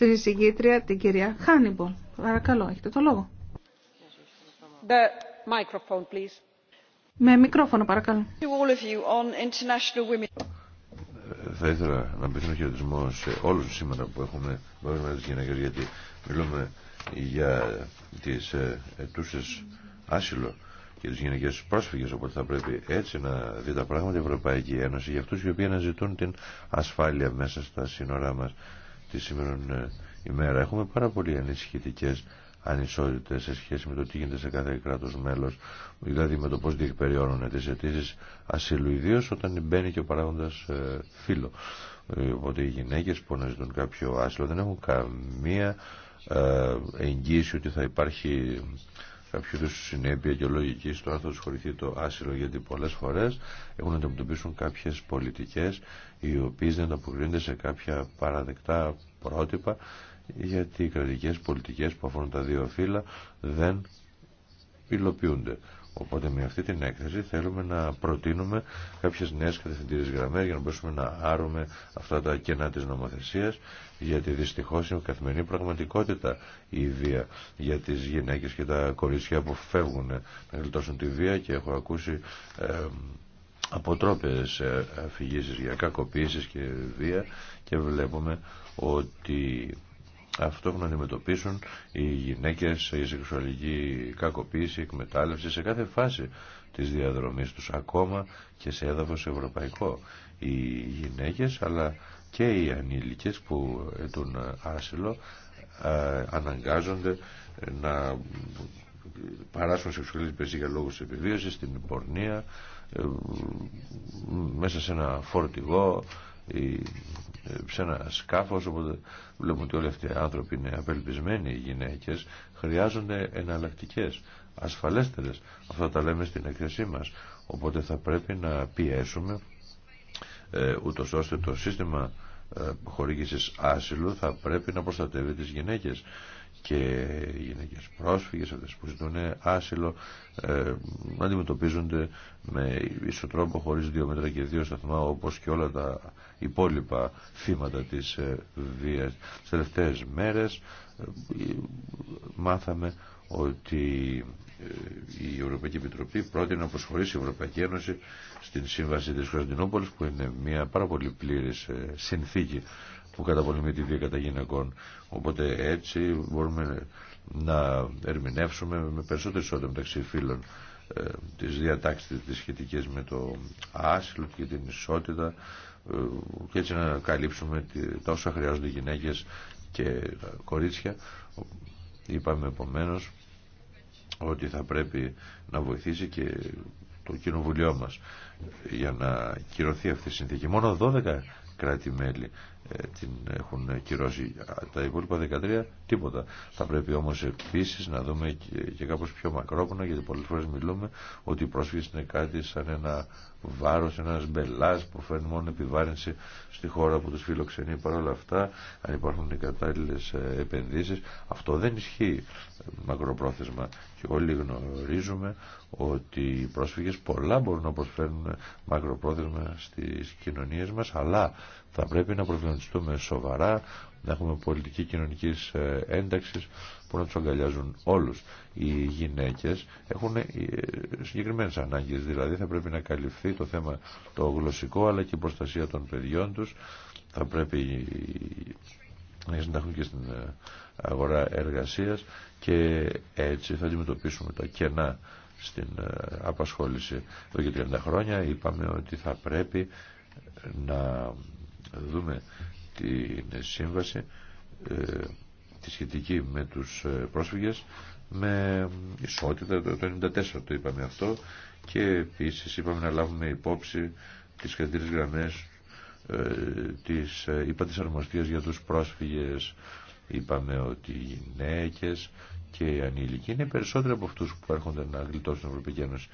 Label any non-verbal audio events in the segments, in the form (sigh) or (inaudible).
στην εισηγήτρια την κυρία Χάνιμπο. Παρακαλώ, έχετε το λόγο. Με μικρόφωνο, παρακαλώ. Θα ήθελα να ένα χαιρετισμό σε όλους σήμερα που έχουμε πρόβλημα τις γυναίκες γιατί μιλούμε για τις ε, ετούσες άσυλο και τις γυναικές πρόσφυγες οπότε θα πρέπει έτσι να δει τα πράγματα η Ευρωπαϊκή Ένωση για αυτούς οι οποίοι αναζητούν την ασφάλεια μέσα στα σύνορά μας τη σήμερα ε, ημέρα. Έχουμε πάρα πολύ ανησυχητικέ ανισότητε σε σχέση με το τι γίνεται σε κάθε κράτο μέλο, δηλαδή με το πώ διεκπεριώνουν τι αιτήσει ασύλου, ιδίω όταν μπαίνει και ο παράγοντα ε, φύλλο. Ε, οπότε οι γυναίκε που αναζητούν κάποιο άσυλο δεν έχουν καμία εγγύηση ότι θα υπάρχει κάποιο είδου συνέπεια και λογική στο το άσυλο γιατί πολλέ φορέ έχουν αντιμετωπίσουν κάποιε πολιτικέ οι οποίε δεν ανταποκρίνονται σε κάποια παραδεκτά πρότυπα γιατί οι κρατικέ πολιτικέ που αφορούν τα δύο φύλλα δεν υλοποιούνται. Οπότε με αυτή την έκθεση θέλουμε να προτείνουμε κάποιες νέες κατευθυντήριες γραμμές για να μπορέσουμε να άρουμε αυτά τα κενά της νομοθεσίας γιατί δυστυχώς είναι καθημερινή πραγματικότητα η βία για τις γυναίκες και τα κορίτσια που φεύγουν να γλιτώσουν τη βία και έχω ακούσει ε, αποτρόπες αφηγήσεις για κακοποίησεις και βία και βλέπουμε ότι αυτό που να αντιμετωπίσουν οι γυναίκες η σεξουαλική κακοποίηση, η εκμετάλλευση σε κάθε φάση της διαδρομής τους, ακόμα και σε έδαφος ευρωπαϊκό. Οι γυναίκες αλλά και οι ανήλικες που έτουν άσυλο ε, αναγκάζονται να παράσχουν σεξουαλική υπηρεσίες για λόγους επιβίωσης, στην πορνεία, ε, μέσα σε ένα φορτηγό, σε ένα σκάφος οπότε βλέπουμε ότι όλοι αυτοί οι άνθρωποι είναι απελπισμένοι οι γυναίκες χρειάζονται εναλλακτικέ, ασφαλέστερες αυτά τα λέμε στην έκθεσή μας οπότε θα πρέπει να πιέσουμε ε, ούτως ώστε το σύστημα ε, χορήγησης άσυλου θα πρέπει να προστατεύει τις γυναίκες και οι γυναίκες πρόσφυγες, αυτές που ζητούν άσυλο, ε, αντιμετωπίζονται με ίσο τρόπο χωρίς δύο μέτρα και δύο σταθμά όπως και όλα τα υπόλοιπα θύματα της ε, βίας. Τις τελευταίες μέρες ε, μάθαμε ότι ε, η Ευρωπαϊκή Επιτροπή πρότεινε να προσχωρήσει η Ευρωπαϊκή Ένωση στην Σύμβαση της Κωνσταντινούπολης που είναι μια πάρα πολύ πλήρης ε, συνθήκη που καταπολεμεί τη βία κατά γυναικών. Οπότε έτσι μπορούμε να ερμηνεύσουμε με περισσότερη ισότητα μεταξύ φίλων ε, τις διατάξεις τις σχετικές με το άσυλο και την ισότητα ε, και έτσι να καλύψουμε τα όσα χρειάζονται γυναίκες και κορίτσια. Είπαμε επομένω ότι θα πρέπει να βοηθήσει και το κοινοβουλίο μας για να κυρωθεί αυτή η συνθήκη. Μόνο 12 κράτη-μέλη ε, την έχουν κυρώσει τα υπόλοιπα 13 τίποτα. Θα πρέπει όμως επίσης να δούμε και, και κάπως πιο μακρόπονα γιατί πολλές φορές μιλούμε ότι οι πρόσφυγες είναι κάτι σαν ένα βάρος, ένας μπελάς που φέρνει μόνο επιβάρυνση στη χώρα που τους φιλοξενεί. Παρ' όλα αυτά, αν υπάρχουν οι κατάλληλες ε, επενδύσεις, αυτό δεν ισχύει μακροπρόθεσμα. Και όλοι γνωρίζουμε ότι οι πρόσφυγες πολλά μπορούν να προσφέρουν ε, μακροπρόθεσμα στις κοινωνίες μας, αλλά θα πρέπει να προβληματιστούμε σοβαρά, να έχουμε πολιτική κοινωνικής ε, ένταξης, που να τους αγκαλιάζουν όλους. Οι γυναίκες έχουν ε, συγκεκριμένες ανάγκες, δηλαδή θα πρέπει να καλυφθεί το θέμα το γλωσσικό αλλά και η προστασία των παιδιών τους. Θα πρέπει να συνταχθούν και στην ε, αγορά εργασίας και έτσι θα αντιμετωπίσουμε τα κενά στην ε, απασχόληση εδώ και 30 χρόνια είπαμε ότι θα πρέπει να δούμε την σύμβαση τη σχετική με τους ε, πρόσφυγες με ισότητα, το 1994 το είπαμε αυτό και επίσης είπαμε να λάβουμε υπόψη τις κρατήρες γραμμές ε, της ε, είπα τη για τους πρόσφυγες είπαμε ότι οι γυναίκες και οι ανήλικοι είναι περισσότεροι από αυτούς που έρχονται να γλιτώσουν την Ευρωπαϊκή Ένωση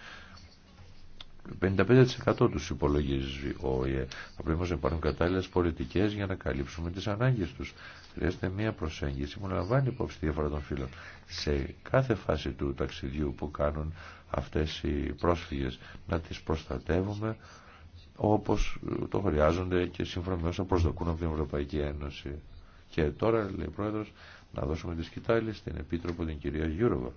55% του υπολογίζει ο ΟΗΕ. Θα πρέπει να υπάρχουν κατάλληλε πολιτικές για να καλύψουμε τι ανάγκε του. Χρειάζεται μια προσέγγιση που να λαμβάνει υπόψη τη διαφορά των φύλων σε κάθε φάση του ταξιδιού που κάνουν αυτέ οι πρόσφυγε Να τι προστατεύουμε όπω το χρειάζονται και σύμφωνα με όσα προσδοκούν από την Ευρωπαϊκή Ένωση. Και τώρα, λέει ο πρόεδρο, να δώσουμε τη σκητάλη στην Επίτροπο την κυρία Γιούροβα.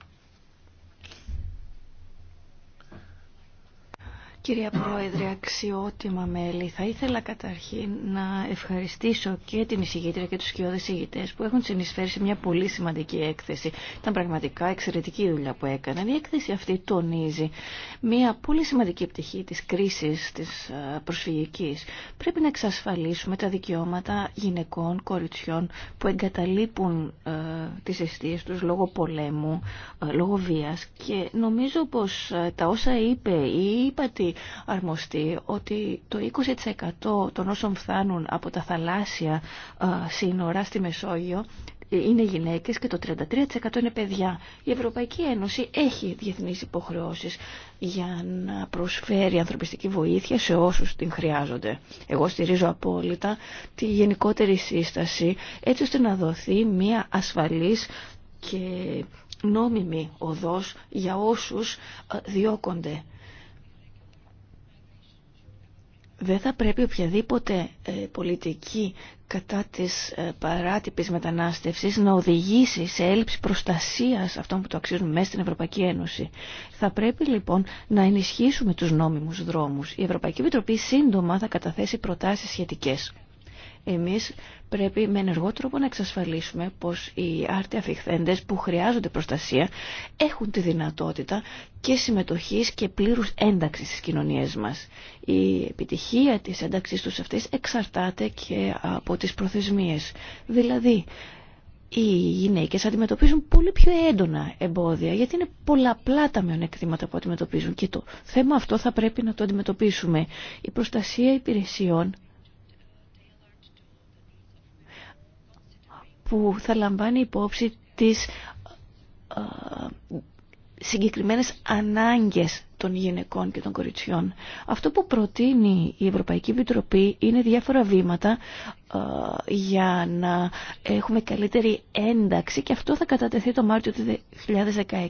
Κυρία Πρόεδρε, αξιότιμα μέλη, θα ήθελα καταρχήν να ευχαριστήσω και την εισηγήτρια και τους κοιόδες εισηγητές που έχουν συνεισφέρει σε μια πολύ σημαντική έκθεση. Ήταν πραγματικά εξαιρετική δουλειά που έκαναν. Η έκθεση αυτή τονίζει μια πολύ σημαντική πτυχή της κρίσης της ε, προσφυγικής. Πρέπει να εξασφαλίσουμε τα δικαιώματα γυναικών, κοριτσιών που εγκαταλείπουν ε, τις αιστείες τους λόγω πολέμου, ε, λόγω βίας και νομίζω πως ε, τα όσα είπε η είπατε αρμοστεί ότι το 20% των όσων φτάνουν από τα θαλάσσια σύνορα στη Μεσόγειο είναι γυναίκες και το 33% είναι παιδιά. Η Ευρωπαϊκή Ένωση έχει διεθνείς υποχρεώσεις για να προσφέρει ανθρωπιστική βοήθεια σε όσους την χρειάζονται. Εγώ στηρίζω απόλυτα τη γενικότερη σύσταση έτσι ώστε να δοθεί μια ασφαλής και νόμιμη οδός για όσους διώκονται δεν θα πρέπει οποιαδήποτε ε, πολιτική κατά της ε, παράτυπης μετανάστευσης να οδηγήσει σε έλλειψη προστασίας αυτών που το αξίζουν μέσα στην Ευρωπαϊκή Ένωση. Θα πρέπει λοιπόν να ενισχύσουμε τους νόμιμους δρόμους. Η Ευρωπαϊκή Επιτροπή σύντομα θα καταθέσει προτάσεις σχετικές. Εμείς πρέπει με ενεργό τρόπο να εξασφαλίσουμε πως οι άρτια αφιχθέντες που χρειάζονται προστασία έχουν τη δυνατότητα και συμμετοχής και πλήρους ένταξης στις κοινωνίες μας. Η επιτυχία της ένταξής τους αυτής εξαρτάται και από τις προθεσμίες. Δηλαδή, οι γυναίκες αντιμετωπίζουν πολύ πιο έντονα εμπόδια γιατί είναι πολλαπλά τα μειονεκτήματα που αντιμετωπίζουν και το θέμα αυτό θα πρέπει να το αντιμετωπίσουμε. Η προστασία υπηρεσιών που θα λαμβάνει υπόψη τις συγκεκριμένες ανάγκες των γυναικών και των κοριτσιών. Αυτό που προτείνει η Ευρωπαϊκή Επιτροπή είναι διάφορα βήματα για να έχουμε καλύτερη ένταξη και αυτό θα κατατεθεί το Μάρτιο του 2016.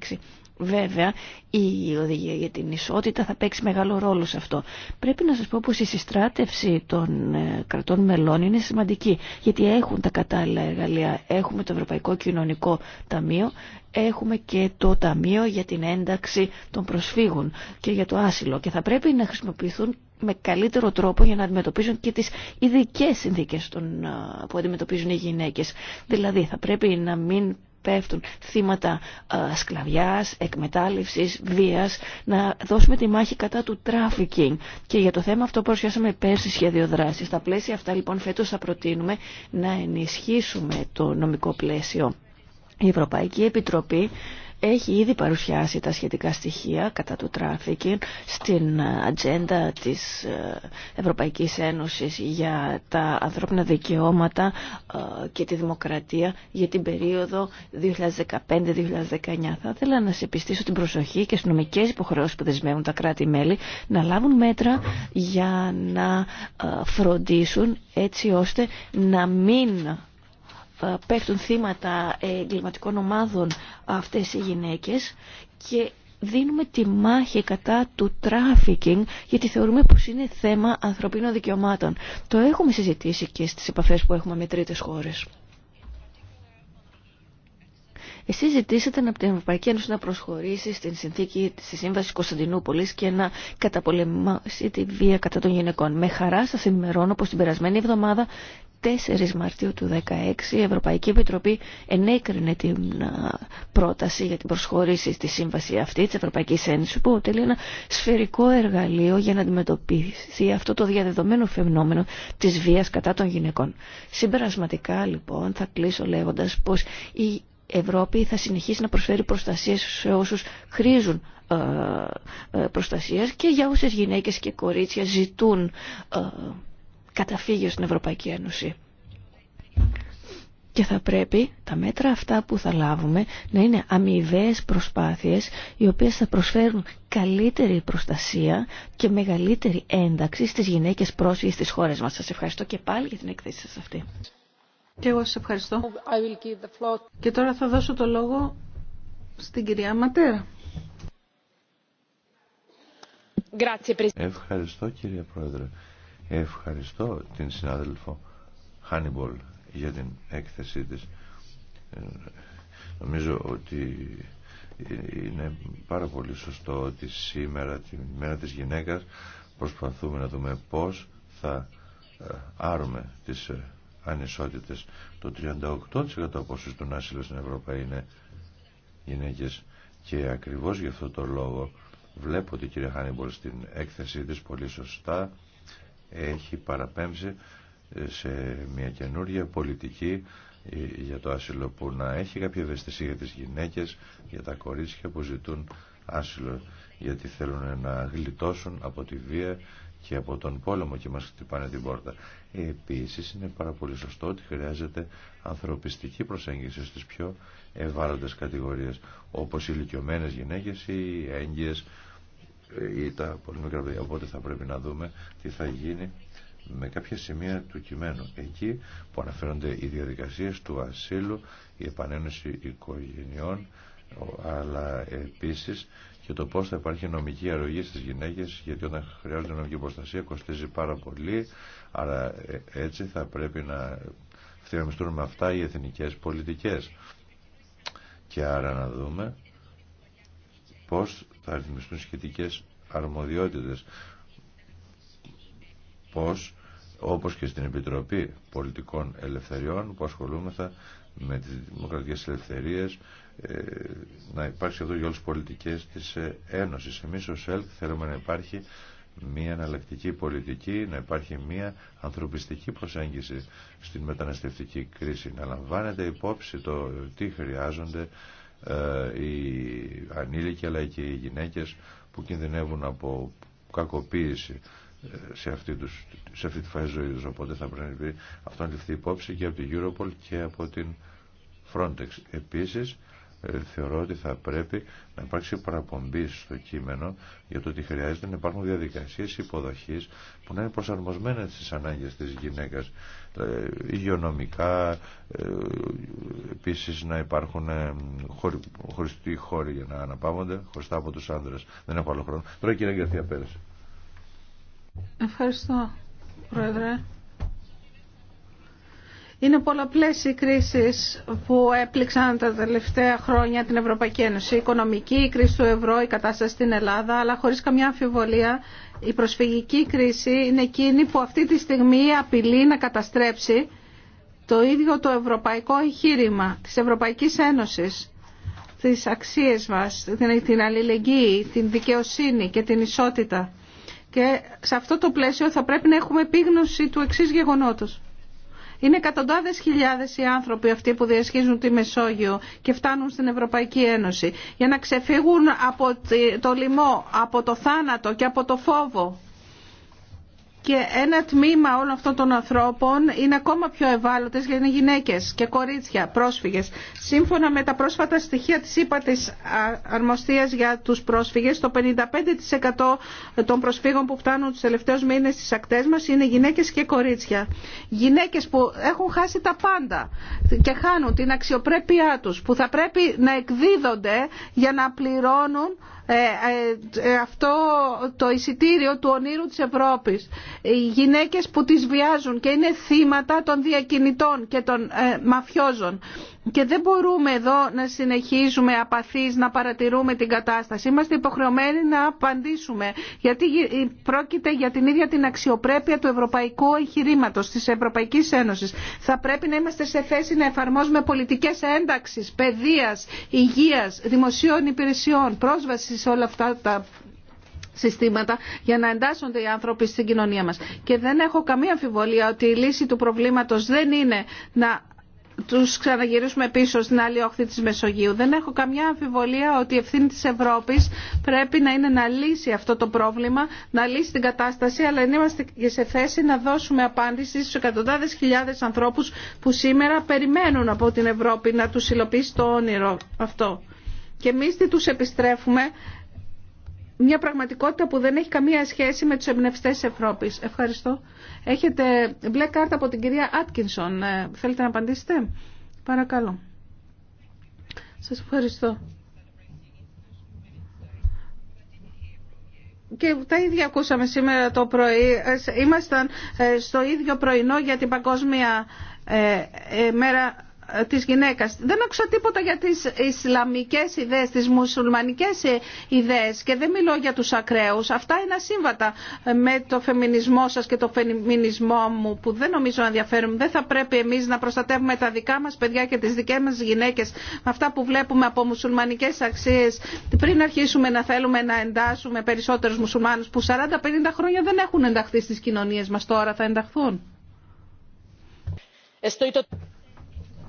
Βέβαια, η οδηγία για την ισότητα θα παίξει μεγάλο ρόλο σε αυτό. Πρέπει να σας πω πως η συστράτευση των ε, κρατών μελών είναι σημαντική, γιατί έχουν τα κατάλληλα εργαλεία. Έχουμε το Ευρωπαϊκό Κοινωνικό Ταμείο, έχουμε και το Ταμείο για την ένταξη των προσφύγων και για το άσυλο και θα πρέπει να χρησιμοποιηθούν με καλύτερο τρόπο για να αντιμετωπίζουν και τις ειδικέ συνθήκες ε, που αντιμετωπίζουν οι γυναίκες. Δηλαδή θα πρέπει να μην πέφτουν θύματα ε, σκλαβιάς, εκμετάλλευσης, βίας, να δώσουμε τη μάχη κατά του τράφικινγκ. Και για το θέμα αυτό παρουσιάσαμε πέρσι σχέδιο δράση. Στα πλαίσια αυτά λοιπόν φέτος θα προτείνουμε να ενισχύσουμε το νομικό πλαίσιο. Η Ευρωπαϊκή Επιτροπή έχει ήδη παρουσιάσει τα σχετικά στοιχεία κατά του τράφικιν στην ατζέντα της ε, Ευρωπαϊκής Ένωσης για τα ανθρώπινα δικαιώματα ε, και τη δημοκρατία για την περίοδο 2015-2019. Θα ήθελα να σε πιστήσω την προσοχή και στις νομικές υποχρεώσεις που δεσμεύουν τα κράτη-μέλη να λάβουν μέτρα για να ε, φροντίσουν έτσι ώστε να μην ε, πέφτουν θύματα ε, εγκληματικών ομάδων αυτές οι γυναίκες και δίνουμε τη μάχη κατά του τράφικινγκ γιατί θεωρούμε πως είναι θέμα ανθρωπίνων δικαιωμάτων. Το έχουμε συζητήσει και στις επαφές που έχουμε με τρίτες χώρες. Εσείς ζητήσατε από την Ευρωπαϊκή Ένωση να προσχωρήσει στην συνθήκη στη Σύμβαση Κωνσταντινούπολης και να καταπολεμάσει τη βία κατά των γυναικών. Με χαρά σας ενημερώνω πως την περασμένη εβδομάδα 4 Μαρτίου του 2016 η Ευρωπαϊκή Επιτροπή ενέκρινε την πρόταση για την προσχώρηση στη σύμβαση αυτή της Ευρωπαϊκής Ένωσης που αποτελεί ένα σφαιρικό εργαλείο για να αντιμετωπίσει αυτό το διαδεδομένο φαινόμενο της βίας κατά των γυναικών. Συμπερασματικά λοιπόν θα κλείσω λέγοντας πως η Ευρώπη θα συνεχίσει να προσφέρει προστασία σε όσους χρήζουν ε, ε, προστασίας και για όσες γυναίκες και κορίτσια ζητούν ε, καταφύγιο στην Ευρωπαϊκή Ένωση. Και θα πρέπει τα μέτρα αυτά που θα λάβουμε να είναι αμοιβαίε προσπάθειες οι οποίες θα προσφέρουν καλύτερη προστασία και μεγαλύτερη ένταξη στις γυναίκες πρόσφυγες της χώρας μας. Σας ευχαριστώ και πάλι για την εκθέση σας αυτή. Και εγώ σας ευχαριστώ. Και τώρα θα δώσω το λόγο στην κυρία Ματέρα. Ευχαριστώ κύριε Πρόεδρε. Ευχαριστώ την συνάδελφο Χάνιμπολ για την έκθεσή της. Ε, νομίζω ότι είναι πάρα πολύ σωστό ότι σήμερα, τη μέρα της γυναίκας, προσπαθούμε να δούμε πώς θα ε, άρουμε τις ε, ανισότητες. Το 38% των άσυλων στην Ευρώπη είναι γυναίκες και ακριβώς γι' αυτό το λόγο βλέπω ότι η κυρία Χάνιμπολ στην έκθεσή της πολύ σωστά έχει παραπέμψει ε, σε μια καινούργια πολιτική ε, για το άσυλο που να έχει κάποια ευαισθησία για τις γυναίκες, για τα κορίτσια που ζητούν άσυλο γιατί θέλουν να γλιτώσουν από τη βία και από τον πόλεμο και μας χτυπάνε την πόρτα. Επίσης είναι πάρα πολύ σωστό ότι χρειάζεται ανθρωπιστική προσέγγιση στις πιο ευάλωτες κατηγορίες όπως οι ηλικιωμένες γυναίκες ή οι έγκυες ή τα πολύ μικρά παιδιά. Οπότε θα πρέπει να δούμε τι θα γίνει με κάποια σημεία του κειμένου. Εκεί που αναφέρονται οι διαδικασίες του ασύλου, η επανένωση οικογενειών, αλλά επίσης και το πώ θα υπάρχει νομική αρρωγή στις γυναίκες γιατί όταν χρειάζεται νομική προστασία κοστίζει πάρα πολύ άρα ε, έτσι θα πρέπει να θυμιστούν με αυτά οι εθνικέ πολιτικές και άρα να δούμε πώς θα ρυθμιστούν σχετικέ αρμοδιότητες πώ όπως και στην Επιτροπή Πολιτικών Ελευθεριών που ασχολούμεθα με τις δημοκρατικές ελευθερίες ε, να υπάρξει εδώ για όλες τις πολιτικές της ε, Ένωσης. Εμείς ως ΕΛΚ θέλουμε να υπάρχει μια εναλλακτική πολιτική, να υπάρχει μια ανθρωπιστική προσέγγιση στην μεταναστευτική κρίση, να λαμβάνεται υπόψη το τι χρειάζονται ε, οι ανήλικοι αλλά και οι γυναίκες που κινδυνεύουν από κακοποίηση σε αυτή, τους, σε τη φάση ζωής. Οπότε θα πρέπει αυτό να ληφθεί υπόψη και από την Europol και από την Frontex. Επίσης, θεωρώ ότι θα πρέπει να υπάρξει παραπομπή στο κείμενο για το ότι χρειάζεται να υπάρχουν διαδικασίες υποδοχής που να είναι προσαρμοσμένες στις ανάγκες της γυναίκας ε, υγειονομικά ε, επίσης να υπάρχουν ε, χωριστοί χώροι για να αναπαύονται χωριστά από τους άνδρες δεν έχω άλλο χρόνο τώρα κυρία Γκαρθία Πέρες Ευχαριστώ Πρόεδρε είναι πολλαπλές οι κρίσεις που έπληξαν τα τελευταία χρόνια την Ευρωπαϊκή Ένωση. Η οικονομική, η κρίση του ευρώ, η κατάσταση στην Ελλάδα, αλλά χωρίς καμιά αμφιβολία η προσφυγική κρίση είναι εκείνη που αυτή τη στιγμή απειλεί να καταστρέψει το ίδιο το ευρωπαϊκό εγχείρημα της Ευρωπαϊκής Ένωσης, τις αξίες μας, την αλληλεγγύη, την δικαιοσύνη και την ισότητα. Και σε αυτό το πλαίσιο θα πρέπει να έχουμε επίγνωση του εξή είναι εκατοντάδε χιλιάδε οι άνθρωποι αυτοί που διασχίζουν τη Μεσόγειο και φτάνουν στην Ευρωπαϊκή Ένωση για να ξεφύγουν από το λοιμό, από το θάνατο και από το φόβο και ένα τμήμα όλων αυτών των ανθρώπων είναι ακόμα πιο ευάλωτες γιατί είναι γυναίκες και κορίτσια, πρόσφυγες. Σύμφωνα με τα πρόσφατα στοιχεία της ΥΠΑ της Αρμοστίας για τους πρόσφυγες, το 55% των προσφύγων που φτάνουν τους τελευταίους μήνες στις ακτές μας είναι γυναίκες και κορίτσια. Γυναίκες που έχουν χάσει τα πάντα και χάνουν την αξιοπρέπειά τους, που θα πρέπει να εκδίδονται για να πληρώνουν ε, ε, ε, αυτό το εισιτήριο του ονείρου της Ευρώπης. Οι γυναίκες που τις βιάζουν και είναι θύματα των διακινητών και των μαφιόζων. Και δεν μπορούμε εδώ να συνεχίζουμε απαθείς, να παρατηρούμε την κατάσταση. Είμαστε υποχρεωμένοι να απαντήσουμε, γιατί ε, πρόκειται για την ίδια την αξιοπρέπεια του ευρωπαϊκού εγχειρήματος, της Ευρωπαϊκής Ένωσης. Θα πρέπει να είμαστε σε θέση να εφαρμόζουμε πολιτικές ένταξης, παιδείας, υγείας, δημοσίων υπηρεσιών, πρόσβαση σε όλα αυτά τα συστήματα για να εντάσσονται οι άνθρωποι στην κοινωνία μας. Και δεν έχω καμία αμφιβολία ότι η λύση του προβλήματος δεν είναι να τους ξαναγυρίσουμε πίσω στην άλλη όχθη της Μεσογείου. Δεν έχω καμιά αμφιβολία ότι η ευθύνη της Ευρώπης πρέπει να είναι να λύσει αυτό το πρόβλημα, να λύσει την κατάσταση, αλλά είμαστε σε θέση να δώσουμε απάντηση στους εκατοντάδες χιλιάδες ανθρώπους που σήμερα περιμένουν από την Ευρώπη να τους υλοποιήσει το όνειρο αυτό. Και εμείς τι τους επιστρέφουμε, μια πραγματικότητα που δεν έχει καμία σχέση με τους εμπνευστές Ευρώπης. Ευχαριστώ. Έχετε μπλε κάρτα από την κυρία Άτκινσον. Ε, θέλετε να απαντήσετε. Παρακαλώ. Σας ευχαριστώ. Και τα ίδια ακούσαμε σήμερα το πρωί. Ε, ήμασταν ε, στο ίδιο πρωινό για την Παγκόσμια Μέρα της γυναίκας. Δεν άκουσα τίποτα για τι Ισλαμικέ ιδέε, τι μουσουλμανικές ιδέε, και δεν μιλώ για τους ακραίου. Αυτά είναι ασύμβατα με το φεμινισμό σα και το φεμινισμό μου που δεν νομίζω να ενδιαφέρουν. Δεν θα πρέπει εμεί να προστατεύουμε τα δικά μα παιδιά και τι δικέ μα γυναίκε με αυτά που βλέπουμε από μουσουλμανικές αξίε, πριν αρχίσουμε να θέλουμε να εντάσσουμε περισσότερους μουσουλμάνους που 40-50 χρόνια δεν έχουν ενταχθεί στι κοινωνίε μα τώρα θα ενταχθούν.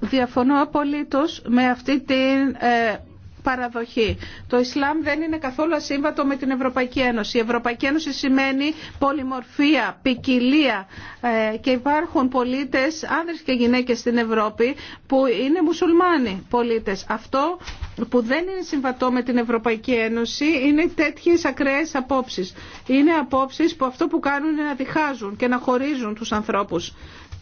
Διαφωνώ απολύτως με αυτή την ε, παραδοχή. Το Ισλάμ δεν είναι καθόλου ασύμβατο με την Ευρωπαϊκή Ένωση. Η Ευρωπαϊκή Ένωση σημαίνει πολυμορφία, ποικιλία ε, και υπάρχουν πολίτες, άνδρες και γυναίκες στην Ευρώπη που είναι μουσουλμάνοι πολίτες. Αυτό που δεν είναι συμβατό με την Ευρωπαϊκή Ένωση είναι τέτοιες ακραίες απόψεις. Είναι απόψεις που αυτό που κάνουν είναι να διχάζουν και να χωρίζουν τους ανθρώπους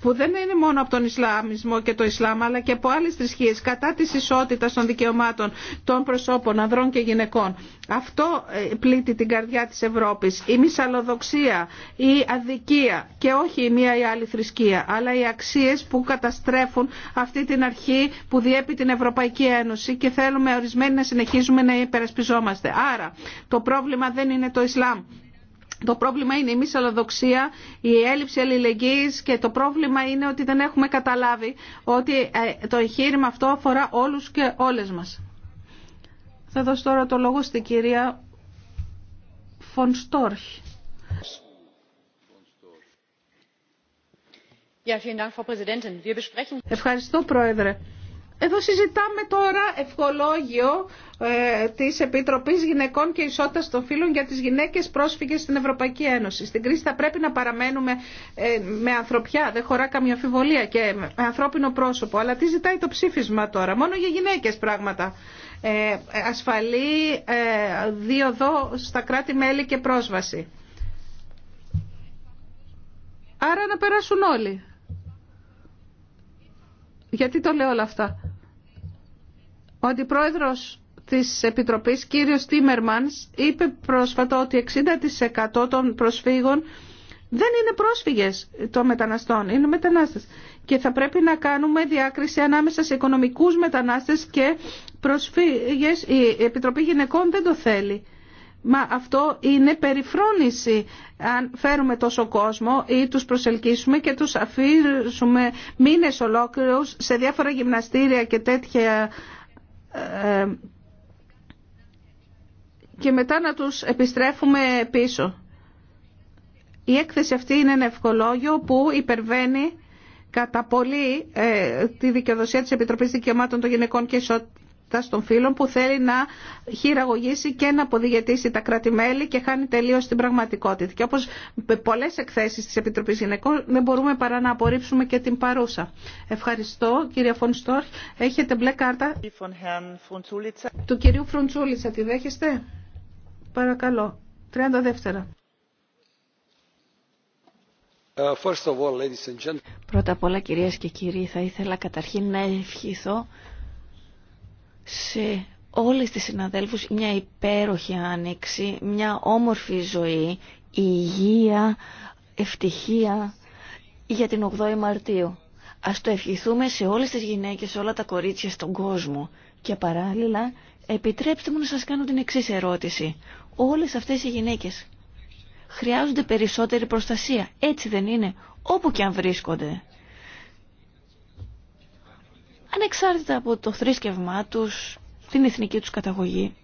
που δεν είναι μόνο από τον Ισλαμισμό και το Ισλάμ αλλά και από άλλες θρησκείες κατά της ισότητας των δικαιωμάτων των προσώπων ανδρών και γυναικών. Αυτό ε, πλήττει την καρδιά της Ευρώπης. Η μυσαλλοδοξία, η αδικία και όχι η μία ή άλλη θρησκεία αλλά οι αξίες που καταστρέφουν αυτή την αρχή που διέπει την Ευρωπαϊκή Ένωση και θέλουμε ορισμένοι να συνεχίζουμε να υπερασπιζόμαστε. Άρα το πρόβλημα δεν είναι το Ισλάμ. Το πρόβλημα είναι η μυσαλλοδοξία, η έλλειψη αλληλεγγύης και το πρόβλημα είναι ότι δεν έχουμε καταλάβει ότι ε, το εγχείρημα αυτό αφορά όλους και όλες μας. Θα δώσω τώρα το λόγο στην κυρία Φονστόρχ. Ευχαριστώ, Πρόεδρε. Εδώ συζητάμε τώρα ευχολόγιο ε, της Επιτροπής Γυναικών και Ισότητας των Φίλων για τις γυναίκες πρόσφυγες στην Ευρωπαϊκή Ένωση. Στην κρίση θα πρέπει να παραμένουμε ε, με ανθρωπιά, δεν χωρά καμία αμφιβολία και με ανθρώπινο πρόσωπο. Αλλά τι ζητάει το ψήφισμα τώρα, μόνο για γυναίκες πράγματα. Ε, ασφαλή ε, δίωδο στα κράτη-μέλη και πρόσβαση. Άρα να περάσουν όλοι. Γιατί το λέω όλα αυτά. Ο αντιπρόεδρος της Επιτροπής, κύριος Τίμερμανς, είπε πρόσφατα ότι 60% των προσφύγων δεν είναι πρόσφυγες των μεταναστών, είναι μετανάστες. Και θα πρέπει να κάνουμε διάκριση ανάμεσα σε οικονομικούς μετανάστες και προσφύγες. Η Επιτροπή Γυναικών δεν το θέλει. Μα αυτό είναι περιφρόνηση αν φέρουμε τόσο κόσμο ή τους προσελκύσουμε και τους αφήσουμε μήνες ολόκληρους σε διάφορα γυμναστήρια και τέτοια ε, και μετά να τους επιστρέφουμε πίσω. Η έκθεση αυτή είναι ένα ευκολόγιο που υπερβαίνει κατά πολύ ε, τη δικαιοδοσία της Επιτροπής Δικαιωμάτων των Γυναικών και Ισότητας των φύλων που θέλει να χειραγωγήσει και να αποδιαιτήσει τα κρατη και χάνει τελείω την πραγματικότητα. Και όπω με πολλές εκθέσεις τη Επιτροπή Γυναικών δεν μπορούμε παρά να απορρίψουμε και την παρούσα. Ευχαριστώ κύριε Φωνστόρ. Έχετε μπλε κάρτα του κυρίου Φρουντσούλητσα. Τη δέχεστε? Παρακαλώ. 30 δεύτερα. Ε, first of all, ladies and gentlemen. Πρώτα απ' όλα κυρίες και κύριοι θα ήθελα καταρχήν να ευχηθώ σε όλες τις συναδέλφους μια υπέροχη άνοιξη, μια όμορφη ζωή, υγεία, ευτυχία για την 8η Μαρτίου. Ας το ευχηθούμε σε όλες τις γυναίκες, σε όλα τα κορίτσια στον κόσμο. Και παράλληλα, επιτρέψτε μου να σας κάνω την εξής ερώτηση. Όλες αυτές οι γυναίκες χρειάζονται περισσότερη προστασία. Έτσι δεν είναι, όπου και αν βρίσκονται ανεξάρτητα από το θρήσκευμά τους, την εθνική τους καταγωγή.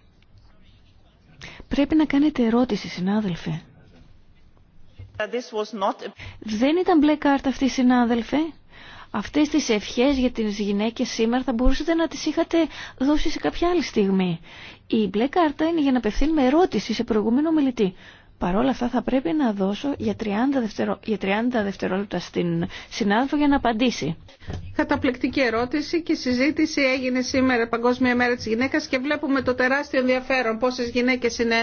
Πρέπει να κάνετε ερώτηση, συνάδελφε. Δεν ήταν μπλε κάρτα αυτή, συνάδελφε. Αυτές τις ευχές για τις γυναίκες σήμερα θα μπορούσατε να τις είχατε δώσει σε κάποια άλλη στιγμή. Η μπλε κάρτα είναι για να απευθύνουμε ερώτηση σε προηγούμενο μιλητή. Παρ' όλα αυτά θα πρέπει να δώσω για 30, δευτερο... για 30 δευτερόλεπτα στην συνάδελφο για να απαντήσει. Καταπληκτική ερώτηση και συζήτηση έγινε σήμερα Παγκόσμια Μέρα της Γυναίκας και βλέπουμε το τεράστιο ενδιαφέρον πόσες γυναίκες είναι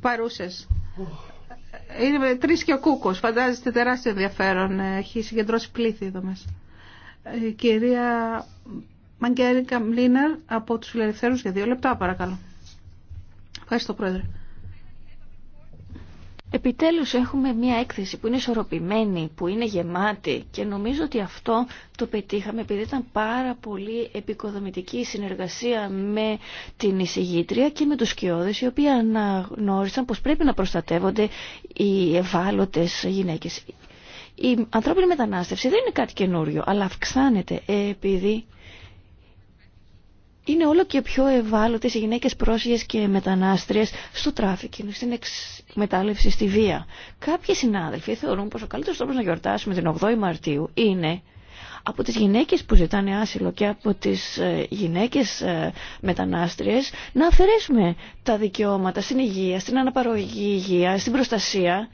παρούσες. Είναι τρει και ο κούκο. φαντάζεστε τεράστιο ενδιαφέρον, έχει συγκεντρώσει πλήθη εδώ μέσα. κυρία Μαγκέρικα Μλίναρ από του Φιλελευθέρου για δύο λεπτά παρακαλώ. Ευχαριστώ Πρόεδρε. Επιτέλους έχουμε μια έκθεση που είναι ισορροπημένη, που είναι γεμάτη και νομίζω ότι αυτό το πετύχαμε επειδή ήταν πάρα πολύ επικοδομητική η συνεργασία με την εισηγήτρια και με τους σκιώδες οι οποίοι αναγνώρισαν πως πρέπει να προστατεύονται οι ευάλωτες γυναίκες. Η ανθρώπινη μετανάστευση δεν είναι κάτι καινούριο αλλά αυξάνεται επειδή είναι όλο και πιο ευάλωτες οι γυναίκες πρόσφυγες και μετανάστριες στο τράφικινγκ, στην εκμετάλλευση, στη βία. Κάποιοι συνάδελφοι θεωρούν πως ο καλύτερος τρόπος να γιορτάσουμε την 8η Μαρτίου είναι από τις γυναίκες που ζητάνε άσυλο και από τις ε, γυναίκες ε, μετανάστριες να αφαιρέσουμε τα δικαιώματα στην υγεία, στην αναπαρογή υγεία, στην προστασία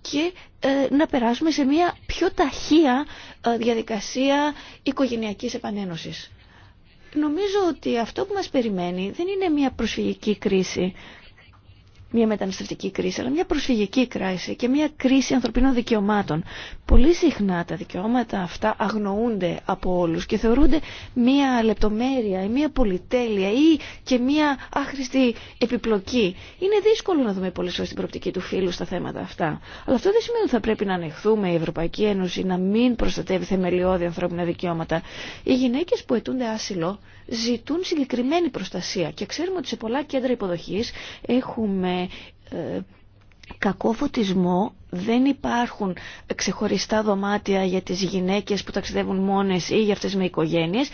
και ε, να περάσουμε σε μια πιο ταχεία διαδικασία οικογενειακής επανένωσης. Νομίζω ότι αυτό που μας περιμένει δεν είναι μια προσφυγική κρίση μια μεταναστευτική κρίση, αλλά μια προσφυγική κρίση και μια κρίση ανθρωπίνων δικαιωμάτων. Πολύ συχνά τα δικαιώματα αυτά αγνοούνται από όλους και θεωρούνται μια λεπτομέρεια ή μια πολυτέλεια ή και μια άχρηστη επιπλοκή. Είναι δύσκολο να δούμε πολλές φορές την προοπτική του φίλου στα θέματα αυτά. Αλλά αυτό δεν σημαίνει ότι θα πρέπει να ανεχθούμε η Ευρωπαϊκή Ένωση να μην προστατεύει θεμελιώδη ανθρώπινα δικαιώματα. Οι γυναίκες που αιτούνται άσυλο ζητούν συγκεκριμένη προστασία και ξέρουμε ότι σε πολλά κέντρα υποδοχής έχουμε ε, κακό φωτισμό δεν υπάρχουν ξεχωριστά δωμάτια για τις γυναίκες που ταξιδεύουν μόνες ή για αυτές με οικογένειες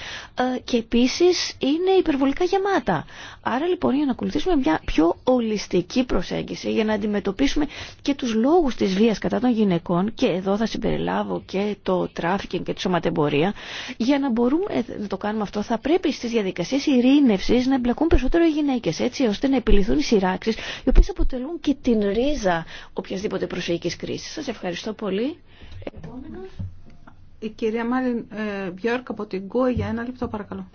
ε, και επίσης είναι υπερβολικά γεμάτα. Άρα λοιπόν για να ακολουθήσουμε μια πιο ολιστική προσέγγιση για να αντιμετωπίσουμε και τους λόγους της βίας κατά των γυναικών και εδώ θα συμπεριλάβω και το τράφικινγκ και τη σωματεμπορία για να μπορούμε να το κάνουμε αυτό θα πρέπει στις διαδικασίες ειρήνευσης να εμπλακούν περισσότερο οι γυναίκες έτσι ώστε να επιληθούν οι σειράξεις οι οποίες αποτελούν και την ρίζα οποιασδήποτε οικονομικής κρίσης. Σας ευχαριστώ πολύ. η κυρία Μάριν ε, από την ΚΟΕ για ένα λεπτό παρακαλώ.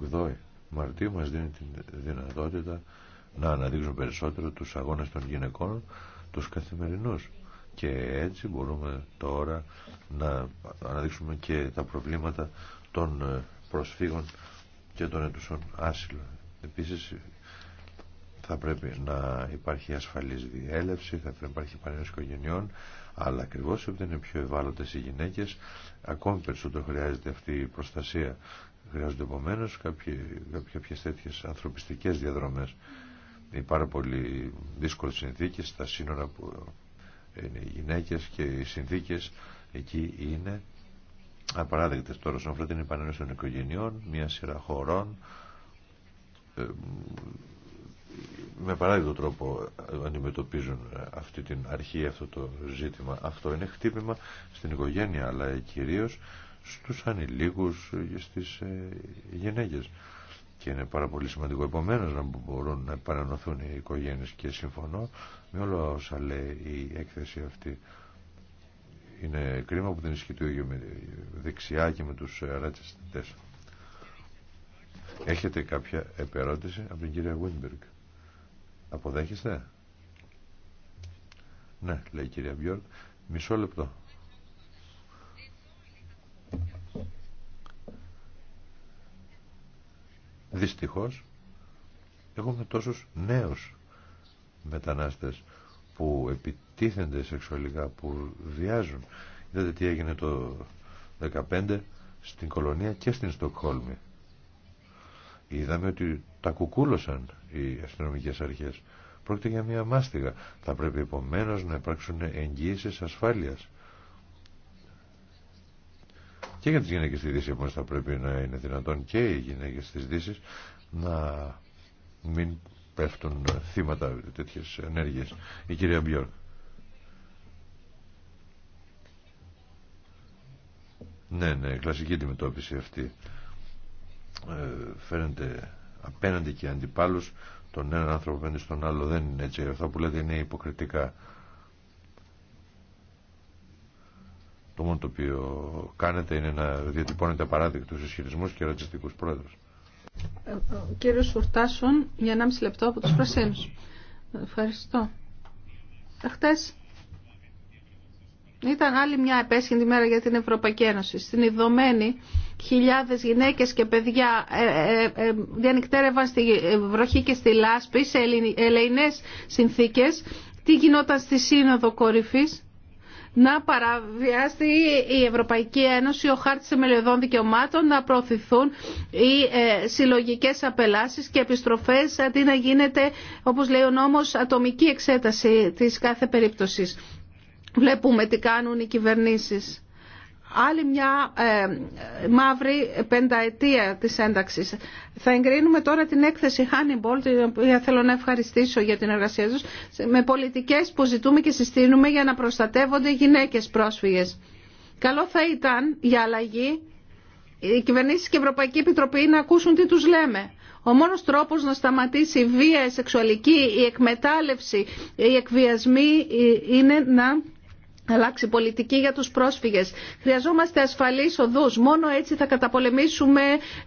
Η 8η Μαρτίου μας δίνει τη δυνατότητα να αναδείξουμε περισσότερο τους αγώνες των γυναικών, τους καθημερινούς. Και έτσι μπορούμε τώρα να αναδείξουμε και τα προβλήματα των ε, προσφύγων και των εντουσών άσυλο. Επίση θα πρέπει να υπάρχει ασφαλής διέλευση, θα πρέπει να υπάρχει πανένωση οικογενειών, αλλά ακριβώ επειδή είναι πιο ευάλωτε οι γυναίκες, ακόμη περισσότερο χρειάζεται αυτή η προστασία. Χρειάζονται επομένω κάποιε τέτοιε ανθρωπιστικέ διαδρομέ. Είναι πάρα πολύ δύσκολε συνθήκε στα σύνορα που είναι οι γυναίκε και οι συνθήκε εκεί είναι απαράδεκτε τώρα όσον αφορά την επανένωση των οικογενειών, μια σειρά χωρών ε, με παράδειγμα τρόπο αντιμετωπίζουν αυτή την αρχή, αυτό το ζήτημα. Αυτό είναι χτύπημα στην οικογένεια αλλά κυρίω στους ανηλίκους και στις ε, γυναίκε. Και είναι πάρα πολύ σημαντικό επομένω να μπορούν να επανενωθούν οι οικογένειε και συμφωνώ με όλα όσα λέει η έκθεση αυτή. Είναι κρίμα που δεν ισχύει το ίδιο με δεξιά και με του ε, ρατσιστέ. Έχετε κάποια επερώτηση από την κυρία Γουίνμπεργκ. Αποδέχεστε. Ναι, λέει η κυρία Μπιόρκ. Μισό λεπτό. Δυστυχώς έχουμε τόσους νέους μετανάστες που επί σε σεξουαλικά, που βιάζουν. Είδατε τι έγινε το 2015 στην Κολονία και στην Στοκχόλμη. Είδαμε ότι τα κουκούλωσαν οι αστυνομικές αρχές. Πρόκειται για μια μάστιγα. Θα πρέπει επομένως να υπάρξουν εγγύησεις ασφάλειας. Και για τι γυναίκε τη Δύση όμω, θα πρέπει να είναι δυνατόν και οι γυναίκε τη Δύσης να μην πέφτουν θύματα τέτοιες ενέργειες. Η κυρία Μπιόρκ. Ναι, ναι, κλασική αντιμετώπιση αυτή. Ε, φαίνεται απέναντι και αντιπάλους τον έναν άνθρωπο απέναντι στον άλλο δεν είναι έτσι. Αυτό που λέτε είναι υποκριτικά. Το μόνο το οποίο κάνετε είναι να διατυπώνετε τους ισχυρισμού και ρατσιστικού πρόεδρου. Ε, ο κύριο Φουρτάσον για 1,5 λεπτό από του Πρασίνου. Ευχαριστώ. Χθε. Ήταν άλλη μια επέσχυντη μέρα για την Ευρωπαϊκή Ένωση. Στην ειδωμένη χιλιάδες γυναίκες και παιδιά ε, ε, ε, διανυκτέρευαν στη βροχή και στη λάσπη σε ελεηνές συνθήκες. Τι γινόταν στη Σύνοδο Κορυφής. Να παραβιάσει η Ευρωπαϊκή Ένωση, ο χάρτη θεμελιωδών δικαιωμάτων, να προωθηθούν οι ε, συλλογικές απελάσεις και επιστροφές αντί να γίνεται, όπω λέει ο ατομική εξέταση της κάθε περίπτωση. Βλέπουμε τι κάνουν οι κυβερνήσεις. Άλλη μια ε, μαύρη πενταετία της ένταξης. Θα εγκρίνουμε τώρα την έκθεση Hannibal, την οποία θέλω να ευχαριστήσω για την εργασία τους, με πολιτικές που ζητούμε και συστήνουμε για να προστατεύονται γυναίκες πρόσφυγες. Καλό θα ήταν για αλλαγή οι κυβερνήσεις και η Ευρωπαϊκή Επιτροπή να ακούσουν τι τους λέμε. Ο μόνος τρόπος να σταματήσει η βία, σεξουαλική, η εκμετάλλευση, οι εκβιασμοί ε, είναι να αλλάξει πολιτική για τους πρόσφυγες. Χρειαζόμαστε ασφαλείς οδούς. Μόνο έτσι θα καταπολεμήσουμε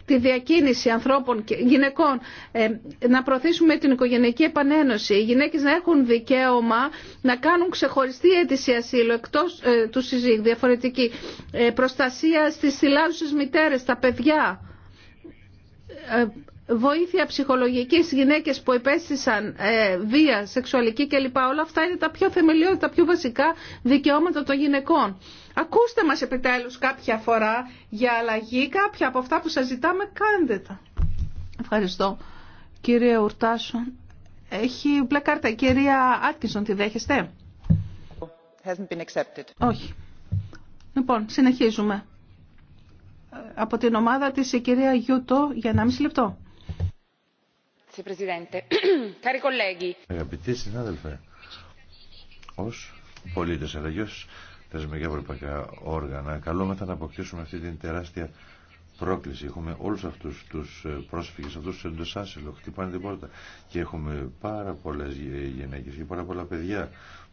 τη διακίνηση ανθρώπων και γυναικών. Ε, να προωθήσουμε την οικογενειακή επανένωση. Οι γυναίκες να έχουν δικαίωμα να κάνουν ξεχωριστή αίτηση ασύλου εκτός ε, του συζύγου. Διαφορετική ε, προστασία στις θυλάζουσες μητέρες, τα παιδιά βοήθεια ψυχολογική στι γυναίκες που υπέστησαν ε, βία, σεξουαλική κλπ. Όλα αυτά είναι τα πιο θεμελιώδη, τα πιο βασικά δικαιώματα των γυναικών. Ακούστε μα επιτέλου κάποια φορά για αλλαγή, κάποια από αυτά που σα ζητάμε κάντε τα. Ευχαριστώ. Κύριε Ουρτάσον, έχει μπλε κάρτα. Κυρία Άτκινσον, τη δέχεστε. Όχι. Λοιπόν, συνεχίζουμε. Ε, από την ομάδα της η κυρία Γιούτο για ένα μισή λεπτό. (clears throat) Αγαπητοί συνάδελφε, ως πολίτες αλλά και ως θεσμικά ευρωπαϊκά όργανα, καλούμεθα να αποκτήσουμε αυτή την τεράστια πρόκληση. Έχουμε όλου αυτού του ε, πρόσφυγε αυτού του εντός άσυλο, χτυπάνε την πόρτα και έχουμε πάρα πολλέ γυναίκε και πάρα πολλά παιδιά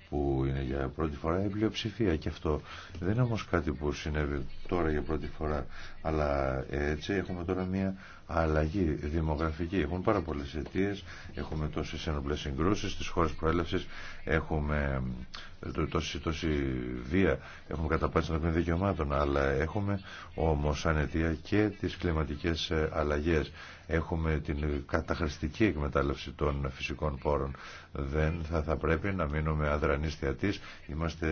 που είναι για πρώτη φορά η πλειοψηφία και αυτό δεν είναι όμω κάτι που συνέβη τώρα για πρώτη φορά αλλά έτσι έχουμε τώρα μια αλλαγή δημογραφική. Έχουν πάρα πολλές αιτίε. Έχουμε τόσες ένοπλε συγκρούσεις στις χώρες προέλευσης. Έχουμε ε, τόση, τόση βία έχουμε καταπάτηση των δικαιωμάτων αλλά έχουμε όμως ανετία και τις κλιματικές ε, αλλαγές έχουμε την καταχρηστική εκμετάλλευση των φυσικών πόρων δεν θα, θα πρέπει να μείνουμε αδρανίστια της, είμαστε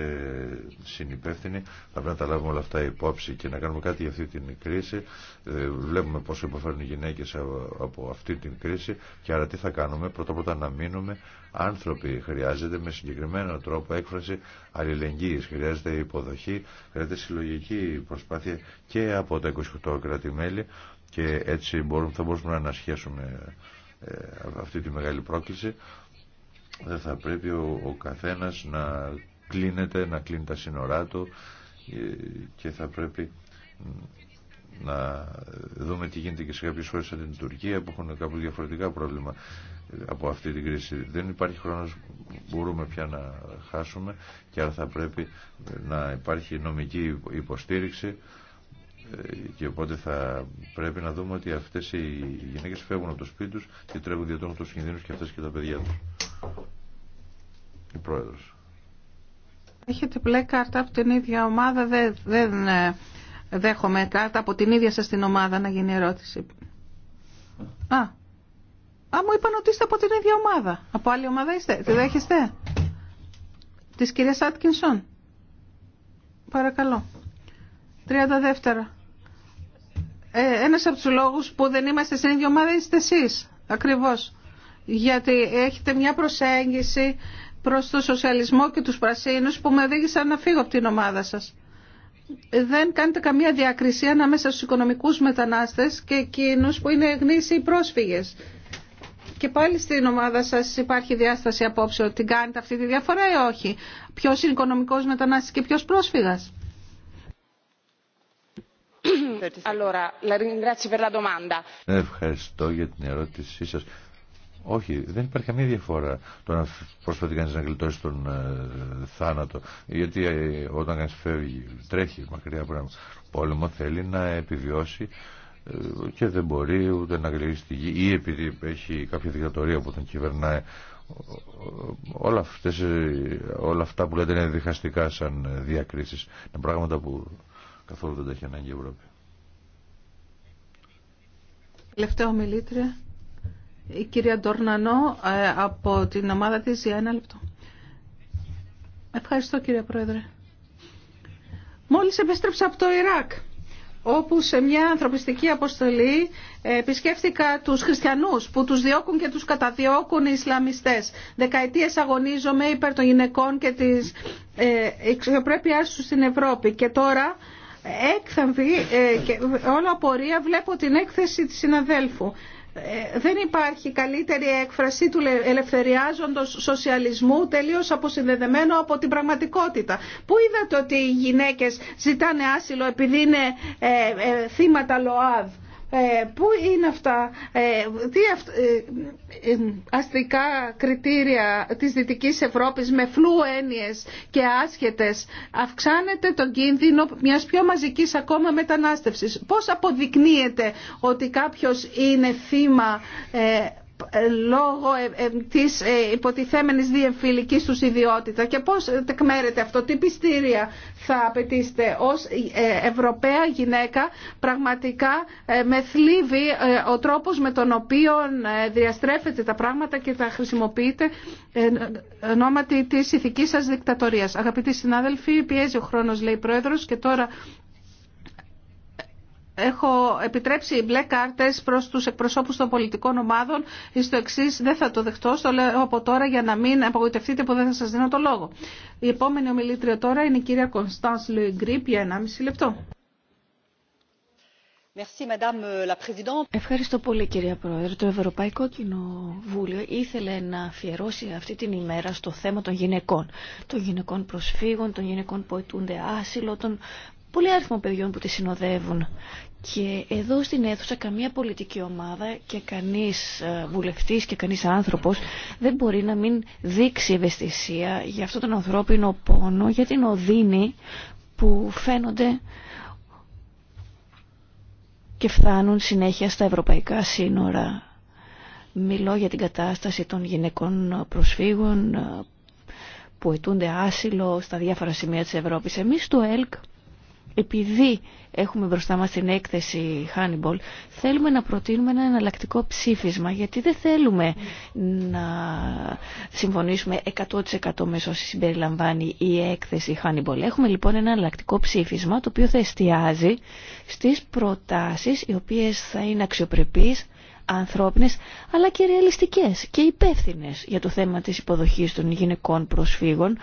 συνυπεύθυνοι θα πρέπει να τα λάβουμε όλα αυτά υπόψη και να κάνουμε κάτι για αυτή την κρίση ε, βλέπουμε πόσο υποφέρουν οι γυναίκες από αυτή την κρίση και άρα τι θα κάνουμε πρώτα πρώτα να μείνουμε άνθρωποι χρειάζεται με συγκεκριμένο τρόπο έκφραση έκφραση αλληλεγγύης. Χρειάζεται υποδοχή, χρειάζεται συλλογική προσπάθεια και από τα 28 κράτη-μέλη και έτσι μπορούμε, θα μπορούμε να ανασχέσουμε ε, αυτή τη μεγάλη πρόκληση. Δεν θα πρέπει ο, ο καθένας να κλείνεται, να κλείνει τα σύνορά του ε, και θα πρέπει να δούμε τι γίνεται και σε κάποιες χώρες σαν την Τουρκία που έχουν κάποια διαφορετικά πρόβλημα από αυτή την κρίση. Δεν υπάρχει χρόνος που μπορούμε πια να χάσουμε και άρα θα πρέπει να υπάρχει νομική υποστήριξη ε, και οπότε θα πρέπει να δούμε ότι αυτές οι γυναίκες φεύγουν από το σπίτι τους και τρέχουν διατρέχουν τους κινδύνους και αυτές και τα παιδιά τους. Η πρόεδρος. Έχετε μπλε κάρτα από την ίδια ομάδα, δεν, δεν ε, δέχομαι κάρτα από την ίδια σας την ομάδα να γίνει ερώτηση. Α, Α, μου είπαν ότι είστε από την ίδια ομάδα. Από άλλη ομάδα είστε. Τη δέχεστε. Της κυρίας Άτκινσον. Παρακαλώ. 30 δεύτερα. Ε, ένας από του λόγου που δεν είμαστε στην ίδια ομάδα είστε εσεί. Ακριβώ. Γιατί έχετε μια προσέγγιση προ το σοσιαλισμό και του Πρασίνου που με οδήγησαν να φύγω από την ομάδα σα. Δεν κάνετε καμία διακρισία ανάμεσα στου οικονομικού μετανάστε και εκείνου που είναι γνήσιοι πρόσφυγε. Και πάλι στην ομάδα σα υπάρχει διάσταση απόψε ότι κάνετε αυτή τη διαφορά ή όχι. Ποιο είναι οικονομικός μετανάστης και ποιος πρόσφυγας. (coughs) Ευχαριστώ για την ερώτησή σα. Όχι, δεν υπάρχει καμία διαφορά το να προσπαθεί κανεί να γλιτώσει τον ε, θάνατο. Γιατί ε, όταν κανεί φεύγει, τρέχει μακριά από έναν πόλεμο, θέλει να επιβιώσει και δεν μπορεί ούτε να γλυρίσει τη γη ή επειδή έχει κάποια δικτατορία που τον κυβερνάει όλα, αυτές, όλα αυτά που λέτε είναι διχαστικά σαν διακρίσεις είναι πράγματα που καθόλου δεν τα έχει ανάγκη η Ευρώπη Τελευταία ομιλήτρια η κυρία Ντορνανό ε, από την ομάδα της για ένα λεπτό Ευχαριστώ κύριε Πρόεδρε Μόλις επέστρεψα από το Ιράκ όπου σε μια ανθρωπιστική αποστολή επισκέφθηκα τους χριστιανούς που τους διώκουν και τους καταδιώκουν οι Ισλαμιστές. Δεκαετίες αγωνίζομαι υπέρ των γυναικών και της ε, εξωπρέπειάς τους στην Ευρώπη και τώρα ε, έκθαμβη ε, και όλα απορία βλέπω την έκθεση της συναδέλφου. Ε, δεν υπάρχει καλύτερη έκφραση του ελευθεριάζοντος σοσιαλισμού τελείως αποσυνδεδεμένο από την πραγματικότητα. Πού είδατε ότι οι γυναίκες ζητάνε άσυλο επειδή είναι ε, ε, θύματα ΛΟΑΔ. Ε, πού είναι αυτά, ε, τι ε, αστικά κριτήρια της Δυτικής Ευρώπης με φλου έννοιες και άσχετες αυξάνεται τον κίνδυνο μιας πιο μαζικής ακόμα μετανάστευσης. Πώς αποδεικνύεται ότι κάποιος είναι θύμα ε, λόγω ε, ε, της υποτιθέμενης διεμφυλικής τους ιδιότητα και πώς τεκμέρεται αυτό, τι πιστήρια θα απαιτήσετε ως Ευρωπαία γυναίκα πραγματικά με θλίβει ο τρόπος με τον οποίο διαστρέφεται τα πράγματα και τα χρησιμοποιείτε ονόματι της ηθικής σας δικτατορίας. Αγαπητοί συνάδελφοι, πιέζει ο χρόνος λέει Πρόεδρος και τώρα έχω επιτρέψει μπλε κάρτε προ του εκπροσώπους των πολιτικών ομάδων το εξή δεν θα το δεχτώ, στο λέω από τώρα για να μην απογοητευτείτε που δεν θα σα δίνω το λόγο. Η επόμενη ομιλήτρια τώρα είναι η κυρία Κωνσταντ Λουιγκρίπ για 1,5 λεπτό. Ευχαριστώ πολύ κυρία Πρόεδρε. Το Ευρωπαϊκό Κοινοβούλιο ήθελε να αφιερώσει αυτή την ημέρα στο θέμα των γυναικών. Των γυναικών προσφύγων, των γυναικών που αιτούνται άσυλο, των πολύ αριθμό παιδιών που τη συνοδεύουν. Και εδώ στην αίθουσα καμία πολιτική ομάδα και κανείς ε, βουλευτής και κανείς άνθρωπος δεν μπορεί να μην δείξει ευαισθησία για αυτόν τον ανθρώπινο πόνο, για την οδύνη που φαίνονται και φτάνουν συνέχεια στα ευρωπαϊκά σύνορα. Μιλώ για την κατάσταση των γυναικών προσφύγων ε, που ετούνται άσυλο στα διάφορα σημεία της Ευρώπης. Εμείς στο ΕΛΚ επειδή έχουμε μπροστά μας την έκθεση Hannibal, θέλουμε να προτείνουμε ένα εναλλακτικό ψήφισμα, γιατί δεν θέλουμε να συμφωνήσουμε 100% με όσοι συμπεριλαμβάνει η έκθεση Hannibal. Έχουμε λοιπόν ένα εναλλακτικό ψήφισμα, το οποίο θα εστιάζει στις προτάσεις, οι οποίες θα είναι αξιοπρεπείς, ανθρώπινες, αλλά και ρεαλιστικές και υπεύθυνε για το θέμα της υποδοχής των γυναικών προσφύγων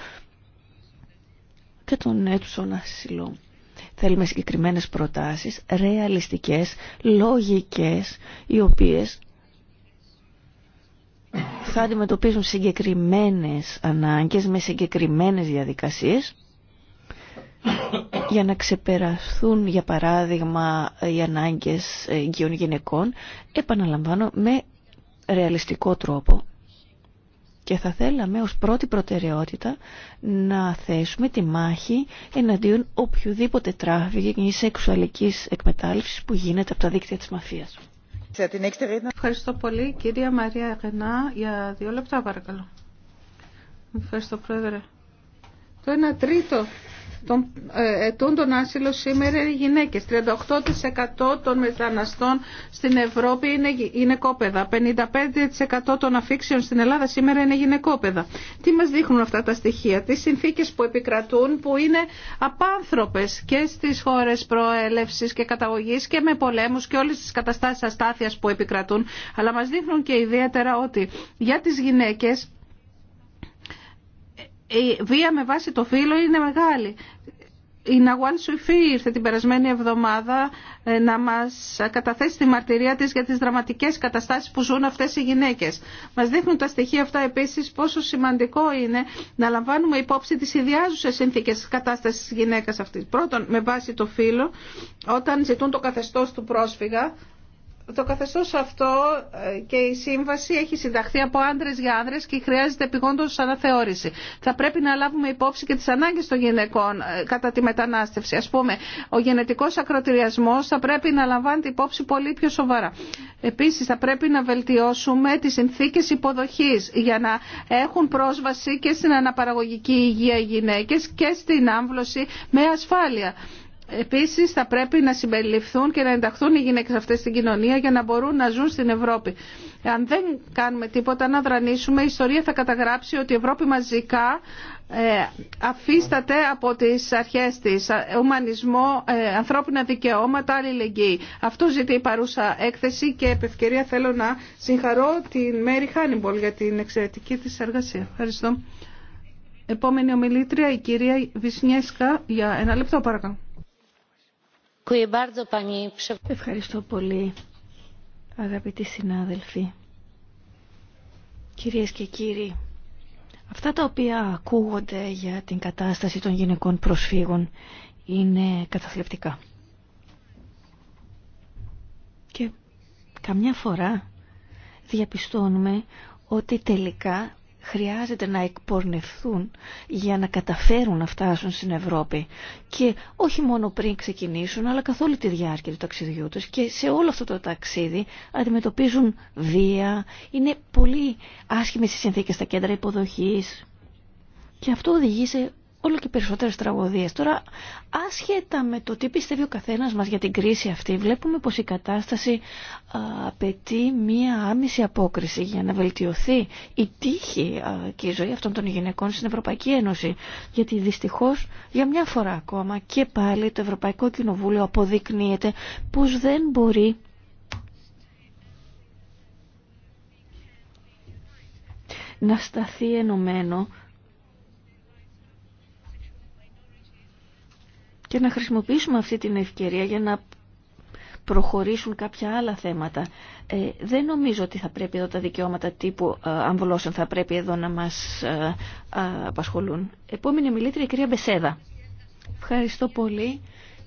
και των των ασυλών. Θέλουμε συγκεκριμένες προτάσεις, ρεαλιστικές, λογικές, οι οποίες θα αντιμετωπίσουν συγκεκριμένες ανάγκες με συγκεκριμένες διαδικασίες για να ξεπεραστούν, για παράδειγμα οι ανάγκες γυναικών επαναλαμβάνω με ρεαλιστικό τρόπο και θα θέλαμε ως πρώτη προτεραιότητα να θέσουμε τη μάχη εναντίον οποιοδήποτε τράφικη ή σεξουαλικής εκμετάλλευσης που γίνεται από τα δίκτυα της μαφίας. Ευχαριστώ πολύ. Κυρία Μαρία Γενά, για δύο λεπτά παρακαλώ. Ευχαριστώ πρόεδρε. Το ένα τρίτο Τόν ε, τον ετούν τον άσυλο σήμερα είναι γυναίκες. 38% των μεταναστών στην Ευρώπη είναι γυναικόπαιδα. 55% των αφήξεων στην Ελλάδα σήμερα είναι γυναικόπαιδα. Τι μας δείχνουν αυτά τα στοιχεία, Τι συνθήκες που επικρατούν που είναι απάνθρωπες και στις χώρες προέλευσης και καταγωγής και με πολέμους και όλες τις καταστάσεις αστάθειας που επικρατούν. Αλλά μας δείχνουν και ιδιαίτερα ότι για τις γυναίκες η βία με βάση το φύλλο είναι μεγάλη. Η Ναγουάν Σουηφή ήρθε την περασμένη εβδομάδα ε, να μας καταθέσει τη μαρτυρία της για τις δραματικές καταστάσεις που ζουν αυτές οι γυναίκες. Μας δείχνουν τα στοιχεία αυτά επίσης πόσο σημαντικό είναι να λαμβάνουμε υπόψη τις ιδιάζουσες συνθήκες της κατάστασης της γυναίκας αυτής. Πρώτον, με βάση το φύλλο, όταν ζητούν το καθεστώς του πρόσφυγα, το καθεστώς αυτό ε, και η σύμβαση έχει συνταχθεί από άντρες για άνδρες και χρειάζεται επιγόντως αναθεώρηση. Θα πρέπει να λάβουμε υπόψη και τις ανάγκες των γυναικών ε, κατά τη μετανάστευση. Ας πούμε, ο γενετικός ακροτηριασμός θα πρέπει να λαμβάνεται υπόψη πολύ πιο σοβαρά. Επίσης, θα πρέπει να βελτιώσουμε τις συνθήκες υποδοχής για να έχουν πρόσβαση και στην αναπαραγωγική υγεία οι γυναίκες και στην άμβλωση με ασφάλεια. Επίση, θα πρέπει να συμπεριληφθούν και να ενταχθούν οι γυναίκε αυτέ στην κοινωνία για να μπορούν να ζουν στην Ευρώπη. Αν δεν κάνουμε τίποτα να δρανίσουμε, η ιστορία θα καταγράψει ότι η Ευρώπη μαζικά ε, αφίσταται από τι αρχέ τη ουμανισμό, ε, ανθρώπινα δικαιώματα, αλληλεγγύη. Αυτό ζητεί η παρούσα έκθεση και επ' ευκαιρία θέλω να συγχαρώ την Μέρη Χάνιμπολ για την εξαιρετική τη εργασία. Ευχαριστώ. Επόμενη ομιλήτρια, η κυρία Βυσνιέσκα, για ένα λεπτό παρακαλώ. Ευχαριστώ πολύ, αγαπητοί συνάδελφοι. Κυρίες και κύριοι, αυτά τα οποία ακούγονται για την κατάσταση των γυναικών προσφύγων είναι καταθλιπτικά. Και καμιά φορά διαπιστώνουμε ότι τελικά χρειάζεται να εκπορνευθούν για να καταφέρουν να φτάσουν στην Ευρώπη και όχι μόνο πριν ξεκινήσουν αλλά καθ' όλη τη διάρκεια του ταξιδιού τους και σε όλο αυτό το ταξίδι αντιμετωπίζουν βία, είναι πολύ άσχημες οι συνθήκες στα κέντρα υποδοχής και αυτό οδηγεί σε όλο και περισσότερες τραγωδίες. Τώρα, άσχετα με το τι πιστεύει ο καθένας μας για την κρίση αυτή, βλέπουμε πως η κατάσταση απαιτεί μία άμεση απόκριση για να βελτιωθεί η τύχη και η ζωή αυτών των γυναικών στην Ευρωπαϊκή Ένωση. Γιατί δυστυχώς, για μια φορά ακόμα και πάλι το Ευρωπαϊκό Κοινοβούλιο αποδεικνύεται πως δεν μπορεί να σταθεί ενωμένο και να χρησιμοποιήσουμε αυτή την ευκαιρία για να προχωρήσουν κάποια άλλα θέματα. Ε, δεν νομίζω ότι θα πρέπει εδώ τα δικαιώματα τύπου ε, αμβολώσεων θα πρέπει εδώ να μας ε, ε απασχολούν. Επόμενη μιλήτρια η κυρία Μπεσέδα. Ευχαριστώ πολύ.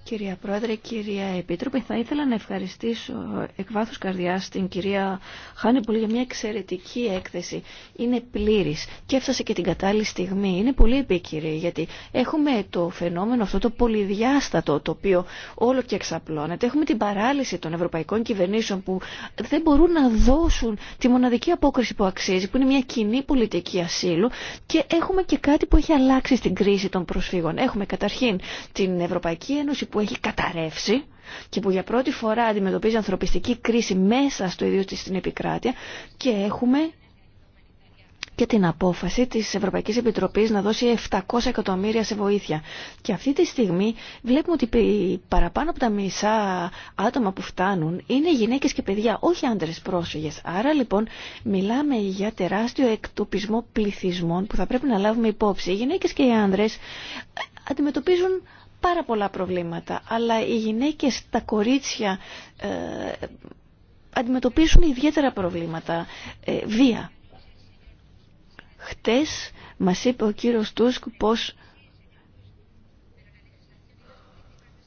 Κυρία Πρόεδρε, κυρία Επίτροπε, θα ήθελα να ευχαριστήσω εκ βάθους καρδιάς την κυρία Χάνεπουλ για μια εξαιρετική έκθεση. Είναι πλήρης και έφτασε και την κατάλληλη στιγμή. Είναι πολύ επίκυρη γιατί έχουμε το φαινόμενο αυτό το πολυδιάστατο το οποίο όλο και εξαπλώνεται. Έχουμε την παράλυση των ευρωπαϊκών κυβερνήσεων που δεν μπορούν να δώσουν τη μοναδική απόκριση που αξίζει, που είναι μια κοινή πολιτική ασύλου και έχουμε και κάτι που έχει αλλάξει στην κρίση των προσφύγων. Έχουμε καταρχήν την Ευρωπαϊκή Ένωση που έχει καταρρεύσει και που για πρώτη φορά αντιμετωπίζει ανθρωπιστική κρίση μέσα στο ίδιο της στην επικράτεια και έχουμε και την απόφαση της Ευρωπαϊκής Επιτροπής να δώσει 700 εκατομμύρια σε βοήθεια. Και αυτή τη στιγμή βλέπουμε ότι παραπάνω από τα μισά άτομα που φτάνουν είναι γυναίκες και παιδιά, όχι άντρες πρόσφυγες. Άρα λοιπόν μιλάμε για τεράστιο εκτοπισμό πληθυσμών που θα πρέπει να λάβουμε υπόψη. Οι γυναίκες και οι άντρες ε, αντιμετωπίζουν πάρα πολλά προβλήματα, αλλά οι γυναίκες, τα κορίτσια ε, αντιμετωπίσουν ιδιαίτερα προβλήματα, ε, βία. Χτες μας είπε ο κύριος Τούσκ πως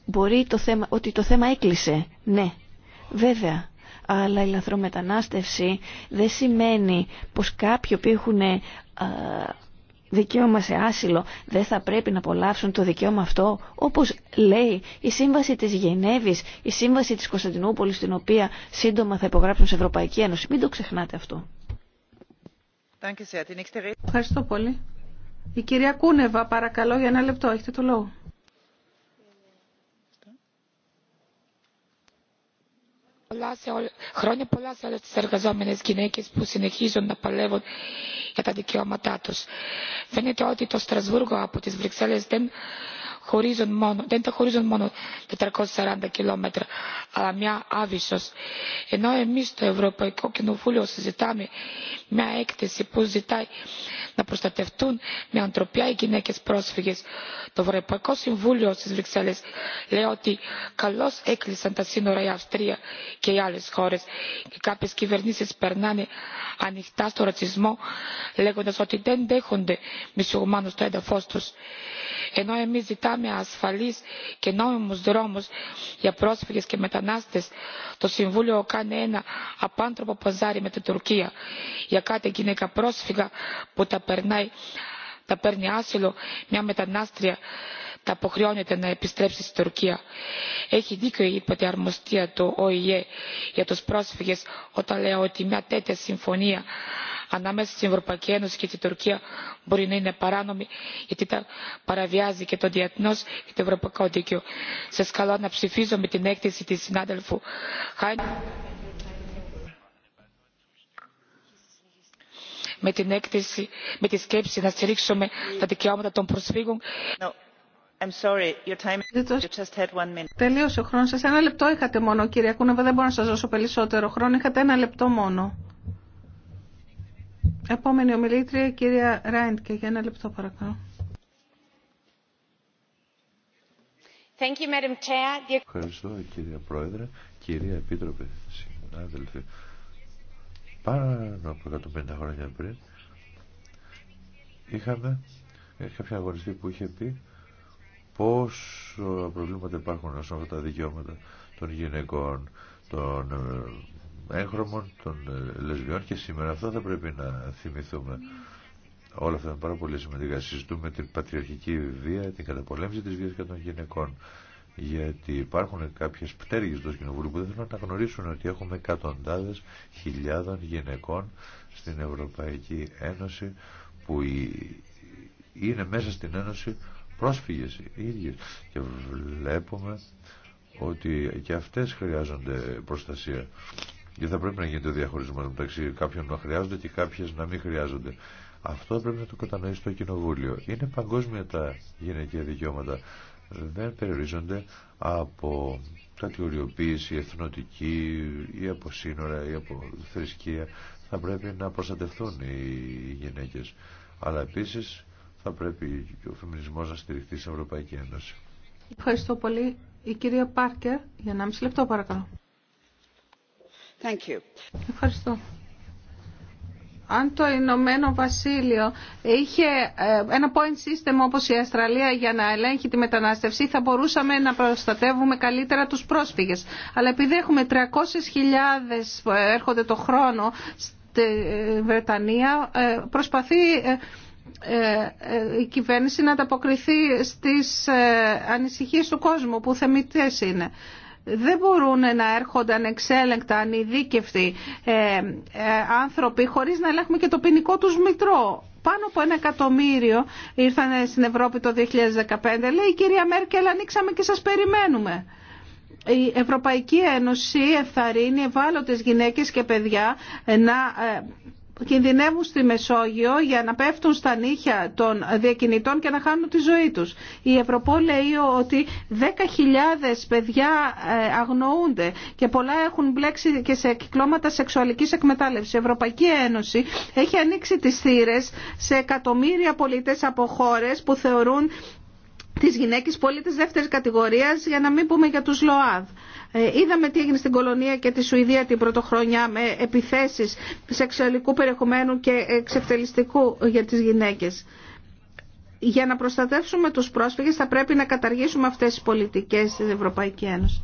μπορεί το θέμα, ότι το θέμα έκλεισε. Ναι, βέβαια. Αλλά η λαθρομετανάστευση δεν σημαίνει πως κάποιοι που έχουν ε, δικαίωμα σε άσυλο δεν θα πρέπει να απολαύσουν το δικαίωμα αυτό όπως λέει η Σύμβαση της Γενέβης, η Σύμβαση της Κωνσταντινούπολης την οποία σύντομα θα υπογράψουν σε Ευρωπαϊκή Ένωση. Μην το ξεχνάτε αυτό. Ευχαριστώ πολύ. Η κυρία Κούνεβα παρακαλώ για ένα λεπτό. Έχετε το λόγο. χρόνια πολλά σε όλες τις εργαζόμενες γυναίκες που συνεχίζουν να παλεύουν για τα δικαιώματά τους. Φαίνεται ότι το Στρασβούργο από τις Βρυξέλλες δεν, μόνο, δεν τα χωρίζουν μόνο 440 κιλόμετρα αλλά μια άβυσος. Ενώ εμείς στο Ευρωπαϊκό Κοινοβούλιο συζητάμε μια έκθεση που ζητάει να προστατευτούν με ανθρωπιά οι γυναίκες πρόσφυγες. Το Ευρωπαϊκό Συμβούλιο στις Βρυξέλλες λέει ότι καλώς έκλεισαν τα σύνορα η Αυστρία και οι άλλες χώρες και κάποιες κυβερνήσεις περνάνε ανοιχτά στο ρατσισμό λέγοντας ότι δεν δέχονται μισογουμάνους στο έδαφο, τους. Ενώ εμεί ζητάμε ασφαλείς και νόμιμους δρόμου για πρόσφυγε και μετανάστες το Συμβούλιο κάνει ένα απάνθρωπο παζάρι με την Τουρκία για κάθε γυναίκα πρόσφυγα που τα περνάει τα παίρνει άσυλο μια μετανάστρια τα αποχρεώνεται να επιστρέψει στην Τουρκία. Έχει δίκιο η υποτιαρμοστία του ΟΗΕ για τους πρόσφυγες όταν λέει ότι μια τέτοια συμφωνία ανάμεσα στην Ευρωπαϊκή Ένωση και την Τουρκία μπορεί να είναι παράνομη γιατί τα παραβιάζει και το διεθνώ και το ευρωπαϊκό δίκαιο. Σα καλώ να ψηφίζω με την έκθεση τη συνάδελφου Χάιν. Με την έκθεση, με τη σκέψη να στηρίξουμε τα δικαιώματα των προσφύγων. Τελείωσε ο χρόνος σας. Ένα λεπτό είχατε μόνο, κύριε Κούνεβα. Δεν μπορώ να σας δώσω περισσότερο χρόνο. Είχατε ένα λεπτό μόνο. Επόμενη ομιλήτρια, κυρία Ράιντκε, για ένα λεπτό παρακαλώ. Ευχαριστώ κυρία Πρόεδρε, κυρία Επίτροπε, συνάδελφοι. Πάνω από 150 χρόνια πριν είχαμε κάποια αγοριστή που είχε πει πόσο προβλήματα υπάρχουν όσον αυτά τα δικαιώματα των γυναικών, των ε, έγχρωμων, των ε, λεσβιών και σήμερα αυτό θα πρέπει να θυμηθούμε. Όλα αυτά είναι πάρα πολύ σημαντικά. Συζητούμε την πατριαρχική βία, την καταπολέμηση της βίας και των γυναικών. Γιατί υπάρχουν κάποιες πτέρυγες στο κοινοβούλιο που δεν θέλουν να γνωρίσουν ότι έχουμε εκατοντάδες χιλιάδων γυναικών στην Ευρωπαϊκή Ένωση που είναι μέσα στην Ένωση πρόσφυγες ίδιες και βλέπουμε ότι και αυτές χρειάζονται προστασία. Γιατί θα πρέπει να γίνεται ο διαχωρισμό μεταξύ κάποιων να χρειάζονται και κάποιε να μην χρειάζονται. Αυτό πρέπει να το κατανοήσει το Κοινοβούλιο. Είναι παγκόσμια τα γυναικεία δικαιώματα. Δεν περιορίζονται από κατηγοριοποίηση εθνοτική ή από σύνορα ή από θρησκεία. Θα πρέπει να προστατευτούν οι γυναίκες. Αλλά επίσης θα πρέπει ο φεμινισμός να στηριχτεί στην Ευρωπαϊκή Ένωση. Ευχαριστώ πολύ. Η απο συνορα η απο θρησκεια θα πρεπει να προστατευτουν οι γυναικε αλλα επιση θα Πάρκερ, για 1,5 λεπτό παρακαλώ. Ευχαριστώ. Αν το Ηνωμένο Βασίλειο είχε ε, ένα point system όπως η Αυστραλία για να ελέγχει τη μετανάστευση θα μπορούσαμε να προστατεύουμε καλύτερα τους πρόσφυγες. Αλλά επειδή έχουμε 300.000 που έρχονται το χρόνο στη Βρετανία ε, προσπαθεί ε, η κυβέρνηση να ανταποκριθεί στις ανησυχίες του κόσμου που θεμητές είναι δεν μπορούν να έρχονται ανεξέλεγκτα, ανειδίκευτοι ε, ε, άνθρωποι χωρίς να ελέγχουμε και το ποινικό τους μητρό. Πάνω από ένα εκατομμύριο ήρθαν στην Ευρώπη το 2015. Λέει η κυρία Μέρκελ, ανοίξαμε και σας περιμένουμε. Η Ευρωπαϊκή Ένωση ευθαρρύνει ευάλωτες γυναίκες και παιδιά να ε, κινδυνεύουν στη Μεσόγειο για να πέφτουν στα νύχια των διακινητών και να χάνουν τη ζωή τους. Η Ευρωπόλ λέει ότι 10.000 παιδιά ε, αγνοούνται και πολλά έχουν μπλέξει και σε κυκλώματα σεξουαλικής εκμετάλλευσης. Η Ευρωπαϊκή Ένωση έχει ανοίξει τις θύρες σε εκατομμύρια πολίτες από χώρες που θεωρούν τις γυναίκες πολίτες δεύτερης κατηγορίας για να μην πούμε για τους ΛΟΑΔ. Ε, είδαμε τι έγινε στην Κολονία και τη Σουηδία την πρωτοχρονιά με επιθέσεις σεξουαλικού περιεχομένου και εξευτελιστικού για τις γυναίκες. Για να προστατεύσουμε τους πρόσφυγες θα πρέπει να καταργήσουμε αυτές τις πολιτικές της Ευρωπαϊκή Ένωση.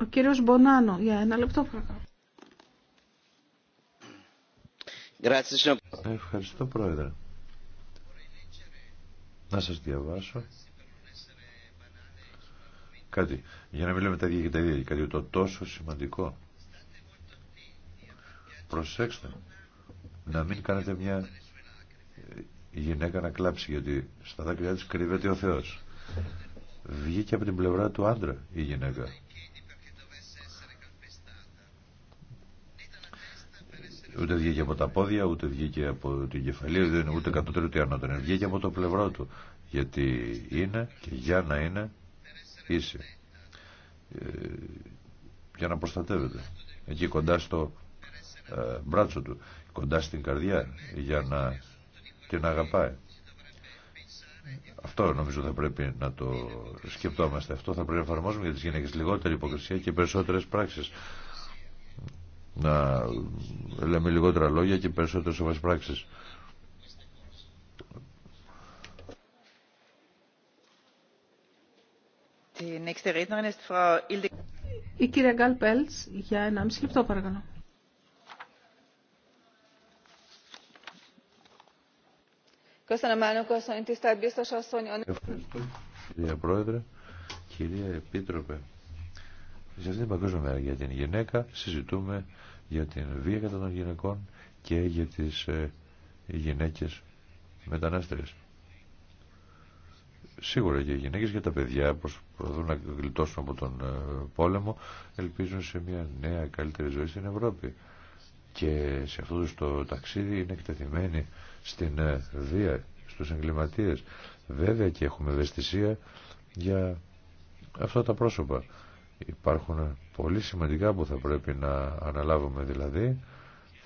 Ο κύριος Μπονάνο, για ένα λεπτό Ευχαριστώ Πρόεδρε. Να σας διαβάσω κάτι. Για να μην λέμε τα ίδια και τα ίδια. Κάτι το τόσο σημαντικό. Προσέξτε να μην κάνετε μια γυναίκα να κλάψει γιατί στα δάκρυά της κρύβεται ο Θεός. Βγήκε από την πλευρά του άντρα η γυναίκα. Ούτε βγήκε από τα πόδια, ούτε βγήκε από την κεφαλή, ούτε κατώτερη ούτε ανώτερη. Βγήκε από το πλευρό του. Γιατί είναι και για να είναι ίση. Ε, για να προστατεύεται. Εκεί κοντά στο ε, μπράτσο του, κοντά στην καρδιά, για να την αγαπάει. Αυτό νομίζω θα πρέπει να το σκεπτόμαστε. Αυτό θα πρέπει να εφαρμόζουμε για τις γυναίκες λιγότερη υποκρισία και περισσότερες πράξεις να λέμε λιγότερα λόγια και περισσότερες σοβαρές πράξεις. Η κυρία Γκάλ Πέλτς για 1,5 λεπτό παρακαλώ. Ευχαριστώ, κυρία Πρόεδρε, κυρία Επίτροπε σε αυτήν την Παγκόσμια Μέρα για την Γυναίκα συζητούμε για την βία κατά των γυναικών και για τις ε, γυναίκες μετανάστερες. Σίγουρα και οι γυναίκες και τα παιδιά προσπαθούν να γλιτώσουν από τον ε, πόλεμο ελπίζουν σε μια νέα καλύτερη ζωή στην Ευρώπη και σε αυτό το ταξίδι είναι εκτεθειμένοι στην ε, βία, στους εγκληματίες. Βέβαια και έχουμε ευαισθησία για αυτά τα πρόσωπα. Υπάρχουν πολύ σημαντικά που θα πρέπει να αναλάβουμε δηλαδή.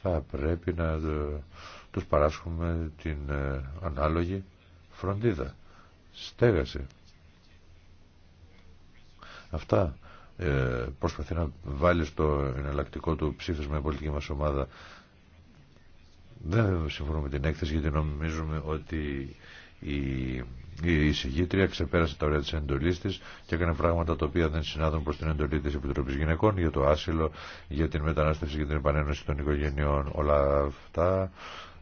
Θα πρέπει να ε, τους παράσχουμε την ε, ανάλογη φροντίδα. Στέγαση. Αυτά ε, προσπαθεί να βάλει στο εναλλακτικό του ψήφισμα η πολιτική μας ομάδα. Δεν συμφωνούμε την έκθεση γιατί νομίζουμε ότι η, η εισηγήτρια ξεπέρασε τα ωραία τη εντολή τη και έκανε πράγματα τα οποία δεν συνάδουν προ την εντολή τη Επιτροπή Γυναικών για το άσυλο, για την μετανάστευση και την επανένωση των οικογενειών. Όλα αυτά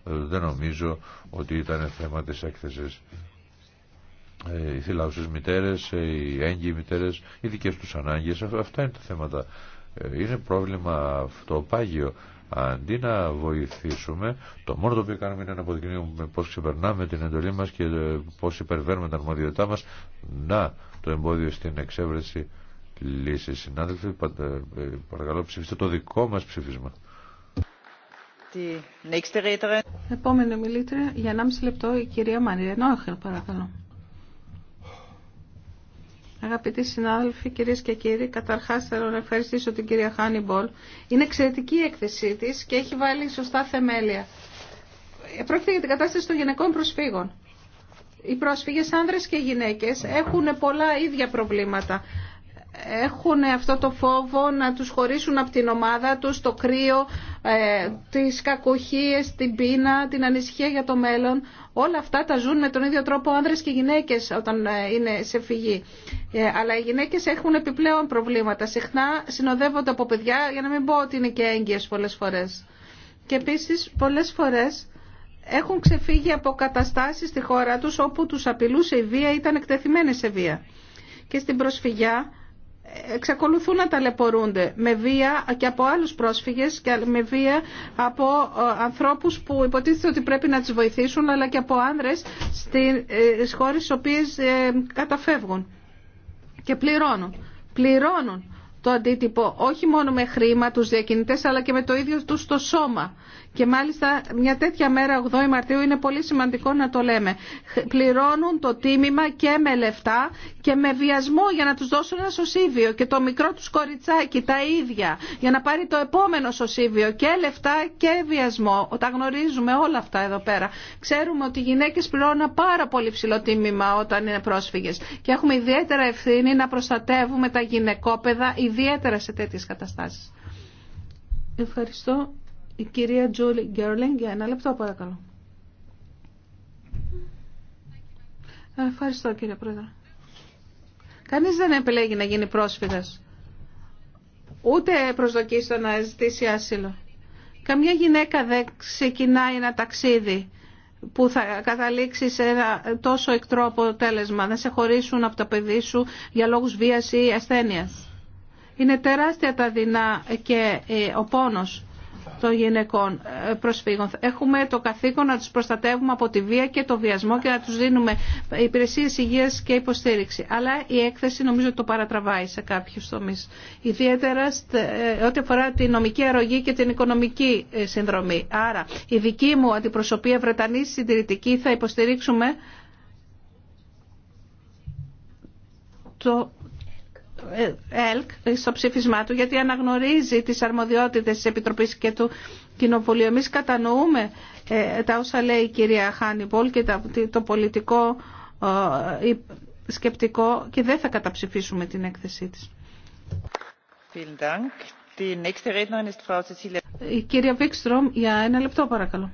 ε, δεν νομίζω ότι ήταν θέμα τη έκθεση. Ε, οι θηλάουσε μητέρε, ε, οι έγκυοι μητέρε, οι δικέ του ανάγκε, αυτά είναι τα θέματα. Είναι πρόβλημα αυτό πάγιο Αντί να βοηθήσουμε, το μόνο το οποίο κάνουμε είναι να αποδεικνύουμε πώ ξεπερνάμε την εντολή μα και ε, πώ υπερβαίνουμε τα αρμοδιότητά μα. Να το εμπόδιο στην εξέβρεση λύση. Συνάδελφοι, ε, παρακαλώ ψηφίστε το δικό μα ψήφισμα. Επόμενη μιλήτρια για 1,5 λεπτό η κυρία Μαρία Νόχελ, παρακαλώ. Αγαπητοί συνάδελφοι, κυρίες και κύριοι, καταρχάς θέλω να ευχαριστήσω την κυρία Χάνιμπολ. Είναι εξαιρετική η έκθεσή της και έχει βάλει σωστά θεμέλια. Πρόκειται για την κατάσταση των γυναικών προσφύγων. Οι πρόσφυγες άνδρες και γυναίκες έχουν πολλά ίδια προβλήματα. Έχουν αυτό το φόβο να τους χωρίσουν από την ομάδα τους, το κρύο, ε, τις κακοχίες, την πείνα, την ανησυχία για το μέλλον. Όλα αυτά τα ζουν με τον ίδιο τρόπο άνδρες και γυναίκες όταν ε, είναι σε φυγή. Ε, αλλά οι γυναίκες έχουν επιπλέον προβλήματα. Συχνά συνοδεύονται από παιδιά για να μην πω ότι είναι και έγκυες πολλές φορές. Και επίσης πολλές φορές έχουν ξεφύγει από καταστάσεις στη χώρα τους όπου τους απειλούσε η βία ή ήταν εκτεθειμένες σε βία. Και στην προσφυγιά εξακολουθούν να ταλαιπωρούνται με βία και από άλλους πρόσφυγες και με βία από ε, ανθρώπους που υποτίθεται ότι πρέπει να τις βοηθήσουν αλλά και από άνδρες ε, στις χώρες στις οποίες ε, καταφεύγουν και πληρώνουν. Πληρώνουν το αντίτυπο όχι μόνο με χρήμα τους διακινητές αλλά και με το ίδιο τους το σώμα και μάλιστα μια τέτοια μέρα 8 Μαρτίου είναι πολύ σημαντικό να το λέμε. Πληρώνουν το τίμημα και με λεφτά και με βιασμό για να τους δώσουν ένα σωσίβιο και το μικρό τους κοριτσάκι τα ίδια για να πάρει το επόμενο σωσίβιο και λεφτά και βιασμό. Τα γνωρίζουμε όλα αυτά εδώ πέρα. Ξέρουμε ότι οι γυναίκες πληρώνουν ένα πάρα πολύ ψηλό τίμημα όταν είναι πρόσφυγες και έχουμε ιδιαίτερα ευθύνη να προστατεύουμε τα γυναικόπαιδα ιδιαίτερα σε τέτοιε καταστάσει. Ευχαριστώ. Η κυρία Τζούλη Γκέρλινγκ, για ένα λεπτό παρακαλώ. Ευχαριστώ κύριε Πρόεδρε. Κανείς δεν επιλέγει να γίνει πρόσφυγας. Ούτε προσδοκεί στο να ζητήσει άσυλο. Καμιά γυναίκα δεν ξεκινάει ένα ταξίδι που θα καταλήξει σε ένα τόσο εκτρό αποτέλεσμα. Να σε χωρίσουν από το παιδί σου για λόγους βίας ή ασθένειας. Είναι τεράστια τα δεινά και ε, ο πόνος των γυναικών ε, προσφύγων. Έχουμε το καθήκον να τους προστατεύουμε από τη βία και το βιασμό και να τους δίνουμε υπηρεσίες υγείας και υποστήριξη. Αλλά η έκθεση νομίζω το παρατραβάει σε κάποιους τομείς. Ιδιαίτερα ε, ό,τι αφορά τη νομική αρρωγή και την οικονομική ε, συνδρομή. Άρα η δική μου αντιπροσωπεία Βρετανή συντηρητική θα υποστηρίξουμε το ΕΛΚ στο ψήφισμά του γιατί αναγνωρίζει τις αρμοδιότητες της Επιτροπής και του Κοινοβουλίου. Εμείς κατανοούμε ε, τα όσα λέει η κυρία Χάνιμπολ και το πολιτικό ε, σκεπτικό και δεν θα καταψηφίσουμε την έκθεσή της. Η κυρία Βίξτρομ για ένα λεπτό παρακαλώ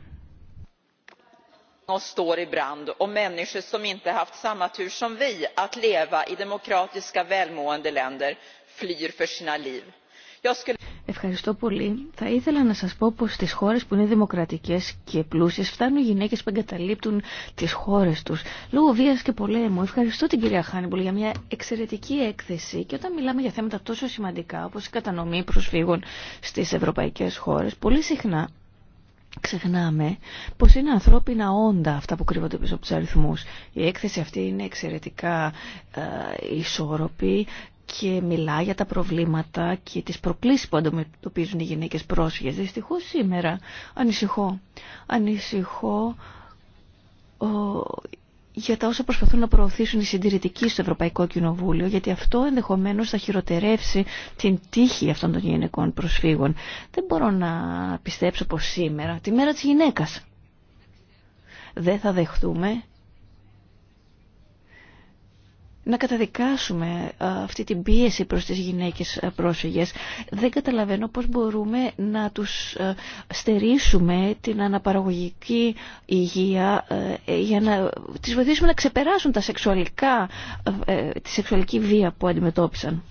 i brand och människor som inte haft samma tur som vi att leva i demokratiska välmående länder flyr för sina liv. Ευχαριστώ πολύ. Θα ήθελα να σας πω πως στις χώρες που είναι δημοκρατικές και πλούσιες φτάνουν οι γυναίκες που εγκαταλείπτουν τις χώρες τους λόγω βίας και πολέμου. Ευχαριστώ την κυρία Χάνιμπολ για μια εξαιρετική έκθεση και όταν μιλάμε για θέματα τόσο σημαντικά όπως η κατανομή προσφύγων στις ευρωπαϊκές χώρες πολύ συχνά ξεχνάμε πως είναι ανθρώπινα όντα αυτά που κρύβονται πίσω από τους αριθμούς. Η έκθεση αυτή είναι εξαιρετικά ε, ισόρροπη και μιλά για τα προβλήματα και τις προκλήσεις που αντιμετωπίζουν οι γυναίκες πρόσφυγες. Δυστυχώς σήμερα ανησυχώ. Ανησυχώ για τα όσα προσπαθούν να προωθήσουν οι συντηρητικοί στο Ευρωπαϊκό Κοινοβούλιο, γιατί αυτό ενδεχομένως θα χειροτερεύσει την τύχη αυτών των γυναικών προσφύγων. Δεν μπορώ να πιστέψω πως σήμερα, τη μέρα της γυναίκας, δεν θα δεχτούμε να καταδικάσουμε ε, αυτή την πίεση προς τις γυναίκες ε, πρόσφυγες. Δεν καταλαβαίνω πώς μπορούμε να τους ε, στερήσουμε την αναπαραγωγική υγεία για να τις βοηθήσουμε να ξεπεράσουν τα σεξουαλικά, τη σεξουαλική βία που αντιμετώπισαν.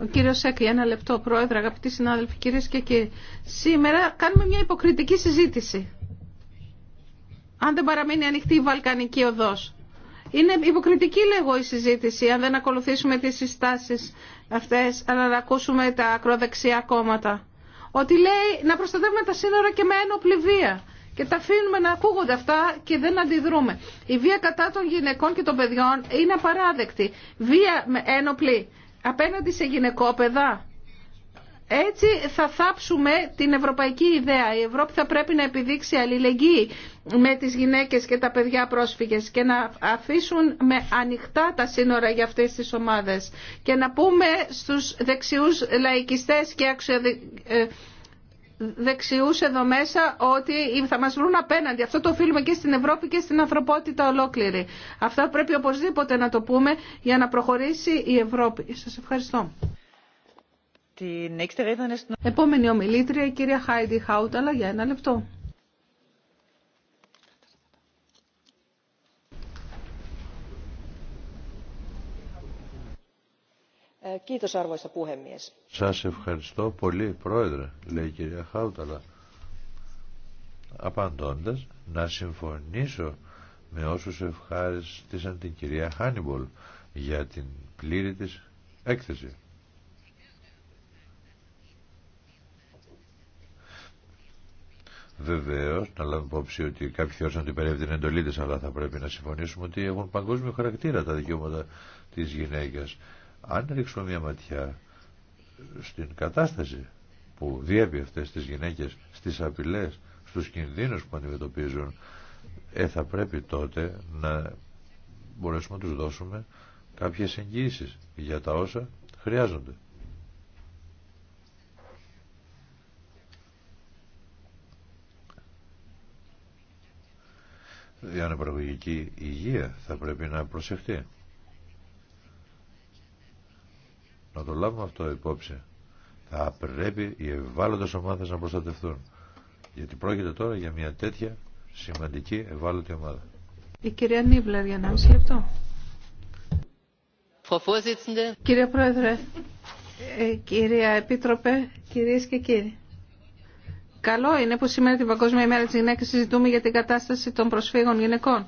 Ο κύριος Σέκη, ένα λεπτό, πρόεδρε, αγαπητοί συνάδελφοι, κυρίες και κύριοι. Σήμερα κάνουμε μια υποκριτική συζήτηση. Αν δεν παραμείνει ανοιχτή η Βαλκανική οδός είναι υποκριτική λέγω η συζήτηση αν δεν ακολουθήσουμε τις συστάσεις αυτές αλλά να ακούσουμε τα ακροδεξιά κόμματα. Ότι λέει να προστατεύουμε τα σύνορα και με ένοπλη βία και τα αφήνουμε να ακούγονται αυτά και δεν αντιδρούμε. Η βία κατά των γυναικών και των παιδιών είναι απαράδεκτη. Βία με ένοπλη απέναντι σε γυναικόπαιδα έτσι θα θάψουμε την ευρωπαϊκή ιδέα. Η Ευρώπη θα πρέπει να επιδείξει αλληλεγγύη με τις γυναίκες και τα παιδιά πρόσφυγες και να αφήσουν με ανοιχτά τα σύνορα για αυτές τις ομάδες και να πούμε στους δεξιούς λαϊκιστές και ε, δεξιούς εδώ μέσα ότι θα μας βρουν απέναντι. Αυτό το οφείλουμε και στην Ευρώπη και στην ανθρωπότητα ολόκληρη. Αυτά πρέπει οπωσδήποτε να το πούμε για να προχωρήσει η Ευρώπη. Σας ευχαριστώ. Επόμενη ομιλήτρια, η κυρία Χάιντι Χάουταλα, για ένα λεπτό. Ε, Σας ευχαριστώ πολύ, Πρόεδρε, λέει η κυρία Χάουταλα. Απαντώντας, να συμφωνήσω με όσους ευχάριστησαν την κυρία Χάνιμπολ για την πλήρη της έκθεση. Βεβαίω, να λάβουμε υπόψη ότι κάποιοι θεωρούν ότι την εντολή τη, αλλά θα πρέπει να συμφωνήσουμε ότι έχουν παγκόσμιο χαρακτήρα τα δικαιώματα τη γυναίκα. Αν ρίξουμε μια ματιά στην κατάσταση που διέπει αυτές τις γυναίκες στις απειλέ, στους κινδύνους που αντιμετωπίζουν, ε, θα πρέπει τότε να μπορέσουμε να του δώσουμε κάποιε εγγύσει για τα όσα χρειάζονται. η αναπαραγωγική υγεία θα πρέπει να προσεχτεί. Να το λάβουμε αυτό υπόψη. Θα πρέπει οι ευάλωτες ομάδε να προστατευτούν. Γιατί πρόκειται τώρα για μια τέτοια σημαντική ευάλωτη ομάδα. Η κυρία Νίβλερ για μισή λεπτό. Κύριε Πρόεδρε, ε, κυρία Επίτροπε, κυρίες και κύριοι. Καλό είναι που σήμερα την Παγκόσμια ημέρα της γυναίκας συζητούμε για την κατάσταση των προσφύγων γυναικών.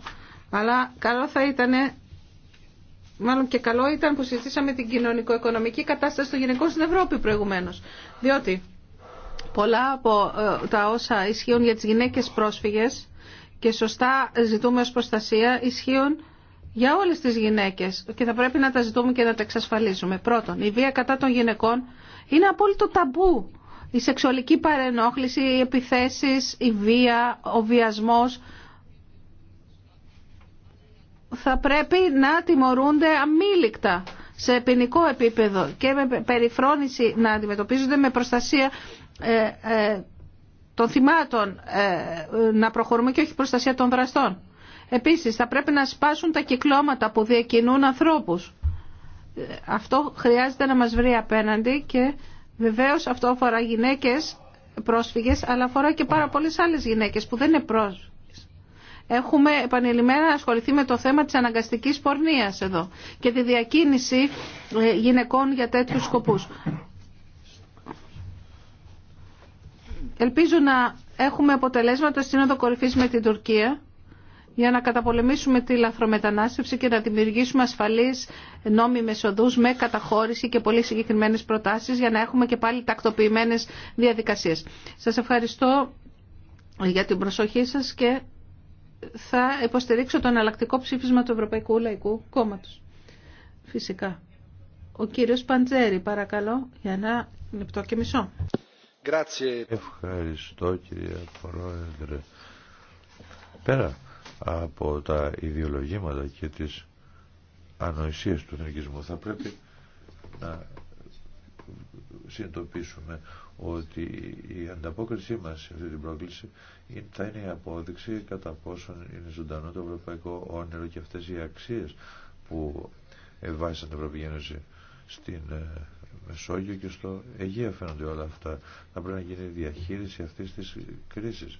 Αλλά καλό θα ήταν, μάλλον και καλό ήταν που συζητήσαμε την κοινωνικο-οικονομική κατάσταση των γυναικών στην Ευρώπη προηγουμένως. Διότι πολλά από ε, τα όσα ισχύουν για τις γυναίκες πρόσφυγες και σωστά ζητούμε ως προστασία ισχύουν για όλες τις γυναίκες και θα πρέπει να τα ζητούμε και να τα εξασφαλίζουμε. Πρώτον, η βία κατά των γυναικών είναι απόλυτο ταμπού η σεξουαλική παρενόχληση, οι επιθέσεις, η βία, ο βιασμός θα πρέπει να τιμωρούνται αμήλικτα σε ποινικό επίπεδο και με περιφρόνηση να αντιμετωπίζονται με προστασία ε, ε, των θυμάτων ε, να προχωρούμε και όχι προστασία των δραστών. Επίσης θα πρέπει να σπάσουν τα κυκλώματα που διακινούν ανθρώπους. Αυτό χρειάζεται να μας βρει απέναντι και Βεβαίω αυτό αφορά γυναίκες πρόσφυγες, αλλά αφορά και πάρα πολλέ άλλες γυναίκες που δεν είναι πρόσφυγες. Έχουμε επανειλημμένα ασχοληθεί με το θέμα τη αναγκαστική πορνείας εδώ και τη διακίνηση ε, γυναικών για τέτοιου σκοπού. Ελπίζω να έχουμε αποτελέσματα στην Οδοκορυφή με την Τουρκία για να καταπολεμήσουμε τη λαθρομετανάστευση και να δημιουργήσουμε ασφαλείς νόμιμες οδούς με καταχώρηση και πολύ συγκεκριμένες προτάσεις για να έχουμε και πάλι τακτοποιημένες διαδικασίες. Σας ευχαριστώ για την προσοχή σας και θα υποστηρίξω το εναλλακτικό ψήφισμα του Ευρωπαϊκού Λαϊκού Κόμματος. Φυσικά. Ο κύριος Παντζέρη, παρακαλώ, για ένα λεπτό και μισό. Ευχαριστώ κύριε Πρόεδρε. Πέρα από τα ιδεολογήματα και τις ανοησίες του εθνικισμού. Θα πρέπει να συνειδητοποιήσουμε ότι η ανταπόκρισή μας σε αυτή την πρόκληση θα είναι η απόδειξη κατά πόσον είναι ζωντανό το ευρωπαϊκό όνειρο και αυτές οι αξίες που ευάζησαν την Ευρωπαϊκή Ένωση στην ε, Μεσόγειο και στο Αιγαίο φαίνονται όλα αυτά. Θα πρέπει να γίνει διαχείριση αυτής της κρίσης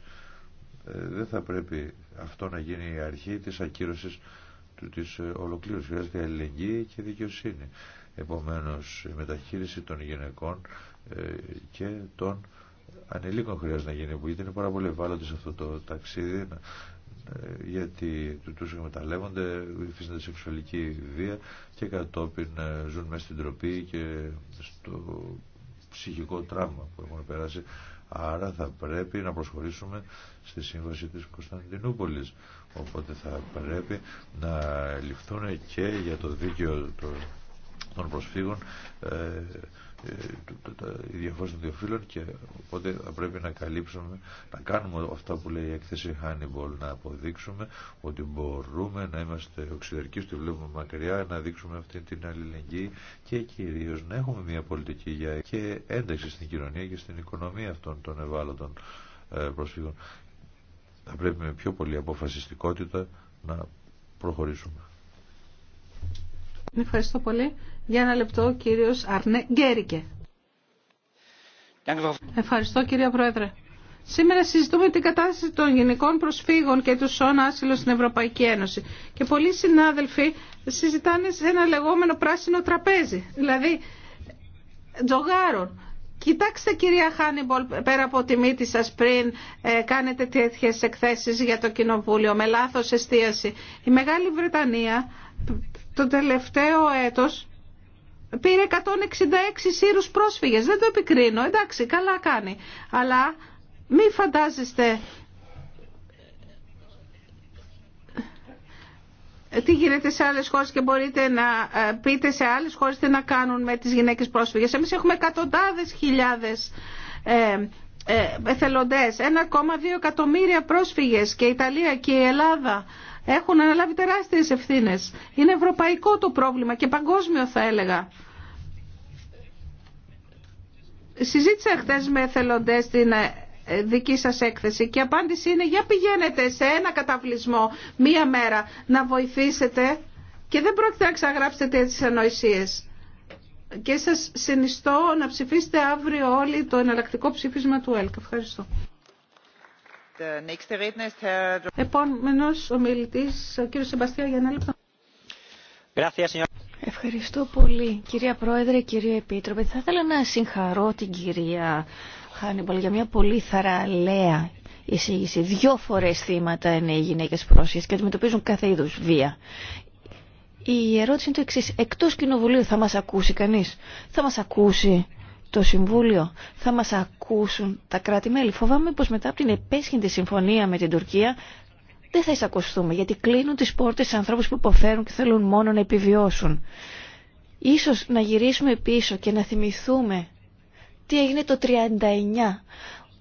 ε, δεν θα πρέπει αυτό να γίνει η αρχή της ακύρωσης της ε, ολοκλήρωσης. Χρειάζεται αλληλεγγύη και δικαιοσύνη. Επομένως, η μεταχείριση των γυναικών ε, και των ανηλίκων χρειάζεται να γίνει, γιατί είναι πάρα πολύ ευάλωτοι σε αυτό το ταξίδι, γιατί τους εκμεταλλεύονται, υφίστανται σεξουαλική βία και κατόπιν ζουν μέσα στην τροπή και στο ψυχικό τραύμα που έχουν περάσει Άρα θα πρέπει να προσχωρήσουμε στη σύμβαση της Κωνσταντινούπολης. Οπότε θα πρέπει να ληφθούν και για το δίκαιο των προσφύγων ε, ε, η διαφορά των δύο φύλων και οπότε θα πρέπει να καλύψουμε, να κάνουμε αυτά που λέει η έκθεση Hannibal, να αποδείξουμε ότι μπορούμε να είμαστε οξυδερκοί, στο βλέπουμε μακριά, να δείξουμε αυτή την αλληλεγγύη και κυρίως να έχουμε μια πολιτική για και ένταξη στην κοινωνία και στην οικονομία αυτών των ευάλωτων ε, προσφύγων. Θα πρέπει με πιο πολύ αποφασιστικότητα να προχωρήσουμε. Ευχαριστώ πολύ. Για ένα λεπτό, κύριος Αρνέ Γκέρικε. Ευχαριστώ, κύριε Πρόεδρε. Σήμερα συζητούμε την κατάσταση των γενικών προσφύγων και του σώνα άσυλο στην Ευρωπαϊκή Ένωση. Και πολλοί συνάδελφοι συζητάνε σε ένα λεγόμενο πράσινο τραπέζι. Δηλαδή, τζογάρων. Κοιτάξτε κυρία Χάνιμπολ, πέρα από τη μύτη σας πριν ε, κάνετε τέτοιες εκθέσεις για το Κοινοβούλιο με λάθος εστίαση. Η Μεγάλη Βρετανία το τελευταίο έτος πήρε 166 σύρους πρόσφυγες. Δεν το επικρίνω, εντάξει, καλά κάνει. Αλλά μη φαντάζεστε τι γίνεται σε άλλες χώρες και μπορείτε να ε, πείτε σε άλλες χώρες τι να κάνουν με τις γυναίκες πρόσφυγες. Εμείς έχουμε εκατοντάδες χιλιάδες ε, ε, εθελοντές, 1,2 εκατομμύρια πρόσφυγες και η Ιταλία και η Ελλάδα έχουν αναλάβει τεράστιες ευθύνες. Είναι ευρωπαϊκό το πρόβλημα και παγκόσμιο θα έλεγα. Συζήτησα χθε με εθελοντέ στην ε, δική σας έκθεση και η απάντηση είναι για πηγαίνετε σε ένα καταβλισμό μία μέρα να βοηθήσετε και δεν πρόκειται να ξαγράψετε τις ανοησίες. Και σας συνιστώ να ψηφίσετε αύριο όλοι το εναλλακτικό ψήφισμα του ΕΛΚ. Ευχαριστώ. Επόμενος Ευχαριστώ πολύ. Κυρία Πρόεδρε, κύριε Επίτροπε, θα ήθελα να συγχαρώ την κυρία Χάνιμπολ για μια πολύ θαραλέα εισήγηση. Δυο φορές θύματα είναι οι γυναίκες πρόσφυγες και αντιμετωπίζουν κάθε είδους βία. Η ερώτηση είναι το εξή. Εκτός κοινοβουλίου θα μας ακούσει κανείς. Θα μας ακούσει το Συμβούλιο, θα μας ακούσουν τα κράτη-μέλη. Φοβάμαι πως μετά από την επέσχυντη συμφωνία με την Τουρκία δεν θα εισακουστούμε, γιατί κλείνουν τις πόρτες σε ανθρώπους που υποφέρουν και θέλουν μόνο να επιβιώσουν. Ίσως να γυρίσουμε πίσω και να θυμηθούμε τι έγινε το 39,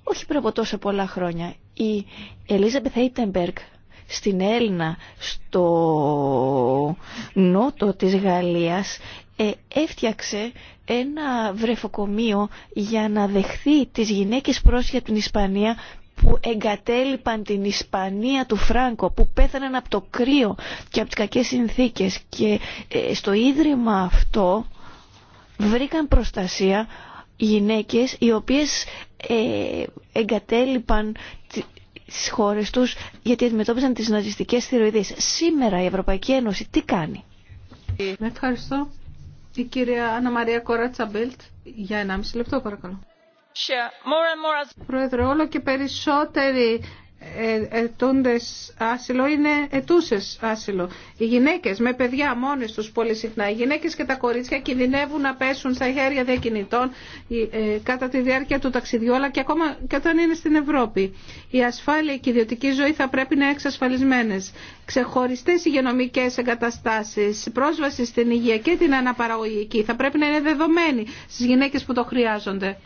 όχι πριν από τόσα πολλά χρόνια. Η Ελίζα Μπεθέιτεμπεργκ στην Έλληνα, στο νότο της Γαλλίας, ε, έφτιαξε ένα βρεφοκομείο για να δεχθεί τις γυναίκες πρόσφυγες από την Ισπανία που εγκατέλειπαν την Ισπανία του Φράνκο που πέθαναν από το κρύο και από τις κακές συνθήκες και ε, στο ίδρυμα αυτό βρήκαν προστασία γυναίκες οι οποίες ε, εγκατέλειπαν τις χώρες τους γιατί αντιμετώπιζαν τις ναζιστικές θηροειδίες. Σήμερα η Ευρωπαϊκή Ένωση τι κάνει. Ευχαριστώ. Η κυρία Αναμαρία Μαρία Κόρατσα Μπίλτ, για 1,5 λεπτό παρακαλώ. Πρόεδρε, όλο και περισσότεροι ε, ετούντες άσυλο είναι ετούσες άσυλο. Οι γυναίκες με παιδιά μόνε τους πολύ συχνά, οι γυναίκες και τα κορίτσια κινδυνεύουν να πέσουν στα χέρια διακινητών ε, κατά τη διάρκεια του ταξιδιού αλλά και ακόμα και όταν είναι στην Ευρώπη. Η ασφάλεια και η ιδιωτική ζωή θα πρέπει να είναι εξασφαλισμένε. Ξεχωριστέ υγειονομικέ εγκαταστάσει, πρόσβαση στην υγεία και την αναπαραγωγική θα πρέπει να είναι δεδομένη στι γυναίκε που το χρειάζονται.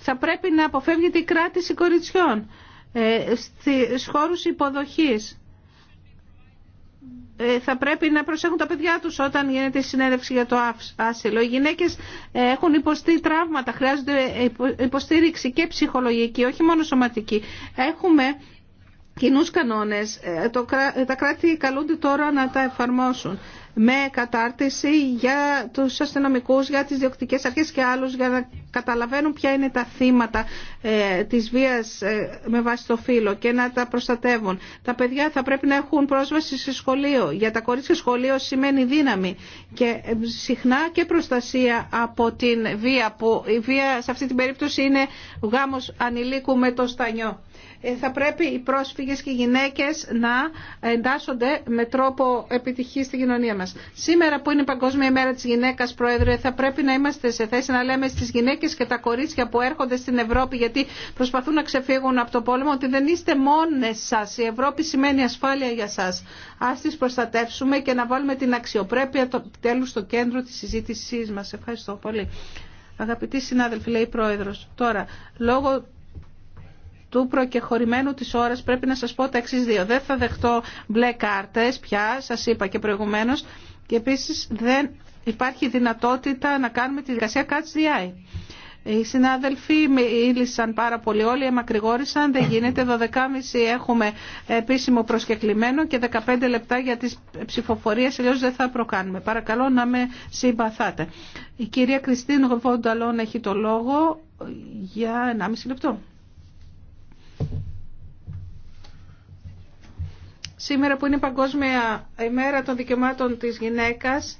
Θα πρέπει να αποφεύγεται η κράτηση κοριτσιών ε, στις χώρους υποδοχής. Ε, θα πρέπει να προσέχουν τα παιδιά τους όταν γίνεται η συνέλευση για το άσυλο. Οι γυναίκες ε, έχουν υποστεί τραύματα, χρειάζονται υποστήριξη και ψυχολογική, όχι μόνο σωματική. Έχουμε κοινούς κανόνες. Ε, τα κράτη καλούνται τώρα να τα εφαρμόσουν με κατάρτιση για τους αστυνομικούς, για τις διοκτικές αρχές και άλλους για να καταλαβαίνουν ποια είναι τα θύματα ε, της βίας ε, με βάση το φύλλο και να τα προστατεύουν. Τα παιδιά θα πρέπει να έχουν πρόσβαση σε σχολείο. Για τα κορίτσια σχολείο σημαίνει δύναμη και συχνά και προστασία από την βία που η βία σε αυτή την περίπτωση είναι γάμος ανηλίκου με το στανιό. Ε, θα πρέπει οι πρόσφυγες και οι γυναίκες να εντάσσονται με τρόπο επιτυχή στη κοινωνία μας. Σήμερα που είναι η Παγκόσμια ημέρα της γυναίκας, Πρόεδρε, θα πρέπει να είμαστε σε θέση να λέμε στις γυναίκες και τα κορίτσια που έρχονται στην Ευρώπη γιατί προσπαθούν να ξεφύγουν από το πόλεμο ότι δεν είστε μόνες σας. Η Ευρώπη σημαίνει ασφάλεια για σας. Ας τις προστατεύσουμε και να βάλουμε την αξιοπρέπεια το, τέλος στο κέντρο της συζήτησής μας. Ευχαριστώ πολύ. Αγαπητοί συνάδελφοι, λέει η Πρόεδρος, τώρα, λόγω του προκεχωρημένου της ώρας πρέπει να σας πω τα εξής δύο. Δεν θα δεχτώ μπλε κάρτες πια, σας είπα και προηγουμένως, και επίσης δεν υπάρχει δυνατότητα να κάνουμε τη δικασια Catch the Οι συνάδελφοι μίλησαν πάρα πολύ όλοι, εμακρηγόρησαν, δεν γίνεται. 12.30 έχουμε επίσημο προσκεκλημένο και 15 λεπτά για τις ψηφοφορίες, αλλιώς δεν θα προκάνουμε. Παρακαλώ να με συμπαθάτε. Η κυρία Κριστίν Βονταλόν έχει το λόγο για 1,5 λεπτό. Σήμερα που είναι η Παγκόσμια ημέρα των δικαιωμάτων της γυναίκας,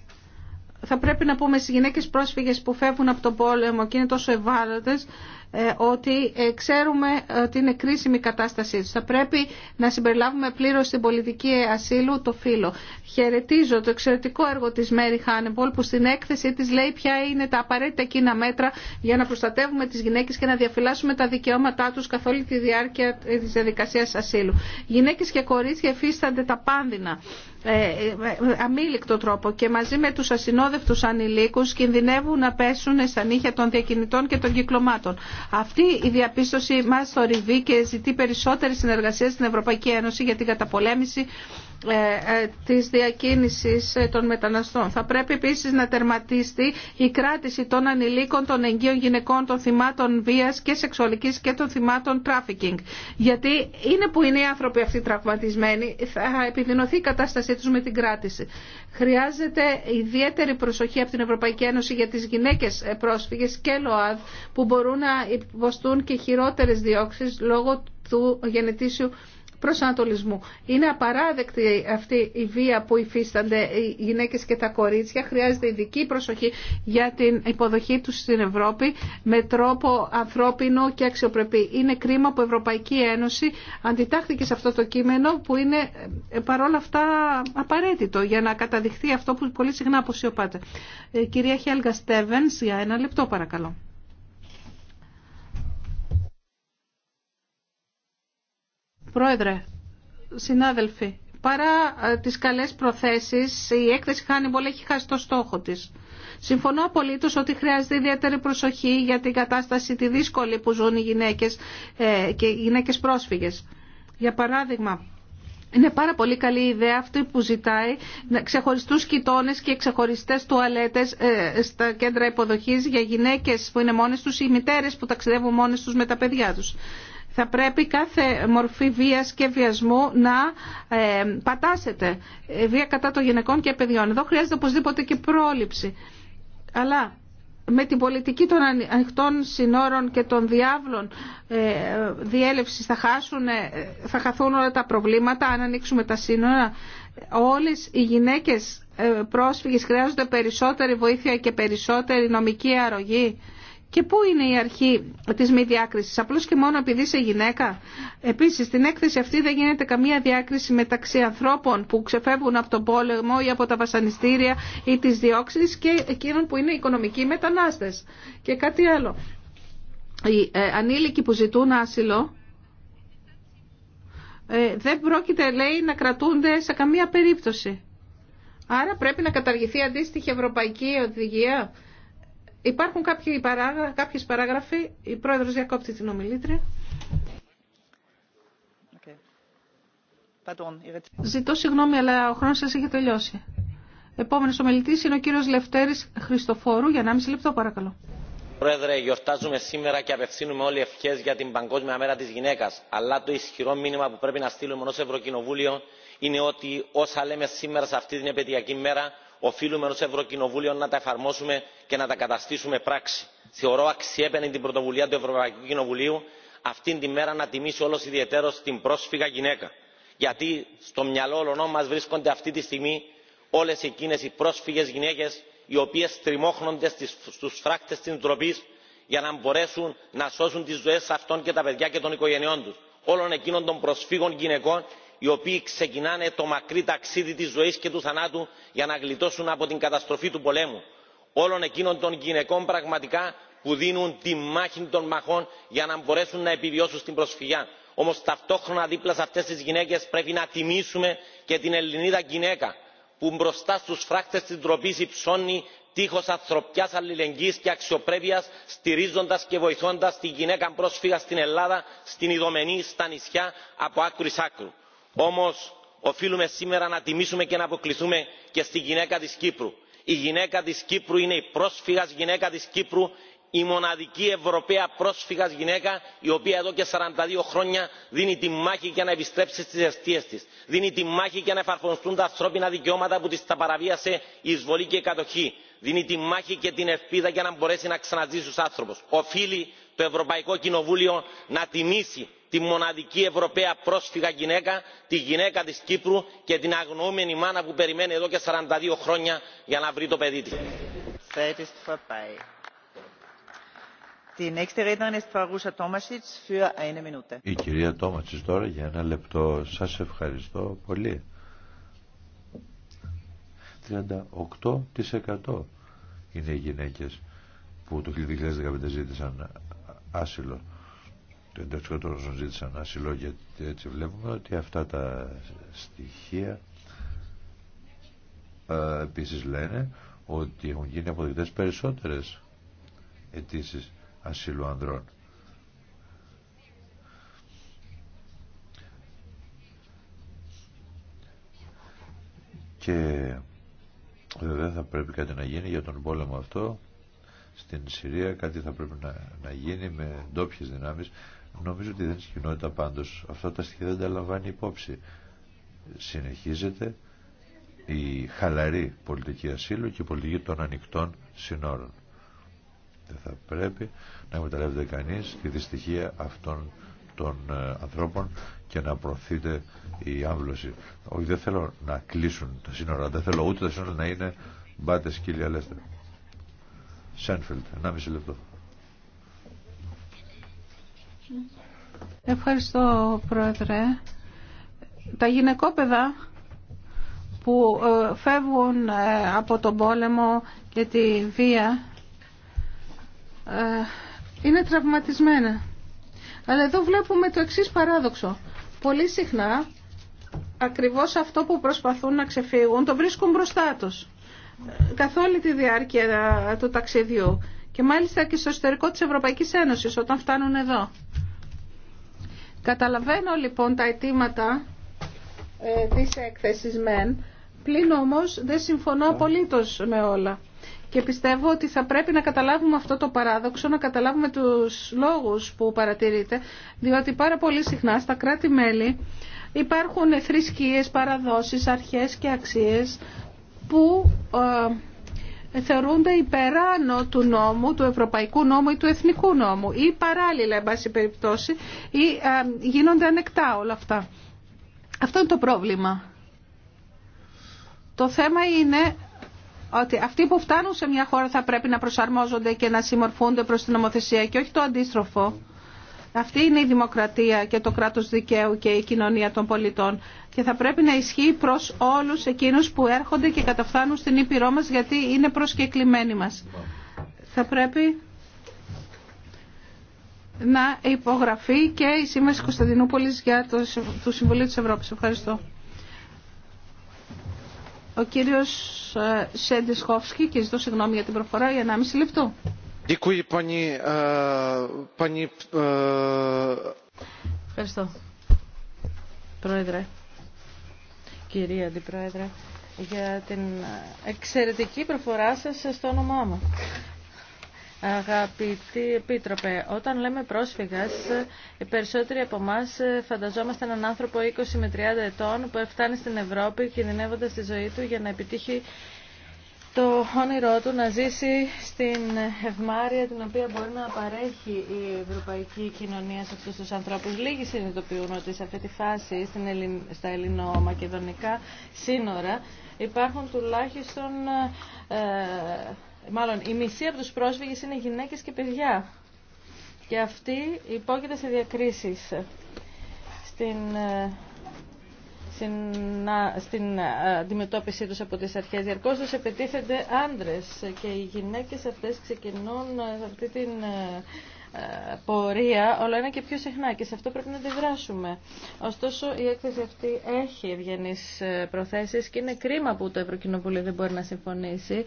θα πρέπει να πούμε στις γυναίκες πρόσφυγες που φεύγουν από τον πόλεμο και είναι τόσο ευάλωτες, ε, ότι ε, ξέρουμε ε, ότι είναι κρίσιμη η κατάστασή του. Θα πρέπει να συμπεριλάβουμε πλήρως στην πολιτική ασύλου το φύλλο. Χαιρετίζω το εξαιρετικό έργο της Μέρι Χάνεμπολ που στην έκθεση της λέει ποια είναι τα απαραίτητα εκείνα μέτρα για να προστατεύουμε τις γυναίκες και να διαφυλάσσουμε τα δικαιώματά τους καθ' όλη τη διάρκεια της διαδικασίας ασύλου. Γυναίκες και κορίτσια εφίστανται τα πάνδυνα ε, ε, αμήλικτο τρόπο και μαζί με τους ασυνόδευτους ανηλίκους κινδυνεύουν να πέσουν στα νύχια των διακινητών και των κυκλωμάτων. Αυτή η διαπίστωση μας θορυβεί και ζητεί περισσότερη συνεργασία στην Ευρωπαϊκή Ένωση για την καταπολέμηση ε, ε, της διακίνησης ε, των μεταναστών. Θα πρέπει επίσης να τερματίστη η κράτηση των ανηλίκων, των εγγύων γυναικών, των θυμάτων βίας και σεξουαλικής και των θυμάτων τράφικινγκ. Γιατί είναι που είναι οι άνθρωποι αυτοί τραυματισμένοι, θα επιδεινωθεί η κατάστασή τους με την κράτηση. Χρειάζεται ιδιαίτερη προσοχή από την Ευρωπαϊκή Ένωση για τις γυναίκες πρόσφυγες και ΛΟΑΔ που μπορούν να υποστούν και χειρότερες διώξεις λόγω του γενετήσιου προσανατολισμού. Είναι απαράδεκτη αυτή η βία που υφίστανται οι γυναίκες και τα κορίτσια. Χρειάζεται ειδική προσοχή για την υποδοχή τους στην Ευρώπη με τρόπο ανθρώπινο και αξιοπρεπή. Είναι κρίμα που η Ευρωπαϊκή Ένωση αντιτάχθηκε σε αυτό το κείμενο που είναι ε, παρόλα αυτά απαραίτητο για να καταδειχθεί αυτό που πολύ συχνά αποσιωπάται. Ε, κυρία Χέλγα Στέβενς, για ένα λεπτό παρακαλώ. Πρόεδρε, συνάδελφοι, παρά ε, τις καλές προθέσεις, η έκθεση Χάνιμπολ έχει χάσει το στόχο της. Συμφωνώ απολύτω ότι χρειάζεται ιδιαίτερη προσοχή για την κατάσταση τη δύσκολη που ζουν οι γυναίκες ε, και οι γυναίκες πρόσφυγες. Για παράδειγμα, είναι πάρα πολύ καλή ιδέα αυτή που ζητάει ξεχωριστού κοιτώνε και ξεχωριστέ τουαλέτε ε, στα κέντρα υποδοχή για γυναίκε που είναι μόνε του ή μητέρε που ταξιδεύουν μόνε του με τα παιδιά του. Θα πρέπει κάθε μορφή βίας και βιασμού να ε, πατάσετε. Ε, βία κατά των γυναικών και παιδιών. Εδώ χρειάζεται οπωσδήποτε και πρόληψη. Αλλά με την πολιτική των ανοιχτών συνόρων και των διάβλων ε, διέλευσης θα, χάσουν, θα χαθούν όλα τα προβλήματα αν ανοίξουμε τα σύνορα. Όλες οι γυναίκες πρόσφυγες χρειάζονται περισσότερη βοήθεια και περισσότερη νομική αρρωγή. Και πού είναι η αρχή της μη διάκρισης, απλώς και μόνο επειδή είσαι γυναίκα. Επίσης, στην έκθεση αυτή δεν γίνεται καμία διάκριση μεταξύ ανθρώπων που ξεφεύγουν από τον πόλεμο ή από τα βασανιστήρια ή τις διώξεις και εκείνων που είναι οικονομικοί μετανάστες. Και κάτι άλλο. Οι ε, ανήλικοι που ζητούν άσυλο ε, δεν πρόκειται, λέει, να κρατούνται σε καμία περίπτωση. Άρα πρέπει να καταργηθεί αντίστοιχη ευρωπαϊκή οδηγία Υπάρχουν κάποιοι παράγρα, κάποιες παράγραφοι. Η πρόεδρος διακόπτει την ομιλήτρια. Ζητώ συγγνώμη, αλλά ο χρόνος σας έχει τελειώσει. Επόμενος ομιλητής είναι ο κύριος Λευτέρης Χριστοφόρου. Για 1,5 λεπτό παρακαλώ. Πρόεδρε, γιορτάζουμε σήμερα και απευθύνουμε όλοι ευχέ για την Παγκόσμια Μέρα τη Γυναίκα. Αλλά το ισχυρό μήνυμα που πρέπει να στείλουμε ω Ευρωκοινοβούλιο είναι ότι όσα λέμε σήμερα σε αυτή την επαιτειακή μέρα οφείλουμε ως ευρωκοινοβούλιο να τα εφαρμόσουμε και να τα καταστήσουμε πράξη. θεωρώ αξιέπαινη την πρωτοβουλία του ευρωπαϊκού κοινοβουλίου αυτήν τη μέρα να τιμήσει όλος ιδιαιτέρως την πρόσφυγα γυναίκα γιατί στο μυαλό όλων μας βρίσκονται αυτή τη στιγμή όλες εκείνες οι πρόσφυγες γυναίκες οι οποίες τριμώχνονται στους φράκτες της ντροπής για να μπορέσουν να σώσουν τις ζωές αυτών και τα παιδιά και των οικογενειών τους όλων εκείνων των προσφύγων γυναικών οι οποίοι ξεκινάνε το μακρύ ταξίδι της ζωής και του θανάτου για να γλιτώσουν από την καταστροφή του πολέμου όλων εκείνων των γυναικών πραγματικά που δίνουν τη μάχη των μαχών για να μπορέσουν να επιβιώσουν στην προσφυγιά. όμως ταυτόχρονα δίπλα σε αυτές τις γυναίκες πρέπει να τιμήσουμε και την ελληνίδα γυναίκα που μπροστά στους φράχτες της ντροπής υψώνει τείχος ανθρωπιάς αλληλεγγύης και αξιοπρέπειας στηρίζοντας και βοηθώντα τη γυναίκα πρόσφυγα στην ελλάδα στην ιδωμένη στα νησιά από άκρου άκρου όμως οφείλουμε σήμερα να τιμήσουμε και να αποκλειστούμε και στη γυναίκα της κύπρου. η γυναίκα της κύπρου είναι η πρόσφυγας γυναίκα της κύπρου η μοναδική ευρωπαία πρόσφυγας γυναίκα η οποία εδώ και 42 χρόνια δίνει τη μάχη για να επιστρέψει στις αιστείες της δίνει τη μάχη για να εφαρμοστούν τα ανθρώπινα δικαιώματα που της τα παραβίασε η εισβολή και η κατοχή δίνει τη μάχη και την ελπίδα για να μπορέσει να ξαναζήσει ω άνθρωπο. οφείλει το ευρωπαϊκό κοινοβούλιο να τιμήσει τη μοναδική ευρωπαία πρόσφυγα γυναίκα τη γυναίκα της κύπρου και την αγνοούμενη μάνα που περιμένει εδώ και 42 χρόνια για να βρει το παιδί της. Η κυρία Τόματσι τώρα για ένα λεπτό. Σας ευχαριστώ πολύ. 38% είναι οι γυναίκες που το 2015 ζήτησαν άσυλο το εντάξει των όσων ζήτησαν ασυλό γιατί έτσι βλέπουμε ότι αυτά τα στοιχεία ε, επίσης λένε ότι έχουν γίνει αποδεικτές περισσότερες αιτήσει ασύλου ανδρών. Και βέβαια θα πρέπει κάτι να γίνει για τον πόλεμο αυτό στην Συρία, κάτι θα πρέπει να, γίνει με ντόπιε δυνάμεις Νομίζω ότι δεν κοινότητα πάντως. Αυτά τα στοιχεία δεν τα λαμβάνει υπόψη. Συνεχίζεται η χαλαρή πολιτική ασύλου και η πολιτική των ανοιχτών συνόρων. Δεν θα πρέπει να μεταλλεύεται κανείς τη δυστυχία αυτών των ε, ανθρώπων και να προωθείται η άμβλωση. Όχι, δεν θέλω να κλείσουν τα σύνορα, δεν θέλω ούτε τα σύνορα να είναι μπάτε σκύλια λεύτερα. Σένφελτ, 1,5 λεπτό. Ευχαριστώ, Πρόεδρε. Τα γυναικόπαιδα που ε, φεύγουν ε, από τον πόλεμο και τη βία ε, είναι τραυματισμένα. Αλλά εδώ βλέπουμε το εξής παράδοξο. Πολύ συχνά ακριβώς αυτό που προσπαθούν να ξεφύγουν το βρίσκουν μπροστά τους καθ' όλη τη διάρκεια του ταξιδιού και μάλιστα και στο εσωτερικό της Ευρωπαϊκής Ένωσης όταν φτάνουν εδώ. Καταλαβαίνω λοιπόν τα αιτήματα ε, της έκθεσης μεν, πλην όμως δεν συμφωνώ ναι. απολύτως με όλα. Και πιστεύω ότι θα πρέπει να καταλάβουμε αυτό το παράδοξο, να καταλάβουμε τους λόγους που παρατηρείτε, διότι πάρα πολύ συχνά στα κράτη-μέλη υπάρχουν θρησκείες, παραδόσεις, αρχές και αξίες που... Ε, ε, θεωρούνται υπεράνω του νόμου, του ευρωπαϊκού νόμου ή του εθνικού νόμου ή παράλληλα, εν πάση περιπτώσει, ή ε, γίνονται ανεκτά όλα αυτά. Αυτό είναι το πρόβλημα. Το θέμα είναι ότι αυτοί που φτάνουν σε μια χώρα θα πρέπει να προσαρμόζονται και να συμμορφούνται προς την νομοθεσία και όχι το αντίστροφο. Αυτή είναι η δημοκρατία και το κράτος δικαίου και η κοινωνία των πολιτών και θα πρέπει να ισχύει προς όλους εκείνους που έρχονται και καταφθάνουν στην Ήπειρό μας γιατί είναι προσκεκλημένοι μας. Θα πρέπει να υπογραφεί και η Σύμβαση Κωνσταντινούπολης για το, το Συμβουλίο της Ευρώπης. Ευχαριστώ. Ο κύριος ε, Σέντισχόφσκι και ζητώ συγγνώμη για την προφορά για 1,5 λεπτό. Eh, eh, Ευχαριστώ. Πρόεδρε, κυρία Αντιπρόεδρε, για την εξαιρετική προφορά σας στο όνομά μου. Αγαπητή Επίτροπε, όταν λέμε πρόσφυγας, οι περισσότεροι από εμά φανταζόμαστε έναν άνθρωπο 20 με 30 ετών που φτάνει στην Ευρώπη κινδυνεύοντας τη ζωή του για να επιτύχει το όνειρό του να ζήσει στην ευμάρεια την οποία μπορεί να παρέχει η ευρωπαϊκή κοινωνία σε αυτούς τους ανθρώπους. Λίγοι συνειδητοποιούν ότι σε αυτή τη φάση στην στα ελληνομακεδονικά σύνορα υπάρχουν τουλάχιστον, ε, μάλλον η μισή από τους πρόσφυγες είναι γυναίκες και παιδιά. Και αυτοί υπόκειται σε διακρίσεις. Στην ε, στην, στην αντιμετώπιση τους από τις αρχές. Διαρκώς τους επιτίθενται άντρες και οι γυναίκες αυτές ξεκινούν σε αυτή την πορεία όλο ένα και πιο συχνά και σε αυτό πρέπει να αντιδράσουμε. Ωστόσο η έκθεση αυτή έχει ευγενείς ε, προθέσεις και είναι κρίμα που το Ευρωκοινοβούλιο δεν μπορεί να συμφωνήσει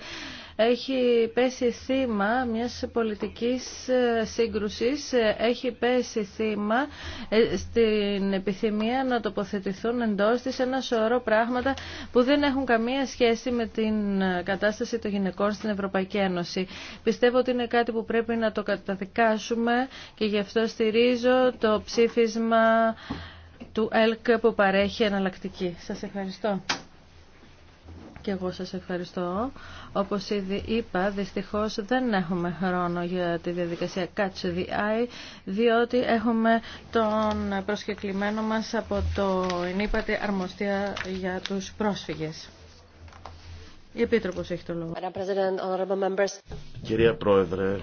έχει πέσει θύμα μιας πολιτικής ε, σύγκρουσης, ε, έχει πέσει θύμα ε, στην επιθυμία να τοποθετηθούν εντός της ένα σωρό πράγματα που δεν έχουν καμία σχέση με την κατάσταση των γυναικών στην Ευρωπαϊκή Ένωση. Πιστεύω ότι είναι κάτι που πρέπει να το καταδικάσουμε και γι' αυτό στηρίζω το ψήφισμα του ΕΛΚ που παρέχει εναλλακτική. Σας ευχαριστώ. Και εγώ σας ευχαριστώ. Όπως ήδη είπα, δυστυχώς δεν έχουμε χρόνο για τη διαδικασία Catch the Eye, διότι έχουμε τον προσκεκλημένο μας από το Ενίπατη αρμοστία για τους πρόσφυγες. Η Επίτροπος έχει το λόγο. Κυρία Πρόεδρε,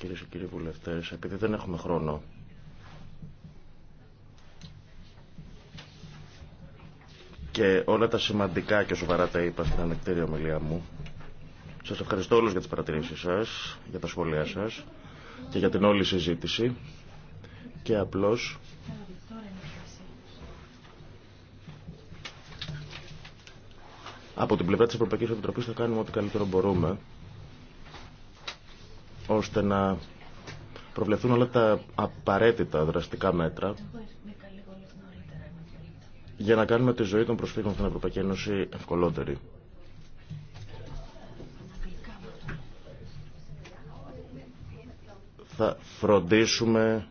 κυρίες και κύριοι βουλευτές, επειδή δεν έχουμε χρόνο και όλα τα σημαντικά και σοβαρά τα είπα στην ανεκτήρια ομιλία μου. Σας ευχαριστώ όλους για τις παρατηρήσεις σας, για τα σχόλιά σας και για την όλη συζήτηση και απλώς από την πλευρά της Ευρωπαϊκής Επιτροπής θα κάνουμε ό,τι καλύτερο μπορούμε ώστε να προβλεφθούν όλα τα απαραίτητα δραστικά μέτρα για να κάνουμε τη ζωή των προσφύγων στην Ευρωπαϊκή Ένωση ευκολότερη. Θα φροντίσουμε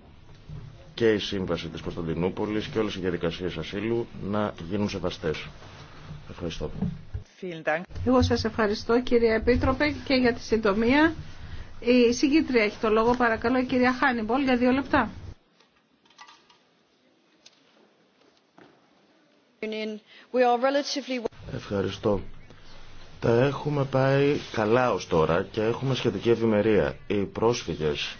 και η σύμβαση της Κωνσταντινούπολης και όλες οι διαδικασίες ασύλου να γίνουν σεβαστές. Ευχαριστώ. Εγώ σας ευχαριστώ κύριε Επίτροπε και για τη συντομία. Η συγκήτρια έχει το λόγο παρακαλώ η κυρία Χάνιμπολ για δύο λεπτά. Ευχαριστώ. Τα έχουμε πάει καλά ως τώρα και έχουμε σχετική ευημερία. Οι πρόσφυγες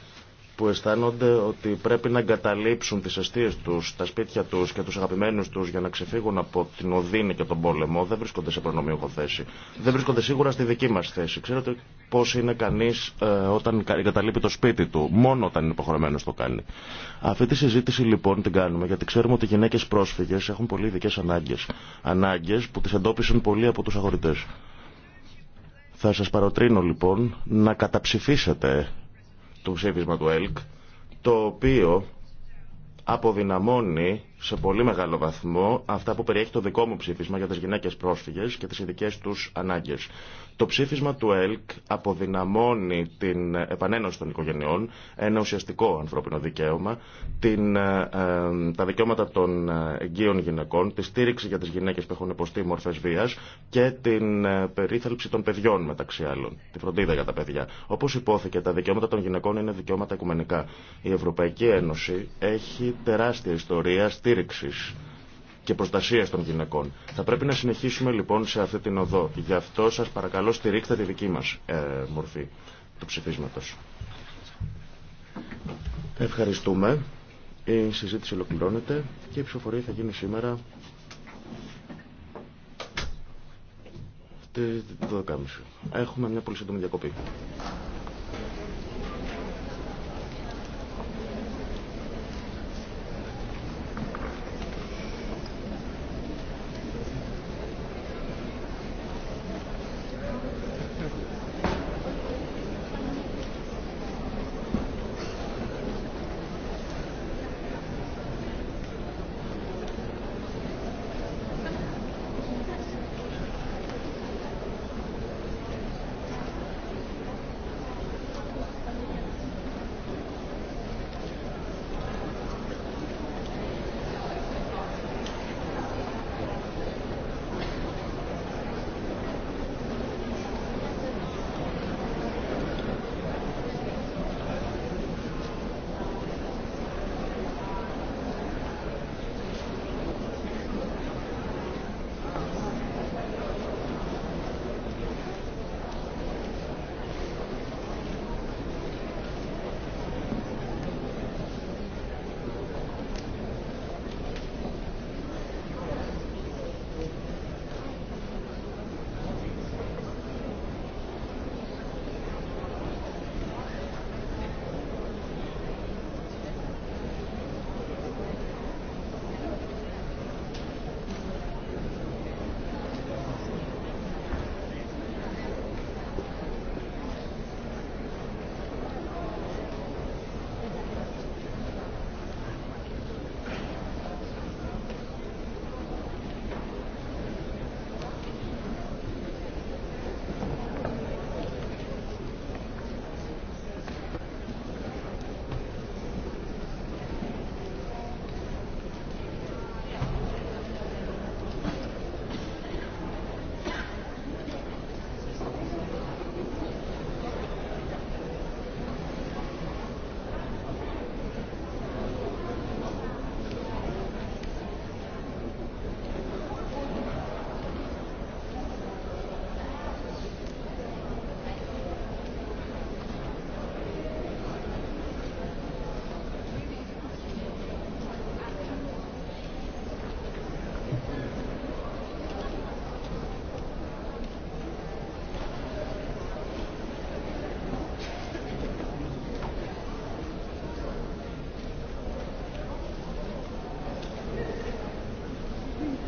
που αισθάνονται ότι πρέπει να εγκαταλείψουν τις αιστείες τους, τα σπίτια τους και τους αγαπημένους τους για να ξεφύγουν από την οδύνη και τον πόλεμο δεν βρίσκονται σε προνομιούχο θέση. Δεν βρίσκονται σίγουρα στη δική μας θέση. Ξέρετε πώς είναι κανείς ε, όταν εγκαταλείπει το σπίτι του, μόνο όταν είναι υποχρεωμένος το κάνει. Αυτή τη συζήτηση λοιπόν την κάνουμε γιατί ξέρουμε ότι οι γυναίκες πρόσφυγες έχουν πολύ ειδικέ ανάγκες. Ανάγκες που τις εντόπισαν πολλοί από τους αγορητές. Θα σας παροτρύνω λοιπόν να καταψηφίσετε του ψήφισμα του ΕΛΚ, το οποίο αποδυναμώνει σε πολύ μεγάλο βαθμό αυτά που περιέχει το δικό μου ψήφισμα για τις γυναίκες πρόσφυγες και τις ειδικές τους ανάγκες. Το ψήφισμα του ΕΛΚ αποδυναμώνει την επανένωση των οικογενειών, ένα ουσιαστικό ανθρώπινο δικαίωμα, την, ε, ε, τα δικαιώματα των εγγύων γυναικών, τη στήριξη για τις γυναίκες που έχουν υποστεί μορφές βίας και την ε, περίθαλψη των παιδιών μεταξύ άλλων, τη φροντίδα για τα παιδιά. Όπως υπόθηκε, τα δικαιώματα των γυναικών είναι δικαιώματα οικουμενικά. Η Ευρωπαϊκή Ένωση έχει τεράστια ιστορία και προστασίας των γυναικών. Θα πρέπει να συνεχίσουμε λοιπόν σε αυτή την οδό. Γι' αυτό σας παρακαλώ στηρίξτε τη δική μας ε, μορφή του ψηφίσματος. Ευχαριστούμε. Η συζήτηση ολοκληρώνεται και η ψηφοφορία θα γίνει σήμερα Έχουμε μια πολύ σύντομη διακοπή.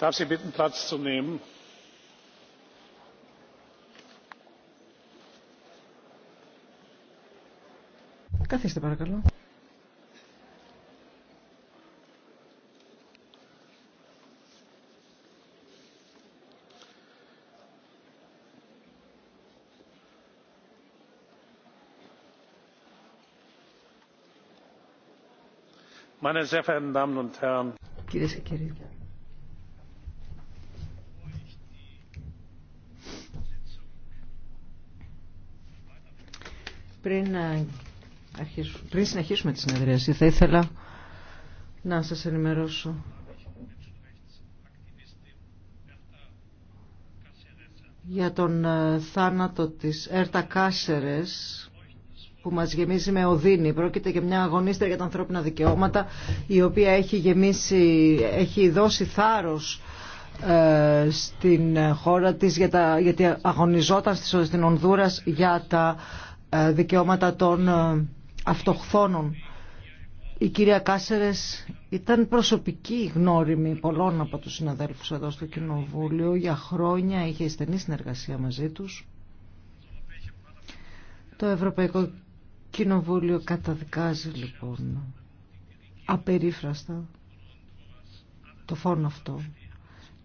darf sie bitten platz zu nehmen. Καθίστε παρακαλώ. Meine sehr verehrten Damen und Herren, Κυρίες και Πριν, ε, αρχίσουμε, συνεχίσουμε τη συνεδρίαση, θα ήθελα να σας ενημερώσω για τον ε, θάνατο της Έρτα Κάσερες που μας γεμίζει με οδύνη. Πρόκειται για μια αγωνίστρια για τα ανθρώπινα δικαιώματα η οποία έχει, γεμίσει, έχει δώσει θάρρος ε, στην χώρα της γιατί αγωνιζόταν στην Ονδούρας για τα ε, δικαιώματα των ε, αυτοχθόνων. Η κυρία Κάσερες ήταν προσωπική γνώριμη πολλών από τους συναδέλφους εδώ στο Κοινοβούλιο. Για χρόνια είχε στενή συνεργασία μαζί τους. Το Ευρωπαϊκό Κοινοβούλιο καταδικάζει λοιπόν απερίφραστα το φόνο αυτό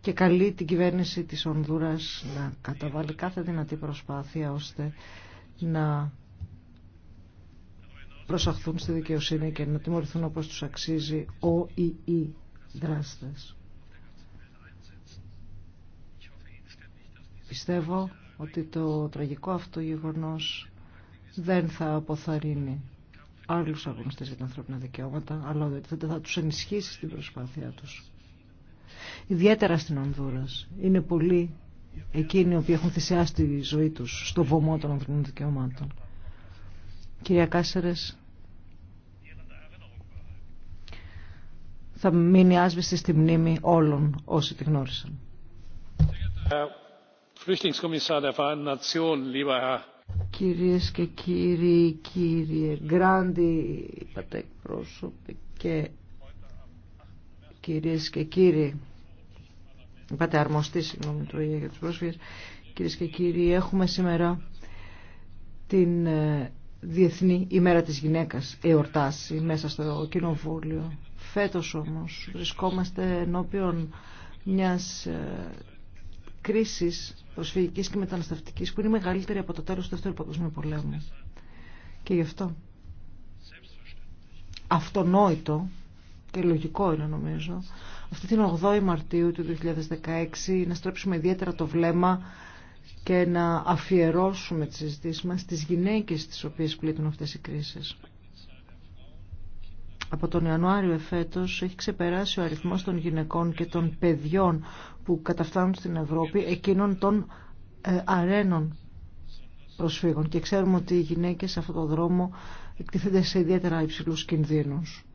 και καλεί την κυβέρνηση της Ονδούρας να καταβάλει κάθε δυνατή προσπάθεια ώστε να προσαχθούν στη δικαιοσύνη και να τιμωρηθούν όπως τους αξίζει ο ή οι δράστες. Πιστεύω ότι το τραγικό αυτό γεγονός δεν θα αποθαρρύνει άλλους αγωνιστές για τα ανθρώπινα δικαιώματα, αλλά ότι θα τους ενισχύσει στην προσπάθειά τους. Ιδιαίτερα στην Ανδούρας. Είναι πολύ εκείνοι οι οποίοι έχουν θυσιάσει τη ζωή τους στο βωμό των ανθρωπίνων δικαιωμάτων. Κυρία Κάσερες, θα μείνει άσβηση στη μνήμη όλων όσοι τη γνώρισαν. Κυρίες και κύριοι, κύριε Γκράντι, είπατε εκπρόσωποι και κυρίες και κύριοι, αρμοστή, συγγνώμη το ίδιο για τους πρόσφυγες κυρίες και κύριοι έχουμε σήμερα την ε, Διεθνή ημέρα της γυναίκας εορτάσει μέσα στο κοινοβούλιο φέτος όμως βρισκόμαστε ενώπιον μιας ε, κρίσης προσφυγικής και μεταναστευτικής που είναι μεγαλύτερη από το τέλος του Δεύτερου Παγκοσμίου Πολέμου και γι' αυτό αυτονόητο και λογικό είναι νομίζω αυτή την 8η Μαρτίου του 2016 να στρέψουμε ιδιαίτερα το βλέμμα και να αφιερώσουμε τις συζητήσεις μας στις γυναίκες τις οποίες πλήττουν αυτές οι κρίσεις. Από τον Ιανουάριο εφέτος έχει ξεπεράσει ο αριθμός των γυναικών και των παιδιών που καταφτάνουν στην Ευρώπη εκείνων των ε, αρένων προσφύγων και ξέρουμε ότι οι γυναίκες σε αυτόν τον δρόμο εκτίθενται σε ιδιαίτερα υψηλούς κινδύνους.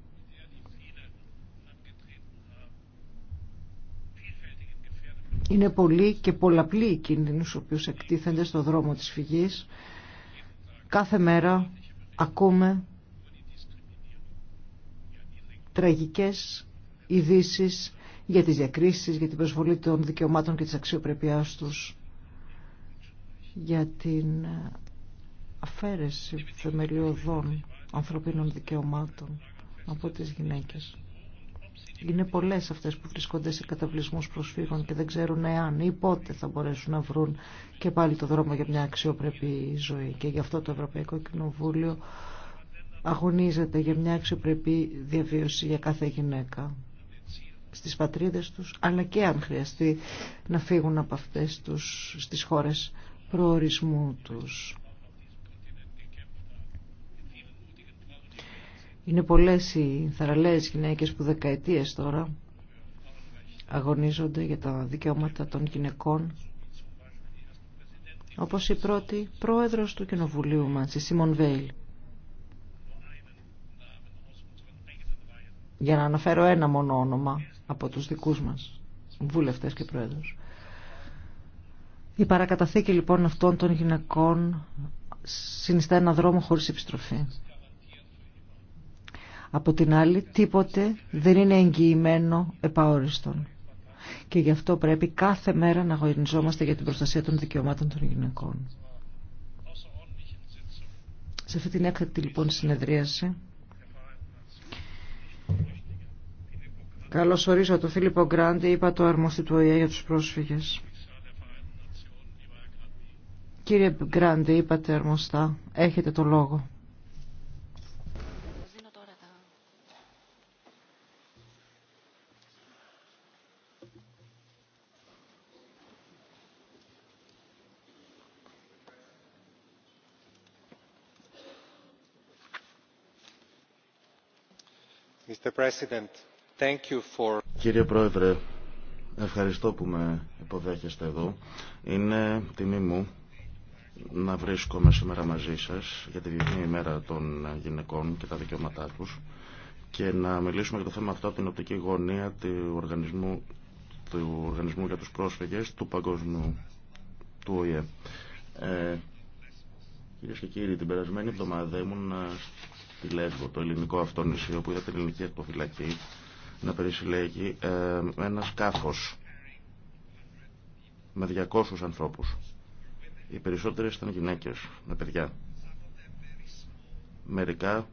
Είναι πολλοί και πολλαπλοί οι κίνδυνοι στους οποίους εκτίθενται στο δρόμο της φυγής. Κάθε μέρα ακούμε τραγικές ειδήσει για τις διακρίσεις, για την προσβολή των δικαιωμάτων και της αξιοπρέπειάς τους, για την αφαίρεση θεμελιωδών ανθρωπίνων δικαιωμάτων από τις γυναίκες. Είναι πολλές αυτές που βρισκόνται σε καταβλισμού προσφύγων και δεν ξέρουν εάν ή πότε θα μπορέσουν να βρουν και πάλι το δρόμο για μια αξιοπρεπή ζωή. Και γι' αυτό το Ευρωπαϊκό Κοινοβούλιο αγωνίζεται για μια αξιοπρεπή διαβίωση για κάθε γυναίκα στις πατρίδες τους, αλλά και αν χρειαστεί να φύγουν από αυτές τους στις χώρες προορισμού τους. Είναι πολλές οι θαραλέες γυναίκες που δεκαετίες τώρα αγωνίζονται για τα δικαιώματα των γυναικών όπως η πρώτη πρόεδρος του Κοινοβουλίου μας, η Σίμον Βέιλ. Για να αναφέρω ένα μόνο όνομα από τους δικούς μας, βουλευτές και πρόεδρος. Η παρακαταθήκη λοιπόν αυτών των γυναικών συνιστά ένα δρόμο χωρίς επιστροφή. Από την άλλη, τίποτε δεν είναι εγγυημένο επαόριστον. Και γι' αυτό πρέπει κάθε μέρα να αγωνιζόμαστε για την προστασία των δικαιωμάτων των γυναικών. Σε αυτή την έκθετη λοιπόν συνεδρίαση καλώς ορίζω τον Φίλιππο Γκράντι, είπα το αρμοστή του ΟΗΕ για τους πρόσφυγες. Κύριε Γκράντι, είπατε αρμοστά, έχετε το λόγο. Κύριε Πρόεδρε, ευχαριστώ που με υποδέχεστε εδώ. Είναι τιμή μου να βρίσκομαι σήμερα μαζί σας για τη Διεθνή ημέρα των γυναικών και τα δικαιώματά τους και να μιλήσουμε για το θέμα αυτό από την οπτική γωνία του οργανισμού, του οργανισμού για τους πρόσφυγες του παγκόσμιου του ΟΗΕ. Ε, Κυρίε και κύριοι, την περασμένη εβδομάδα ήμουν τη Λέσβο, το ελληνικό αυτό νησί, όπου ήταν την ελληνική ακτοφυλακή, να περισυλλέγει ε, ένα σκάφο με 200 ανθρώπους. Οι περισσότερες ήταν γυναίκες με παιδιά. Μερικά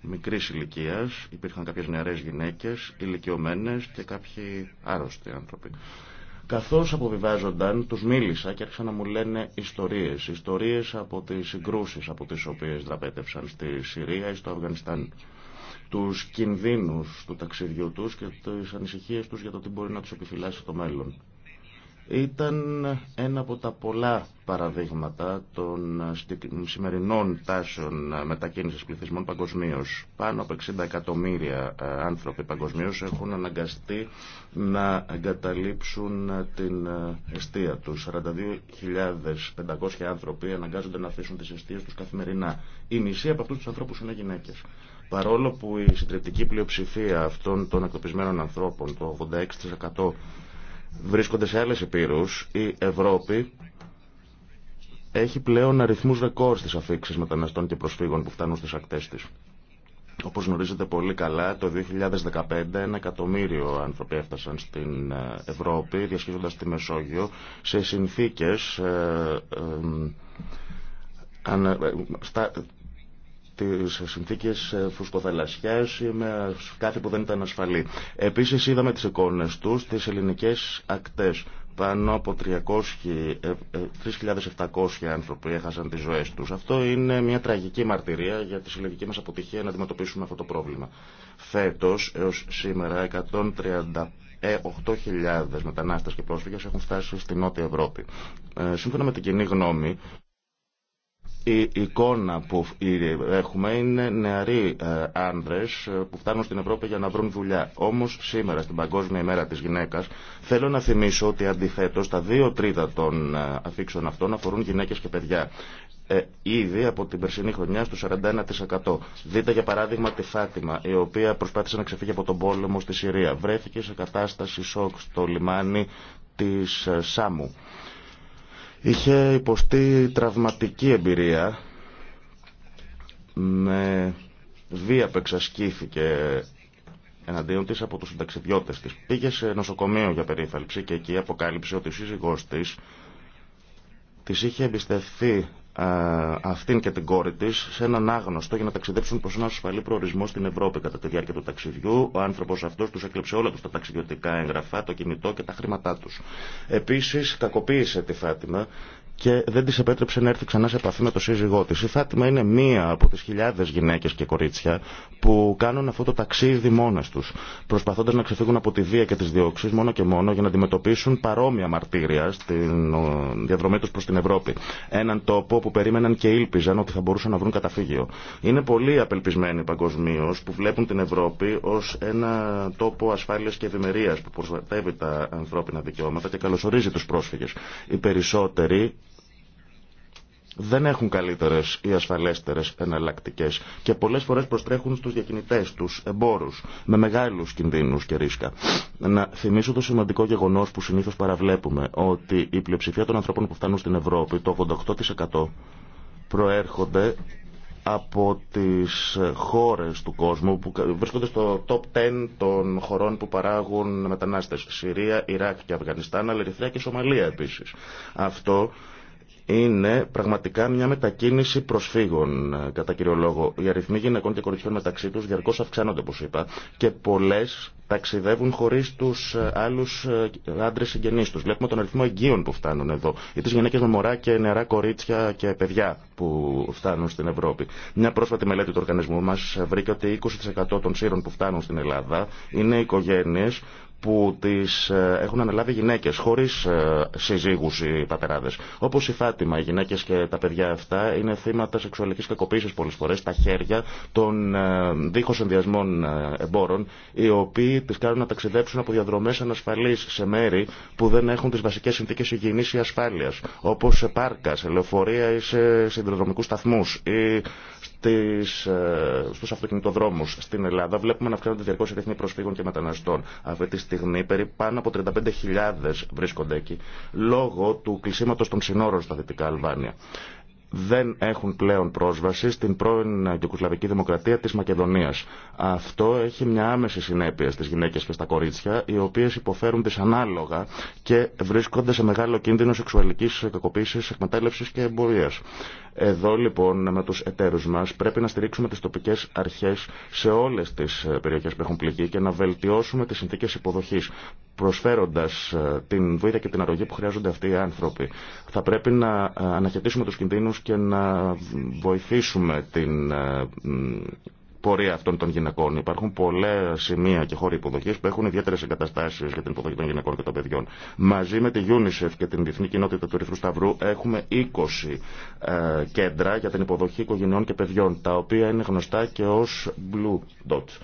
μικρή ηλικία, υπήρχαν κάποιε νεαρές γυναίκες, ηλικιωμένε και κάποιοι άρρωστοι άνθρωποι. Καθώς αποβιβάζονταν, τους μίλησα και άρχισαν να μου λένε ιστορίες. Ιστορίες από τις συγκρούσεις από τις οποίες δραπέτευσαν στη Συρία ή στο Αφγανιστάν. Τους κινδύνους του ταξιδιού τους και τις ανησυχίες τους για το τι μπορεί να τους επιφυλάσει το μέλλον ήταν ένα από τα πολλά παραδείγματα των σημερινών τάσεων μετακίνησης πληθυσμών παγκοσμίω. Πάνω από 60 εκατομμύρια ε, άνθρωποι παγκοσμίω έχουν αναγκαστεί να εγκαταλείψουν την εστία τους. 42.500 άνθρωποι αναγκάζονται να αφήσουν τις εστίες τους καθημερινά. Η μισή από αυτούς τους ανθρώπους είναι γυναίκες. Παρόλο που η συντριπτική πλειοψηφία αυτών των εκτοπισμένων ανθρώπων, το 86% βρίσκονται σε άλλες επίρους, η Ευρώπη έχει πλέον αριθμούς ρεκόρ στις αφήξεις μεταναστών και προσφύγων που φτάνουν στις ακτές της. Όπως γνωρίζετε πολύ καλά, το 2015 ένα εκατομμύριο άνθρωποι έφτασαν στην ε, Ευρώπη, διασχίζοντας τη Μεσόγειο, σε συνθήκες ε, ε, στις συνθήκες φουσκοθαλασσιάς ή με κάτι που δεν ήταν ασφαλή. Επίσης είδαμε τις εικόνες τους τις ελληνικές ακτές. Πάνω από 3.700 ε, ε, άνθρωποι έχασαν τις ζωές τους. Αυτό είναι μια τραγική μαρτυρία για τη συλλογική μας αποτυχία να αντιμετωπίσουμε αυτό το πρόβλημα. Φέτος έως σήμερα 138.000 8.000 ε, μετανάστες και πρόσφυγες έχουν φτάσει στην Νότια Ευρώπη. σύμφωνα με την κοινή γνώμη, η εικόνα που έχουμε είναι νεαροί ε, άνδρες ε, που φτάνουν στην Ευρώπη για να βρουν δουλειά. Όμως σήμερα στην Παγκόσμια ημέρα της γυναίκας θέλω να θυμίσω ότι αντιθέτως τα δύο τρίτα των ε, αφήξεων αυτών αφορούν γυναίκες και παιδιά. ήδη από την περσινή χρονιά στο 41%. Δείτε για παράδειγμα τη Φάτιμα, η οποία προσπάθησε να ξεφύγει από τον πόλεμο στη Συρία. Βρέθηκε σε κατάσταση σοκ στο λιμάνι της Σάμου είχε υποστεί τραυματική εμπειρία με βία που εξασκήθηκε εναντίον της από τους συνταξιδιώτες της. Πήγε σε νοσοκομείο για περίφαλψη και εκεί αποκάλυψε ότι ο σύζυγός της της είχε εμπιστευθεί ε, αυτήν και την κόρη τη σε έναν άγνωστο για να ταξιδέψουν προ ένα ασφαλή προορισμό στην Ευρώπη. Κατά τη διάρκεια του ταξιδιού, ο άνθρωπο αυτό του έκλεψε όλα του τα ταξιδιωτικά έγγραφα, το κινητό και τα χρήματά του. Επίση, κακοποίησε τη Φάτιμα και δεν τη επέτρεψε να έρθει ξανά σε επαφή με το σύζυγό τη. Η Φάτιμα είναι μία από τι χιλιάδε γυναίκε και κορίτσια που κάνουν αυτό το ταξίδι μόνε του, προσπαθώντα να ξεφύγουν από τη βία και τι διώξει μόνο και μόνο για να αντιμετωπίσουν παρόμοια μαρτύρια στην διαδρομή του προ την Ευρώπη. Έναν τόπο που περίμεναν και ήλπιζαν ότι θα μπορούσαν να βρουν καταφύγιο. Είναι πολύ απελπισμένοι παγκοσμίω που βλέπουν την Ευρώπη ω ένα τόπο ασφάλεια και ευημερία που προστατεύει τα ανθρώπινα δικαιώματα και καλωσορίζει του πρόσφυγε. Οι περισσότεροι δεν έχουν καλύτερες ή ασφαλέστερες εναλλακτικές και πολλές φορές προστρέχουν στους διακινητές τους, εμπόρους, με μεγάλου κινδύνου και ρίσκια. Να θυμήσω το σημαντικό γεγονό που συνήθω παραβλέπουμε ότι η ασφαλεστερες εναλλακτικε και πολλες φορες προστρεχουν στους διακινητε τους εμπορους με μεγαλους κινδυνους και ανθρώπων που συνηθω παραβλεπουμε οτι η πλειοψηφια των ανθρωπων που φτανουν στην Ευρώπη, το 88% προέρχονται από τις χώρες του κόσμου που βρίσκονται στο top 10 των χωρών που παράγουν μετανάστες. Συρία, Ιράκ και Αφγανιστάν, αλλά και Σομαλία επίσης. Αυτό είναι πραγματικά μια μετακίνηση προσφύγων, ε, κατά κύριο λόγο. Οι αριθμοί γυναικών και κοριτσιών μεταξύ του, διαρκώ αυξάνονται, όπω είπα, και πολλέ ταξιδεύουν χωρί του ε, άλλου ε, άντρε συγγενεί του. Βλέπουμε τον αριθμό εγγύων που φτάνουν εδώ, ή τι γυναίκε με μωρά και νεαρά κορίτσια και παιδιά που φτάνουν στην Ευρώπη. Μια πρόσφατη μελέτη του οργανισμού μα βρήκε ότι 20% των σύρων που φτάνουν στην Ελλάδα είναι οικογένειε που τις ε, έχουν αναλάβει γυναίκες χωρίς ε, συζύγους οι πατεράδε. Όπως η Φάτιμα, οι γυναίκες και τα παιδιά αυτά είναι θύματα σεξουαλικής κακοποίησης πολλές φορές στα χέρια των ε, δίχως ενδιασμών εμπόρων οι οποίοι τις κάνουν να ταξιδέψουν από διαδρομές ανασφαλείς σε μέρη που δεν έχουν τις βασικές συνθήκες υγιεινής ή ασφάλειας όπως σε πάρκα, σε λεωφορεία ή σε συνδρομικούς σταθμούς ή στις, ε, στους αυτοκινητοδρόμους στην Ελλάδα βλέπουμε να αυξάνονται διαρκώς οι ρυθμοί προσφύγων και μεταναστών. Αυτή τη στιγμή περί πάνω από 35.000 βρίσκονται εκεί λόγω του κλεισίματος των συνόρων στα Δυτικά Αλβάνια δεν έχουν πλέον πρόσβαση στην πρώην Ιουγκοσλαβική Δημοκρατία της Μακεδονίας. Αυτό έχει μια άμεση συνέπεια στις γυναίκες και στα κορίτσια, οι οποίες υποφέρουν δυσανάλογα και βρίσκονται σε μεγάλο κίνδυνο σεξουαλικής κακοποίησης, εκμετάλλευσης και εμπορίας. Εδώ λοιπόν με τους εταίρους μας πρέπει να στηρίξουμε τις τοπικές αρχές σε όλες τις περιοχές που έχουν πληγεί και να βελτιώσουμε τις συνθήκες υποδοχής προσφέροντα ε, την βοήθεια και την αρρωγή που χρειάζονται αυτοί οι άνθρωποι. Θα πρέπει να ε, αναχαιτήσουμε του κινδύνου και να βοηθήσουμε την ε, πορεία αυτών των γυναικών. Υπάρχουν πολλά σημεία και χώροι υποδοχή που έχουν ιδιαίτερε εγκαταστάσει για την υποδοχή των γυναικών και των παιδιών. Μαζί με τη UNICEF και την Διεθνή Κοινότητα του Ρυθμού Σταυρού έχουμε 20 ε, κέντρα για την υποδοχή οικογενειών και παιδιών, τα οποία είναι γνωστά και ω Blue Dots.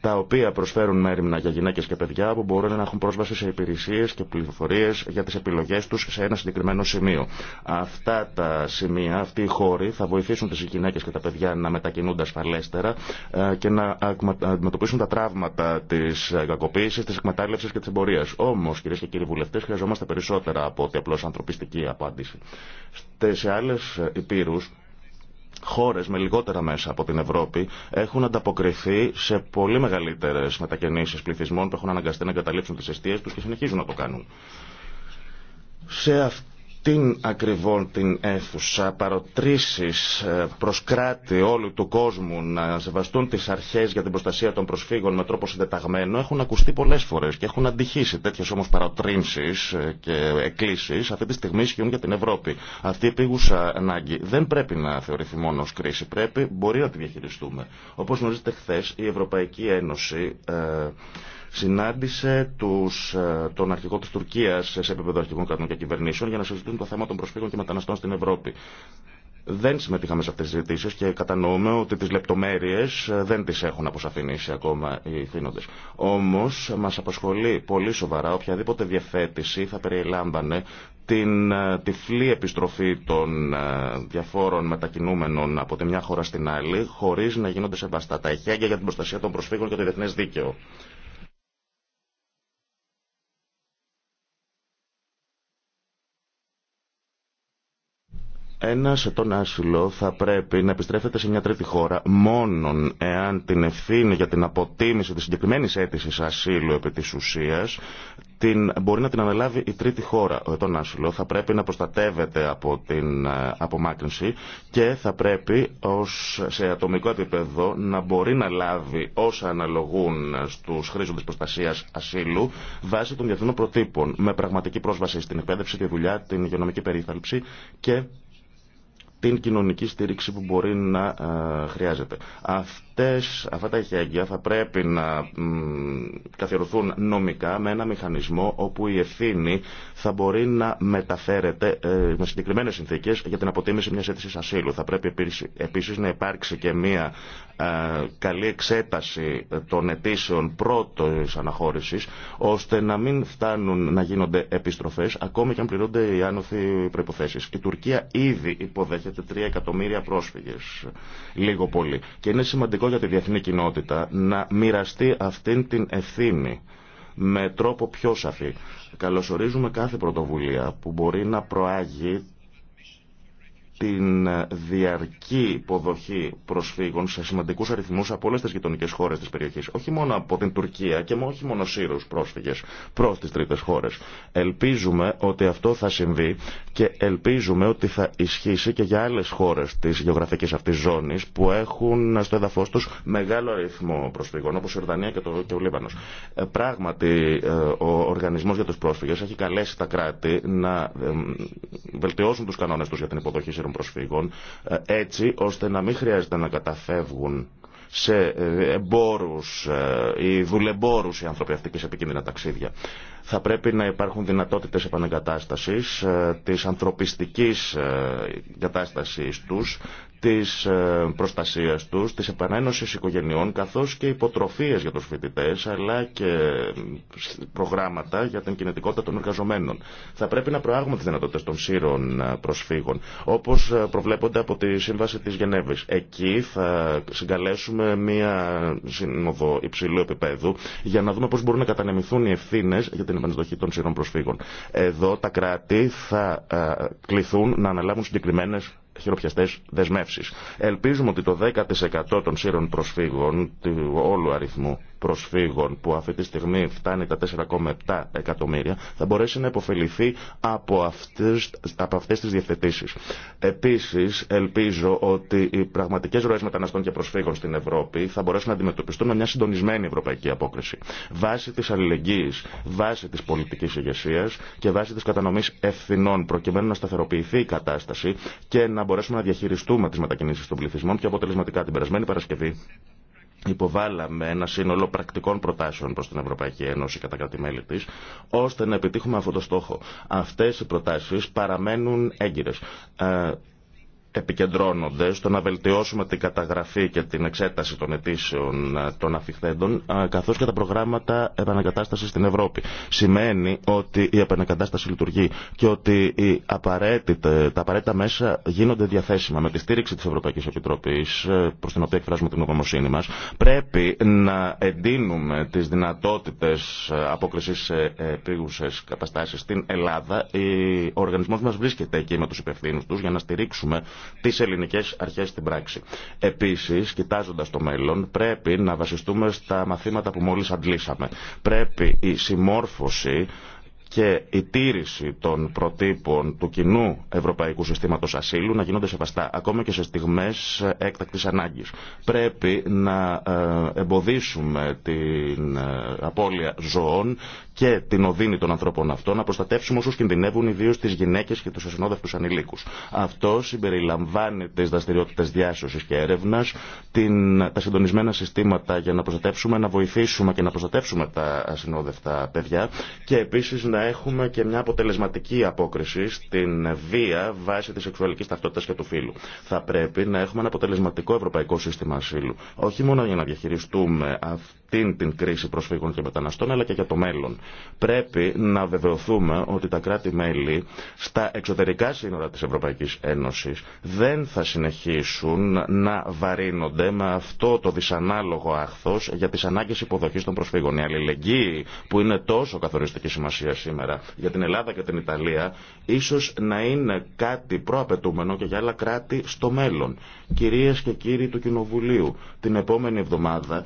Τα οποία προσφέρουν μέρημνα για γυναίκε και παιδιά που μπορούν να έχουν πρόσβαση σε υπηρεσίε και πληροφορίε για τι επιλογέ του σε ένα συγκεκριμένο σημείο. Αυτά τα σημεία, αυτοί οι χώροι θα βοηθήσουν τι γυναίκε και τα παιδιά να μετακινούνται ασφαλέστερα ε, και να αντιμετωπίσουν τα τραύματα τη ε, κακοποίηση, τη εκμετάλλευση και τη εμπορία. Όμω, κυρίε και κύριοι βουλευτέ, χρειαζόμαστε περισσότερα από ότι απλώ ανθρωπιστική απάντηση. Σε άλλε υπήρου, χώρε με λιγότερα μέσα από την Ευρώπη έχουν ανταποκριθεί σε πολύ μεγαλύτερε μετακινήσει πληθυσμών που έχουν αναγκαστεί να εγκαταλείψουν τι αιστείε του και συνεχίζουν να το κάνουν. Σε την ακριβών την αίθουσα παροτρήσεις ε, προς κράτη όλου του κόσμου να σεβαστούν τις αρχές για την προστασία των προσφύγων με τρόπο συντεταγμένο έχουν ακουστεί πολλές φορές και έχουν αντυχήσει τέτοιες όμως παροτρύνσεις ε, και εκκλήσεις αυτή τη στιγμή ισχύουν για την Ευρώπη. Αυτή η επίγουσα ανάγκη δεν πρέπει να θεωρηθεί μόνο ως κρίση, πρέπει, μπορεί να τη διαχειριστούμε. Όπως γνωρίζετε χθε η Ευρωπαϊκή Ένωση ε, συνάντησε τους, ε, τον αρχηγό της Τουρκίας σε επίπεδο αρχηγών κρατών και κυβερνήσεων για να συζητούν το θέμα των προσφύγων και μεταναστών στην Ευρώπη. Δεν συμμετείχαμε σε αυτές τις ζητήσεις και κατανοούμε ότι τις λεπτομέρειες ε, δεν τις έχουν αποσαφηνήσει ακόμα οι θύνοντες. Όμως μας απασχολεί πολύ σοβαρά οποιαδήποτε διευθέτηση θα περιλάμβανε την ε, τυφλή επιστροφή των διαφόρων μετακινούμενων από τη μια χώρα στην άλλη χωρίς να γίνονται σεβαστά τα ηχέγγια για την προστασία των προσφύγων και το διεθνές δίκαιο. Ένα ετών άσυλο θα πρέπει να επιστρέφεται σε μια τρίτη χώρα μόνον εάν την ευθύνη για την αποτίμηση της συγκεκριμένη αίτηση ασύλου επί της ουσίας την, μπορεί να την αναλάβει η τρίτη χώρα. Ο ετών άσυλο θα πρέπει να προστατεύεται από την ε, απομάκρυνση και θα πρέπει ως, σε ατομικό επίπεδο να μπορεί να λάβει όσα αναλογούν στους χρήζοντε προστασίας ασύλου βάσει των διεθνών προτύπων με πραγματική πρόσβαση στην εκπαίδευση, τη δουλειά, την υγειονομική περίθαλψη και την κοινωνική στήριξη που μπορεί να ε, χρειάζεται. Αυτές, αυτά τα ειχέγγυα θα πρέπει να καθιερωθούν νομικά με ένα μηχανισμό όπου η ευθύνη θα μπορεί να μεταφέρεται ε, με συγκεκριμένες συνθήκες για την αποτίμηση μιας αίτησης ασύλου. Θα πρέπει επίσης να υπάρξει και μια ε, καλή εξέταση των αιτήσεων πρώτης αναχώρησης, ώστε να μην φτάνουν να γίνονται επιστροφές, ακόμη και αν πληρώνται οι άνωθοι προϋποθέσεις. Η Τουρκία ήδη υποδέχεται 3 εκατομμύρια πρόσφυγες, λίγο πολύ. Και είναι σημαντικό για τη διεθνή κοινότητα να μοιραστεί αυτήν την ευθύνη με τρόπο πιο σαφή. Καλωσορίζουμε κάθε πρωτοβουλία που μπορεί να προάγει την διαρκή υποδοχή προσφύγων σε σημαντικούς αριθμούς από όλες τις γειτονικές χώρες της περιοχής. Όχι μόνο από την Τουρκία και όχι μόνο Σύρους πρόσφυγες προς τις τρίτες χώρες. Ελπίζουμε ότι αυτό θα συμβεί και ελπίζουμε ότι θα ισχύσει και για άλλες χώρες της γεωγραφικής αυτής ζώνης που έχουν στο έδαφος τους μεγάλο αριθμό προσφύγων όπως η Ορδανία και, και ο Λίβανος. Ε, πράγματι ε, ο Οργανισμός για τους Πρόσφυγες έχει καλέσει τα κράτη να ε, βελτιώσουν τους κανόνες τους για την υποδοχή ε, έτσι ώστε να μην χρειάζεται να καταφεύγουν σε ε, εμπόρους ε, ή δουλεμπόρους οι άνθρωποι σε επικίνδυνα ταξίδια. Θα πρέπει να υπάρχουν δυνατότητες επανεγκατάστασης, της ανθρωπιστικής κατάστασης τους, της ε, προστασίας τους, της επανένωσης οικογενειών, καθώς και υποτροφίες για τους φοιτητές, αλλά και προγράμματα για την κινητικότητα των εργαζομένων. Θα πρέπει να προάγουμε τις δυνατότητες των σύρων ε, προσφύγων, όπως ε, προβλέπονται από τη Σύμβαση της Γενέβης. Εκεί θα συγκαλέσουμε μία σύνοδο υψηλού επίπεδου για να δούμε πώς μπορούν να κατανεμηθούν οι ευθύνε για την επανεισδοχή των σύρων προσφύγων. Εδώ τα κράτη θα κληθούν να αναλάβουν συγκεκριμένε χειροπιαστές δεσμεύσεις. Ελπίζουμε ότι το 10% των σύρων προσφύγων, του όλου αριθμού προσφύγων που αυτή τη στιγμή φτάνει τα 4,7 εκατομμύρια, θα μπορέσει να υποφεληθεί από αυτέ από αυτές τις διευθετήσεις. Επίσης, ελπίζω ότι οι πραγματικέ ροέ μεταναστών και προσφύγων στην Ευρώπη θα μπορέσουν να αντιμετωπιστούν με μια συντονισμένη ευρωπαϊκή απόκριση. Βάσει τη αλληλεγγύη, βάσει τη πολιτική ηγεσία και βάσει τη κατανομή ευθυνών, προκειμένου να σταθεροποιηθεί η κατάσταση και να μπορέσουμε να διαχειριστούμε τι μετακινήσει των πληθυσμών και αποτελεσματικά την περασμένη Παρασκευή υποβάλαμε ένα σύνολο πρακτικών προτάσεων προς την Ευρωπαϊκή Ένωση κατά κάτι μέλη τη, ώστε να επιτύχουμε αυτό το στόχο. Αυτές οι προτάσεις παραμένουν έγκυρες. Ε, επικεντρώνονται στο να βελτιώσουμε την καταγραφή και την εξέταση των αιτήσεων ε, των αφιχθέντων, ε, καθώς και τα προγράμματα επανακατάστασης στην Ευρώπη. Σημαίνει ότι η επανακατάσταση λειτουργεί και ότι τα απαραίτητα μέσα γίνονται διαθέσιμα με τη στήριξη της Ευρωπαϊκής Επιτροπής, ε, προς την οποία εκφράζουμε την νομοσύνη μας. Πρέπει να εντείνουμε τις δυνατότητες απόκριση σε επίγουσες καταστάσεις στην Ελλάδα. Ο οργανισμός μας βρίσκεται εκεί με του υπευθύνους τους για να στηρίξουμε τι ελληνικέ αρχέ στην πράξη. Επίση, κοιτάζοντα το μέλλον, πρέπει να βασιστούμε στα μαθήματα που μόλι αντλήσαμε. Πρέπει η συμμόρφωση και η τήρηση των προτύπων του κοινού ευρωπαϊκού συστήματος ασύλου να γίνονται σεβαστά, ακόμα και σε στιγμές έκτακτης ανάγκης. Πρέπει να ε, εμποδίσουμε την ε, απώλεια ζωών και την οδύνη των ανθρώπων αυτών, να προστατεύσουμε όσους κινδυνεύουν ιδίω τις γυναίκες και τους ασυνόδευτους ανηλίκους. Αυτό συμπεριλαμβάνει τις δραστηριότητες διάσωσης και έρευνας, την, τα συντονισμένα συστήματα για να προστατεύσουμε, να βοηθήσουμε και να προστατεύσουμε τα ασυνόδευτα παιδιά και επίσης να έχουμε και μια αποτελεσματική απόκριση στην βία βάσει τη σεξουαλική ταυτότητα και του φύλου. Θα πρέπει να έχουμε ένα αποτελεσματικό ευρωπαϊκό σύστημα ασύλου. Όχι μόνο για να διαχειριστούμε αυτό την κρίση προσφύγων και μεταναστών, αλλά και για το μέλλον. Πρέπει να βεβαιωθούμε ότι τα κράτη-μέλη στα εξωτερικά σύνορα της Ευρωπαϊκής Ένωσης δεν θα συνεχίσουν να βαρύνονται με αυτό το δυσανάλογο άχθος για τις ανάγκες υποδοχής των προσφύγων. Η αλληλεγγύη που είναι τόσο καθοριστική σημασία σήμερα για την Ελλάδα και την Ιταλία ίσως να είναι κάτι προαπαιτούμενο και για άλλα κράτη στο μέλλον. Κυρίες και κύριοι του Κοινοβουλίου, την επόμενη εβδομάδα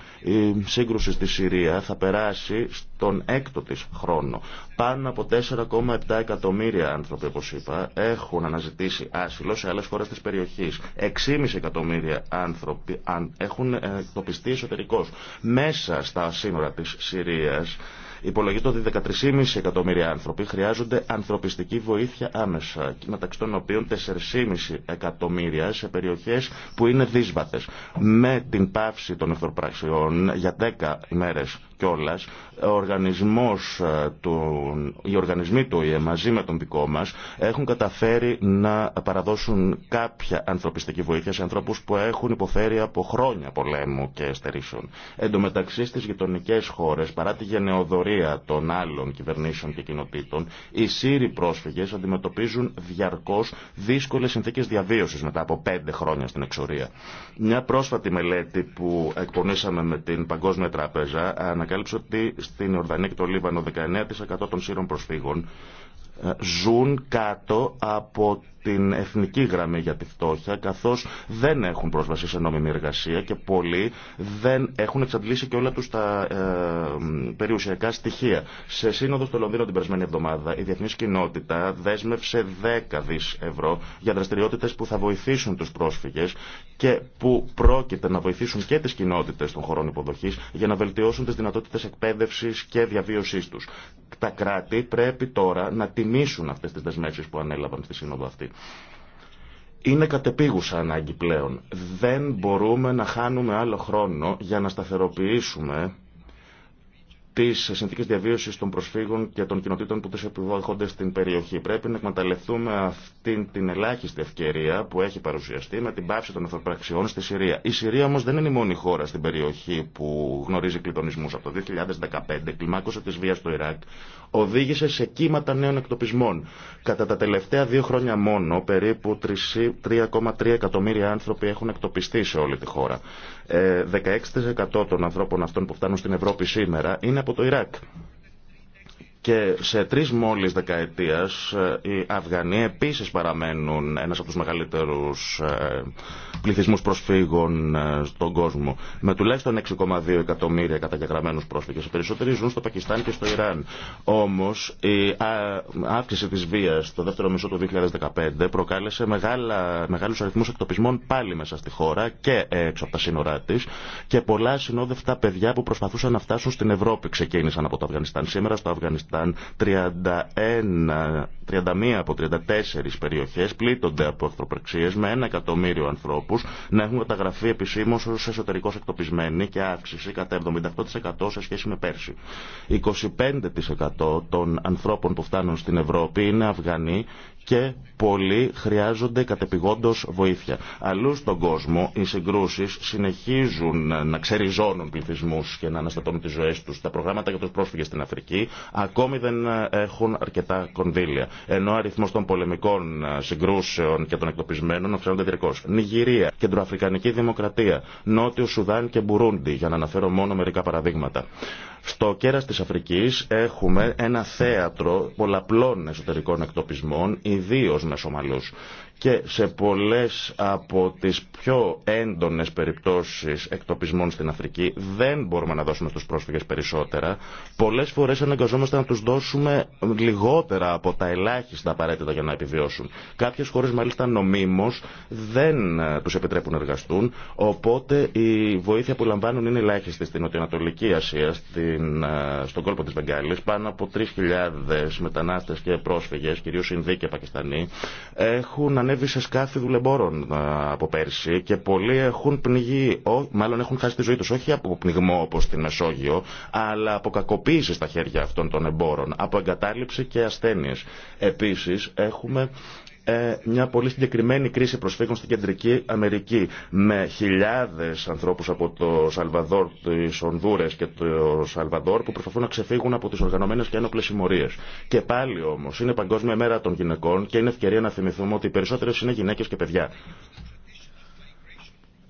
σύγκρουση στη Συρία θα περάσει στον έκτο της χρόνο. Πάνω από 4,7 εκατομμύρια άνθρωποι, όπως είπα, έχουν αναζητήσει άσυλο σε άλλες χώρες της περιοχής. 6,5 εκατομμύρια άνθρωποι έχουν ε, εκτοπιστεί εσωτερικώς μέσα στα σύνορα της Συρίας Υπολογίζεται ότι 13,5 εκατομμύρια άνθρωποι χρειάζονται ανθρωπιστική βοήθεια άμεσα, μεταξύ των οποίων 4,5 εκατομμύρια σε περιοχέ που είναι δύσβατε. Με την πάυση των εχθροπραξιών για 10 ημέρε κιόλα, ε, ε, οι οργανισμοί του ΟΗΕ μαζί με τον δικό μα έχουν καταφέρει να παραδώσουν κάποια ανθρωπιστική βοήθεια σε ανθρώπου που έχουν υποφέρει από χρόνια πολέμου και στερήσεων. Εν τω μεταξύ στι γειτονικέ χώρε, παρά τη γενεοδορία των άλλων κυβερνήσεων και κοινοτήτων, οι Σύριοι πρόσφυγε αντιμετωπίζουν διαρκώ δύσκολε συνθήκε διαβίωση μετά από πέντε χρόνια στην εξορία. Μια πρόσφατη μελέτη που εκπονήσαμε με την Παγκόσμια Τράπεζα ανακάλυψε ότι στην Ορδανία και το Λίβανο 19% των Σύρων προσφύγων ε, ζουν κάτω από την εθνική γραμμή για τη φτώχεια, καθώς δεν έχουν πρόσβαση σε νόμιμη εργασία και πολλοί δεν έχουν εξαντλήσει και όλα τους τα ε, περιουσιακά στοιχεία. Σε σύνοδο στο Λονδίνο την περασμένη εβδομάδα, η διεθνής κοινότητα δέσμευσε 10 δις ευρώ για δραστηριότητες που θα βοηθήσουν τους πρόσφυγες και που πρόκειται να βοηθήσουν και τις κοινότητες των χωρών υποδοχής για να βελτιώσουν τις δυνατότητες εκπαίδευση και διαβίωσής τους. Τα κράτη πρέπει τώρα να τιμήσουν αυτές τις δεσμεύσεις που ανέλαβαν στη σύνοδο αυτή. Είναι κατεπίγουσα ανάγκη πλέον. Δεν μπορούμε να χάνουμε άλλο χρόνο για να σταθεροποιήσουμε τη συνθήκη διαβίωση των προσφύγων και των κοινοτήτων που του επιδόχονται στην περιοχή. Πρέπει να εκμεταλλευτούμε αυτή την ελάχιστη ευκαιρία που έχει παρουσιαστεί με την πάυση των εθνοπραξιών στη Συρία. Η Συρία όμω δεν είναι η μόνη χώρα στην περιοχή που γνωρίζει κλειδονισμού. Από το 2015 η κλιμάκωση τη βία στο Ιράκ οδήγησε σε κύματα νέων εκτοπισμών. Κατά τα τελευταία δύο χρόνια μόνο, περίπου 3,3 εκατομμύρια άνθρωποι έχουν εκτοπιστεί σε όλη τη χώρα. 16% ε, των ανθρώπων αυτών που φτάνουν στην Ευρώπη σήμερα είναι από το Ιράκ. Και σε τρει μόλι δεκαετία ε, οι Αφγανοί επίση παραμένουν ένα από του μεγαλύτερου ε, πληθυσμού προσφύγων ε, στον κόσμο. Με τουλάχιστον 6,2 εκατομμύρια καταγεγραμμένου πρόσφυγε. Οι περισσότεροι ζουν στο Πακιστάν και στο Ιράν. Όμω η αύξηση τη βία το δεύτερο μισό του 2015 προκάλεσε μεγάλου αριθμού εκτοπισμών πάλι μέσα στη χώρα και έξω από τα σύνορά τη και πολλά συνόδευτα παιδιά που προσπαθούσαν να φτάσουν στην Ευρώπη ξεκίνησαν από το Αφγανιστάν. Σήμερα στο Αφγανιστάν ήταν 31 31 από 34 περιοχές πλήττονται από αυτοπραξίες με ένα εκατομμύριο ανθρώπους να έχουν καταγραφεί επισήμως ως εσωτερικώς εκτοπισμένοι και αύξηση κατά 78% σε σχέση με πέρσι. 25% των ανθρώπων που φτάνουν στην Ευρώπη είναι Αφγανοί και πολλοί χρειάζονται κατεπηγόντως βοήθεια. Αλλού στον κόσμο οι συγκρούσεις συνεχίζουν να ξεριζώνουν πληθυσμούς και να αναστατώνουν τις ζωές τους. Τα προγράμματα για τους πρόσφυγες στην Αφρική ακόμη δεν έχουν αρκετά κονδύλια. Ενώ ο αριθμός των πολεμικών συγκρούσεων και των εκτοπισμένων αυξάνονται διαρκώς. Νιγηρία, Κεντροαφρικανική Δημοκρατία, Νότιο Σουδάν και Μπουρούντι, για να αναφέρω μόνο μερικά παραδείγματα. Στο κέρας της Αφρικής έχουμε ένα θέατρο πολλαπλών εσωτερικών εκτοπισμών, ιδίως με Σομαλούς και σε πολλές από τις πιο έντονες περιπτώσεις εκτοπισμών στην Αφρική δεν μπορούμε να δώσουμε στους πρόσφυγες περισσότερα. Πολλές φορές αναγκαζόμαστε να τους δώσουμε λιγότερα από τα ελάχιστα απαραίτητα για να επιβιώσουν. Κάποιες χώρες μάλιστα νομίμως δεν ε, τους επιτρέπουν να εργαστούν, οπότε η βοήθεια που λαμβάνουν είναι ελάχιστη στην Νοτιοανατολική Ασία, στην, ε, στον κόλπο της Μπεγκάλης, Πάνω από 3.000 μετανάστες και πρόσφυγες, κυρίως Ινδοί και Πακιστανοί, έχουν ανέβει σε σκάφη δουλεμπόρων ε, από πέρσι και πολλοί έχουν πνιγεί, μάλλον έχουν χάσει τη ζωή τους, όχι από πνιγμό όπως στην Μεσόγειο, αλλά από κακοποίηση στα χέρια αυτών των εμπόρων, από εγκατάλειψη και ασθένειες. Επίσης έχουμε ε, μια πολύ συγκεκριμένη κρίση προσφύγων στην Κεντρική Αμερική με χιλιάδες ανθρώπους από το Σαλβαδόρ, τις Ονδούρες και το Σαλβαδόρ που προσπαθούν να ξεφύγουν από τις οργανωμένες και ένοπλες συμμορίες. Και πάλι όμως είναι Παγκόσμια Μέρα των Γυναικών και είναι ευκαιρία να θυμηθούμε ότι οι περισσότερες είναι γυναίκες και παιδιά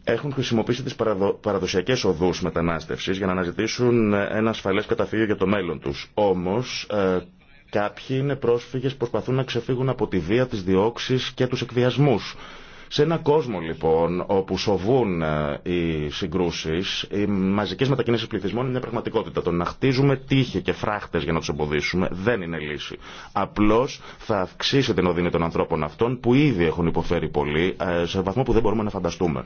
έχουν χρησιμοποιήσει τις παραδοσιακέ παραδοσιακές οδούς μετανάστευσης για να αναζητήσουν ένα ασφαλές καταφύγιο για το μέλλον τους. Όμως, ε, Κάποιοι είναι πρόσφυγες που προσπαθούν να ξεφύγουν από τη βία, της διώξεις και τους εκβιασμούς. Σε ένα κόσμο λοιπόν όπου σοβούν ε, οι συγκρούσει, οι μαζικέ μετακινήσεις πληθυσμών είναι μια πραγματικότητα. Το να χτίζουμε τείχη και φράχτες για να τους εμποδίσουμε δεν είναι λύση. Απλώς θα αυξήσει την οδύνη των ανθρώπων αυτών που ήδη έχουν υποφέρει πολύ ε, σε βαθμό που δεν μπορούμε να φανταστούμε.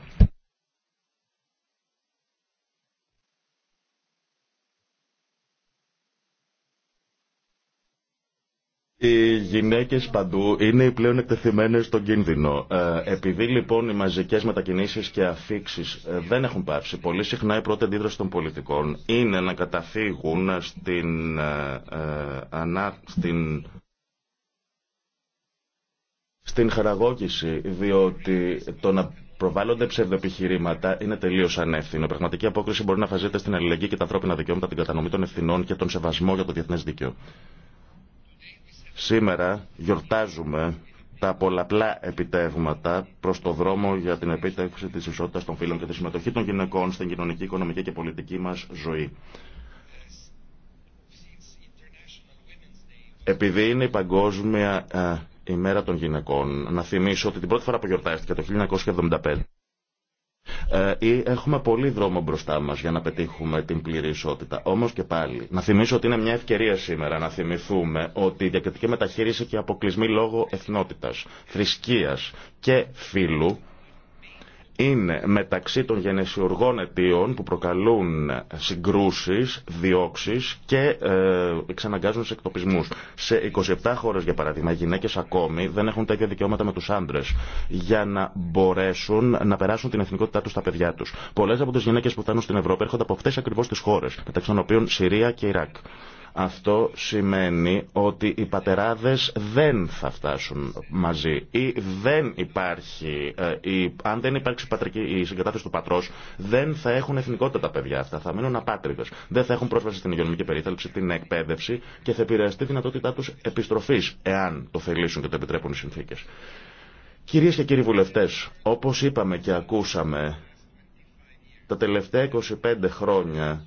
Οι γυναίκες παντού είναι οι πλέον εκτεθειμένες στον κίνδυνο. Ε, επειδή λοιπόν οι μαζικές μετακινήσεις και αφήξεις ε, δεν έχουν πάψει, πολύ συχνά η πρώτη αντίδραση των πολιτικών είναι να καταφύγουν στην, ε, ανά, στην στην χαραγώγηση, διότι το να προβάλλονται ψευδοεπιχειρήματα είναι τελείω ανεύθυνο. πραγματική απόκριση μπορεί να φαζείται στην αλληλεγγύη και τα ανθρώπινα δικαιώματα, την κατανομή των ευθυνών και τον σεβασμό για το διεθνέ δίκαιο. Σήμερα γιορτάζουμε τα πολλαπλά επιτεύγματα προ το δρόμο για την επίτευξη τη ισότητα των φύλων και τη συμμετοχή των γυναικών στην κοινωνική, οικονομική και πολιτική μα ζωή. Επειδή είναι η Παγκόσμια ε, ημέρα των γυναικών, να θυμίσω ότι την πρώτη φορά που γιορτάστηκε το 1975 ε, ή έχουμε πολύ δρόμο μπροστά μας για να πετύχουμε την πλήρη ισότητα. Όμως και πάλι, να θυμίσω ότι είναι μια ευκαιρία σήμερα να θυμηθούμε ότι η διακριτική μεταχείριση και αποκλεισμή λόγω εθνότητας, θρησκείας και φύλου είναι μεταξύ των γενεσιουργών αιτίων που προκαλούν συγκρούσεις, διώξεις και ε, εξαναγκάζουν σε εκτοπισμούς. Σε 27 χώρες, για παράδειγμα, οι γυναίκες ακόμη δεν έχουν τα δικαιώματα με τους άντρες για να μπορέσουν να περάσουν την εθνικότητά τους στα παιδιά τους. Πολλές από τις γυναίκες που φτάνουν στην Ευρώπη έρχονται από αυτές ακριβώς τις χώρες, μεταξύ των οποίων Συρία και Ιράκ. Αυτό σημαίνει ότι οι πατεράδες δεν θα φτάσουν μαζί ή δεν υπάρχει, ή, ε, αν δεν υπάρξει πατρική, η συγκατάθεση του πατρός δεν θα έχουν εθνικότητα τα παιδιά αυτά, θα μείνουν απάτριδες, δεν θα έχουν πρόσβαση στην υγειονομική περίθαλψη, την εκπαίδευση και θα επηρεαστεί η δυνατότητά τους επιστροφής εάν το θελήσουν και το επιτρέπουν οι συνθήκες. Κυρίες και κύριοι βουλευτές, όπως είπαμε και ακούσαμε, τα τελευταία 25 χρόνια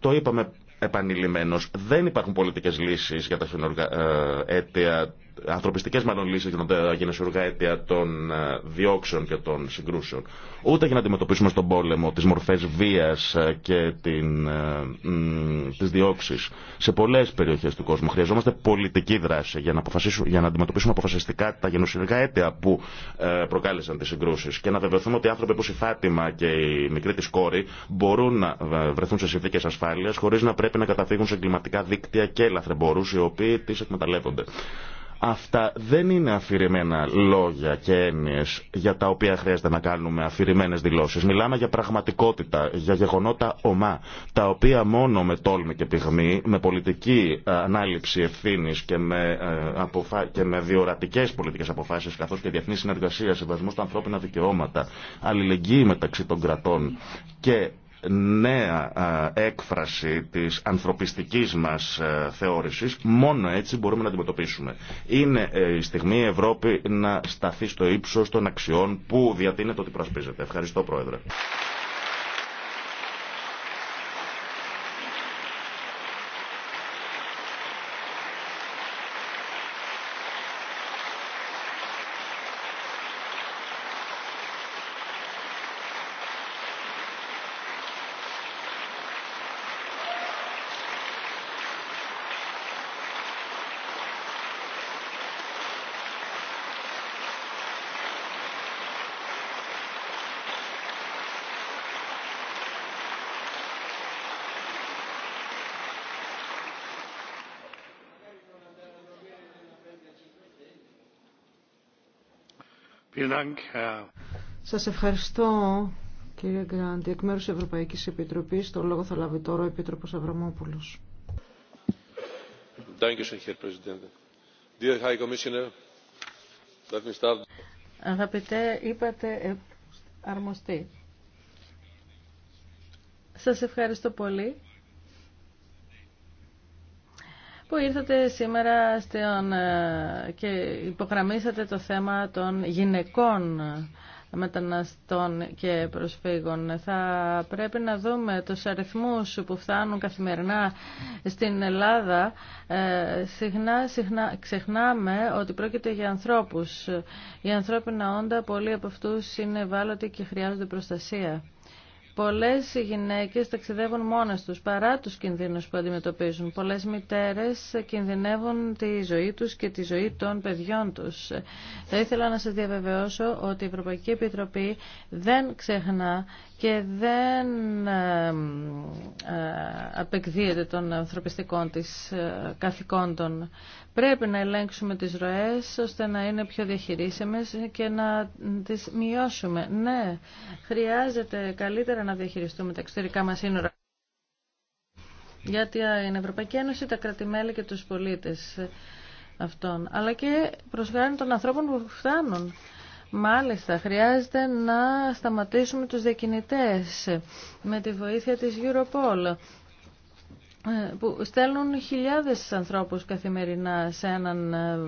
το είπαμε επανειλημμένος. Δεν υπάρχουν πολιτικές λύσεις για τα ε, αίτια Ανθρωπιστικέ μάλλον λύσει για τα γενεσιουργά αίτια των ε, διώξεων και των συγκρούσεων. Ούτε για να αντιμετωπίσουμε στον πόλεμο τι μορφέ βία ε, και ε, τι διώξει σε πολλέ περιοχέ του κόσμου. Χρειαζόμαστε πολιτική δράση για να, για να αντιμετωπίσουμε αποφασιστικά τα γενεσιουργά αίτια που προκάλεσαν τι συγκρούσει και να βεβαιωθούμε ότι άνθρωποι όπως η Φάτιμα και η μικρή της κόρη μπορούν να βρεθούν σε συνθήκε ασφάλεια χωρί να πρέπει να καταφύγουν σε εγκληματικά δίκτυα και οι οποίοι τι εκμεταλλεύονται. Αυτά δεν είναι αφηρημένα λόγια και έννοιες για τα οποία χρειάζεται να κάνουμε αφηρημένες δηλώσεις. Μιλάμε για πραγματικότητα, για γεγονότα ομά, τα οποία μόνο με τόλμη και πυγμή, με πολιτική ε, ανάληψη ευθύνη και, με, ε, αποφα... και με διορατικές πολιτικές αποφάσεις, καθώς και διεθνή συνεργασία, σεβασμό στα ανθρώπινα δικαιώματα, αλληλεγγύη μεταξύ των κρατών και νέα έκφραση της ανθρωπιστικής μας θεώρησης, μόνο έτσι μπορούμε να αντιμετωπίσουμε. Είναι ε, η στιγμή η Ευρώπη να σταθεί στο ύψος των αξιών που διατείνεται ότι προσπίζεται. Ευχαριστώ Πρόεδρε. Σας ευχαριστώ κύριε Γκράντι. Εκ μέρους Ευρωπαϊκής Επιτροπής το λόγο θα λάβει τώρα ο Επίτροπος Αβραμόπουλος. Αγαπητέ, είπατε ε, αρμοστή. Σας ευχαριστώ πολύ που ήρθατε σήμερα ε, και υπογραμμίσατε το θέμα των γυναικών μεταναστών και προσφύγων. Θα πρέπει να δούμε τους αριθμούς που φτάνουν καθημερινά στην Ελλάδα. Ε, συχνά, συχνά ξεχνάμε ότι πρόκειται για ανθρώπους. Οι ανθρώπινα όντα πολλοί από αυτούς είναι ευάλωτοι και χρειάζονται προστασία. Πολλές γυναίκες ταξιδεύουν μόνες τους παρά τους κινδύνους που αντιμετωπίζουν. Πολλές μητέρες κινδυνεύουν τη ζωή τους και τη ζωή των παιδιών τους. Θα ήθελα να σας διαβεβαιώσω ότι η Ευρωπαϊκή Επιτροπή δεν ξεχνά και δεν ε, απεκδίεται των ανθρωπιστικών της ε, καθηκόντων. Πρέπει να ελέγξουμε τις ροές ώστε να είναι πιο διαχειρίσιμες και να τις μειώσουμε. Ναι, χρειάζεται καλύτερα να διαχειριστούμε τα εξωτερικά μας σύνορα γιατί η Ευρωπαϊκή Ένωση, τα κρατημέλη και τους πολίτες αυτών, αλλά και προσφέρουν των ανθρώπων που φτάνουν. Μάλιστα, χρειάζεται να σταματήσουμε τους διακινητές με τη βοήθεια της Europol που στέλνουν χιλιάδες ανθρώπους καθημερινά σε έναν ε,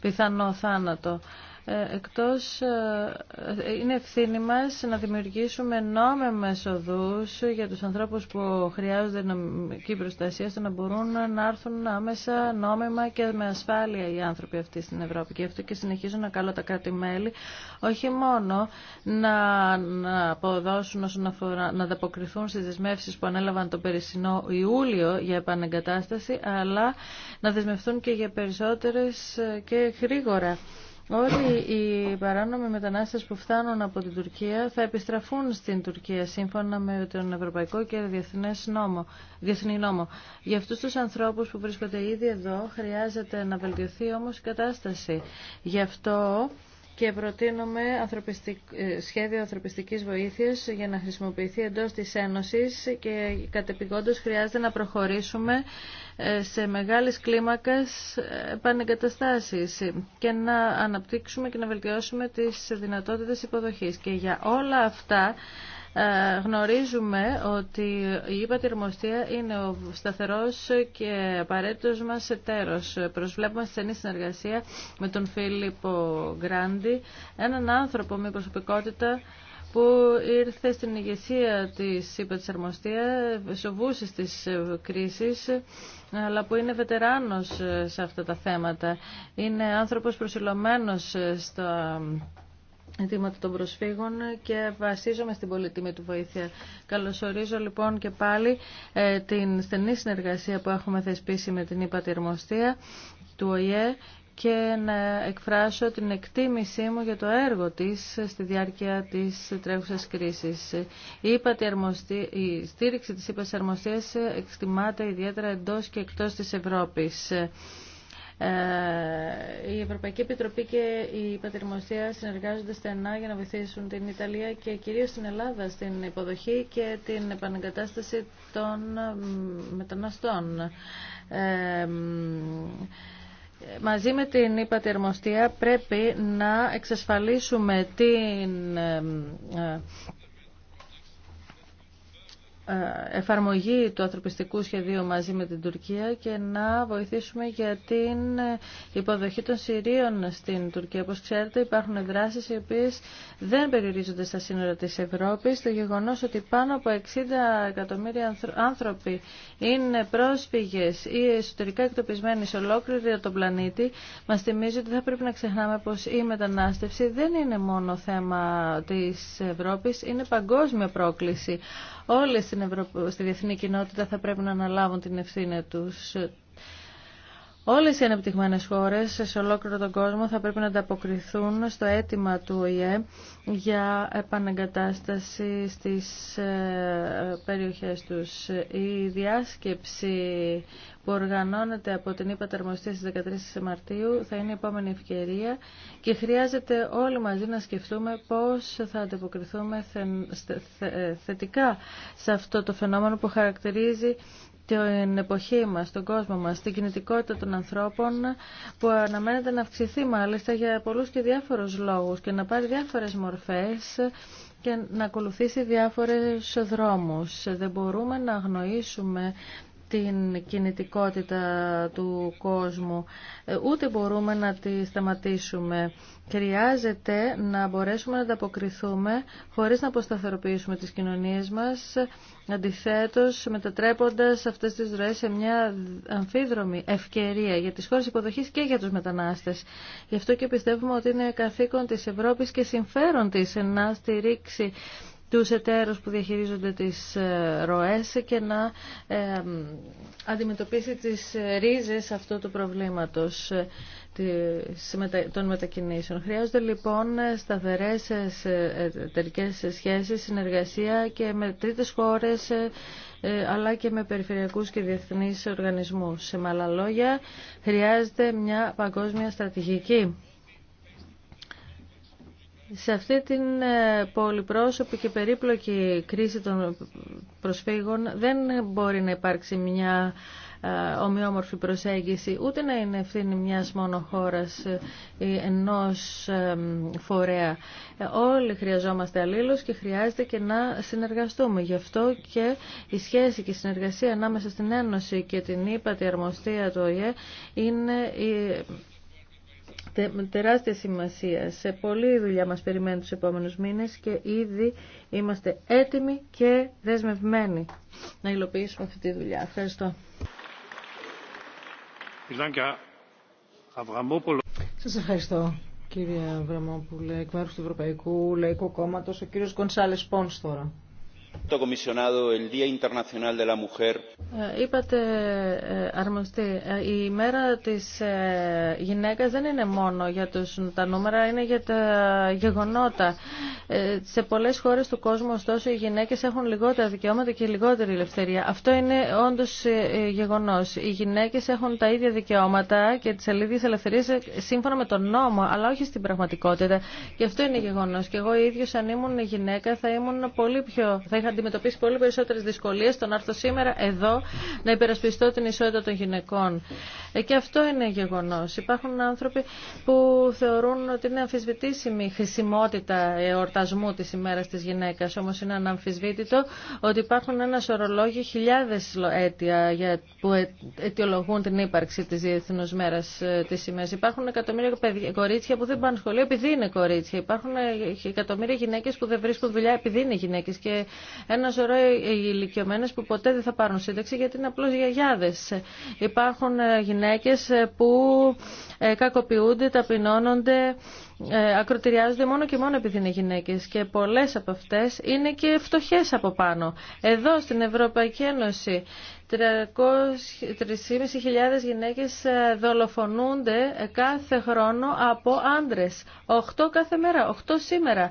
πιθανό θάνατο. Ε, εκτός ε, είναι ευθύνη μας να δημιουργήσουμε νόμιμες οδούς για τους ανθρώπους που χρειάζονται νομική προστασία ώστε να μπορούν να έρθουν άμεσα νόμιμα και με ασφάλεια οι άνθρωποι αυτοί στην Ευρώπη και αυτό και συνεχίζω να καλώ τα κράτη-μέλη όχι μόνο να, να αποδώσουν όσον αφορά να ανταποκριθούν στις δεσμεύσεις που ανέλαβαν τον περσινό Ιούλιο για επανεγκατάσταση αλλά να δεσμευτούν και για περισσότερες ε, και γρήγορα Όλοι οι παράνομοι μετανάστες που φτάνουν από την Τουρκία θα επιστραφούν στην Τουρκία σύμφωνα με τον Ευρωπαϊκό και νόμο, Διεθνή Νόμο. Για αυτούς τους ανθρώπους που βρίσκονται ήδη εδώ χρειάζεται να βελτιωθεί όμως η κατάσταση. Γι' αυτό και προτείνουμε ανθρωπιστικ... Ε, σχέδιο ανθρωπιστικής βοήθειας για να χρησιμοποιηθεί εντός της Ένωσης και κατεπηγόντως χρειάζεται να προχωρήσουμε ε, σε μεγάλες κλίμακες ε, επανεγκαταστάσεις και να αναπτύξουμε και να βελτιώσουμε τις δυνατότητες υποδοχής. Και για όλα αυτά ε, γνωρίζουμε ότι η υπατηρμοστία είναι ο σταθερός και απαραίτητος μας εταίρος. Προσβλέπουμε στενή συνεργασία με τον Φίλιππο Γκράντι, έναν άνθρωπο με προσωπικότητα που ήρθε στην ηγεσία της ΥΠΑ της Αρμοστία, σοβούσης της κρίσης, αλλά που είναι βετεράνος σε αυτά τα θέματα. Είναι άνθρωπος προσιλωμένος στο αιτήματα των προσφύγων και βασίζομαι στην πολιτική του βοήθεια. Καλωσορίζω λοιπόν και πάλι ε, την στενή συνεργασία που έχουμε θεσπίσει με την ΥΠΑΤΗΡΜΟΣΤΙΑ του ΟΗΕ και να εκφράσω την εκτίμησή μου για το έργο της στη διάρκεια της τρέχουσας κρίσης. Η, η στήριξη της ΥΠΑΤΗΡΜΟΣΤΙΑ εκτιμάται ιδιαίτερα εντός και εκτός της Ευρώπης. Ε, η Ευρωπαϊκή Επιτροπή και η Πατερμοστία συνεργάζονται στενά για να βοηθήσουν την Ιταλία και κυρίως την Ελλάδα στην υποδοχή και την επανεγκατάσταση των μεταναστών. Ε, μαζί με την Πατερμοστία πρέπει να εξασφαλίσουμε την ε, ε, εφαρμογή του ανθρωπιστικού σχεδίου μαζί με την Τουρκία και να βοηθήσουμε για την υποδοχή των Συρίων στην Τουρκία. Όπως ξέρετε υπάρχουν δράσεις οι οποίες δεν περιορίζονται στα σύνορα της Ευρώπης. Το γεγονός ότι πάνω από 60 εκατομμύρια άνθρωποι είναι πρόσφυγες ή εσωτερικά εκτοπισμένοι σε ολόκληρη τον πλανήτη μας θυμίζει ότι θα πρέπει να ξεχνάμε πως η μετανάστευση δεν είναι μόνο θέμα της Ευρώπης, είναι παγκόσμια πρόκληση. Όλες στην, στη διεθνή κοινότητα θα πρέπει να αναλάβουν την ευθύνη τους. Όλες οι ανεπτυγμένες χώρες σε ολόκληρο τον κόσμο θα πρέπει να ανταποκριθούν στο αίτημα του ΟΗΕ για επαναγκατάσταση στις ε, περιοχές τους. Η διάσκεψη που οργανώνεται από την ΥΠΑ στις 13 Μαρτίου θα είναι η επόμενη ευκαιρία και χρειάζεται όλοι μαζί να σκεφτούμε πώς θα ανταποκριθούμε ε, θετικά σε αυτό το φαινόμενο που χαρακτηρίζει στην εποχή μας, στον κόσμο μας, στην κινητικότητα των ανθρώπων που αναμένεται να αυξηθεί μάλιστα για πολλούς και διάφορους λόγους και να πάρει διάφορες μορφές και να ακολουθήσει διάφορες δρόμους. Δεν μπορούμε να αγνοήσουμε την κινητικότητα του κόσμου. Ε, ούτε μπορούμε να τη σταματήσουμε. Χρειάζεται να μπορέσουμε να ανταποκριθούμε χωρίς να αποσταθεροποιήσουμε τις κοινωνίες μας, αντιθέτως μετατρέποντας αυτές τις ροές σε μια αμφίδρομη ευκαιρία για τις χώρες υποδοχής και για τους μετανάστες. Γι' αυτό και πιστεύουμε ότι είναι καθήκον της Ευρώπης και συμφέρον της να στηρίξει τους εταίρους που διαχειρίζονται τις ε, ροές και να ε, αντιμετωπίσει τις ρίζες αυτού του προβλήματος ε, των μετακινήσεων. Χρειάζονται λοιπόν σταθερές εταιρικέ σχέσεις, συνεργασία και με τρίτες χώρες αλλά και με περιφερειακούς και διεθνείς οργανισμούς. Σε μάλλα λόγια, χρειάζεται μια παγκόσμια στρατηγική σε αυτή την ε, πολυπρόσωπη και περίπλοκη κρίση των προσφύγων δεν μπορεί να υπάρξει μια ε, ομοιόμορφη προσέγγιση, ούτε να είναι ευθύνη μιας μόνο χώρας ε, ή ενός φορέα. Όλοι χρειαζόμαστε αλλήλους και χρειάζεται και να συνεργαστούμε. Γι' αυτό και η σχέση και η συνεργασία ανάμεσα στην Ένωση και την τη αρμοστία του ΟΗΕ είναι τεράστια σημασία. Σε πολλή δουλειά μας περιμένουν τους επόμενους μήνες και ήδη είμαστε έτοιμοι και δεσμευμένοι να υλοποιήσουμε αυτή τη δουλειά. Ευχαριστώ. Σας ευχαριστώ κύριε Αβραμόπουλε, εκ μέρους του Ευρωπαϊκού Λαϊκού Κόμματος, ο κύριος Γκονσάλες Πόνς τώρα. Είπατε, αρμοστή, η μέρα της ε, γυναίκας δεν είναι μόνο για τους, τα νούμερα, είναι για τα γεγονότα. Ε, σε πολλές χώρες του κόσμου, ωστόσο, οι γυναίκες έχουν λιγότερα δικαιώματα και λιγότερη ελευθερία. Αυτό είναι όντως ε, γεγονός. Οι γυναίκες έχουν τα ίδια δικαιώματα και τις ίδιες ελευθερίες σύμφωνα με τον νόμο, αλλά όχι στην πραγματικότητα. Και αυτό είναι γεγονός. Και εγώ ίδιος, αν ήμουν γυναίκα, θα ήμουν πολύ πιο... Θα είχα αντιμετωπίσει πολύ περισσότερε δυσκολίε στο να έρθω σήμερα εδώ να υπερασπιστώ την ισότητα των γυναικών. Ε, και αυτό είναι γεγονό. Υπάρχουν άνθρωποι που θεωρούν ότι είναι αμφισβητήσιμη η χρησιμότητα εορτασμού τη ημέρα τη γυναίκα. Όμω είναι αναμφισβήτητο ότι υπάρχουν ένα σωρολόγιο χιλιάδε αίτια που ε- αιτιολογούν την ύπαρξη τη Διεθνού Μέρα ε, τη ημέρα. Υπάρχουν εκατομμύρια κορίτσια που δεν πάνε σχολείο επειδή είναι κορίτσια. Υπάρχουν εκατομμύρια γυναίκε που δεν βρίσκουν δουλειά επειδή είναι γυναίκε. Και ένα ζωρό ηλικιωμένε που ποτέ δεν θα πάρουν σύνταξη γιατί είναι απλώ γιαγιάδε. Υπάρχουν γυναίκε που ε, κακοποιούνται, ταπεινώνονται ε, ακροτηριάζονται μόνο και μόνο επειδή είναι γυναίκες και πολλές από αυτές είναι και φτωχές από πάνω. Εδώ στην Ευρωπαϊκή Ένωση 3.500 γυναίκες ε, δολοφονούνται ε, κάθε χρόνο από άντρες. 8 κάθε μέρα, 8 σήμερα.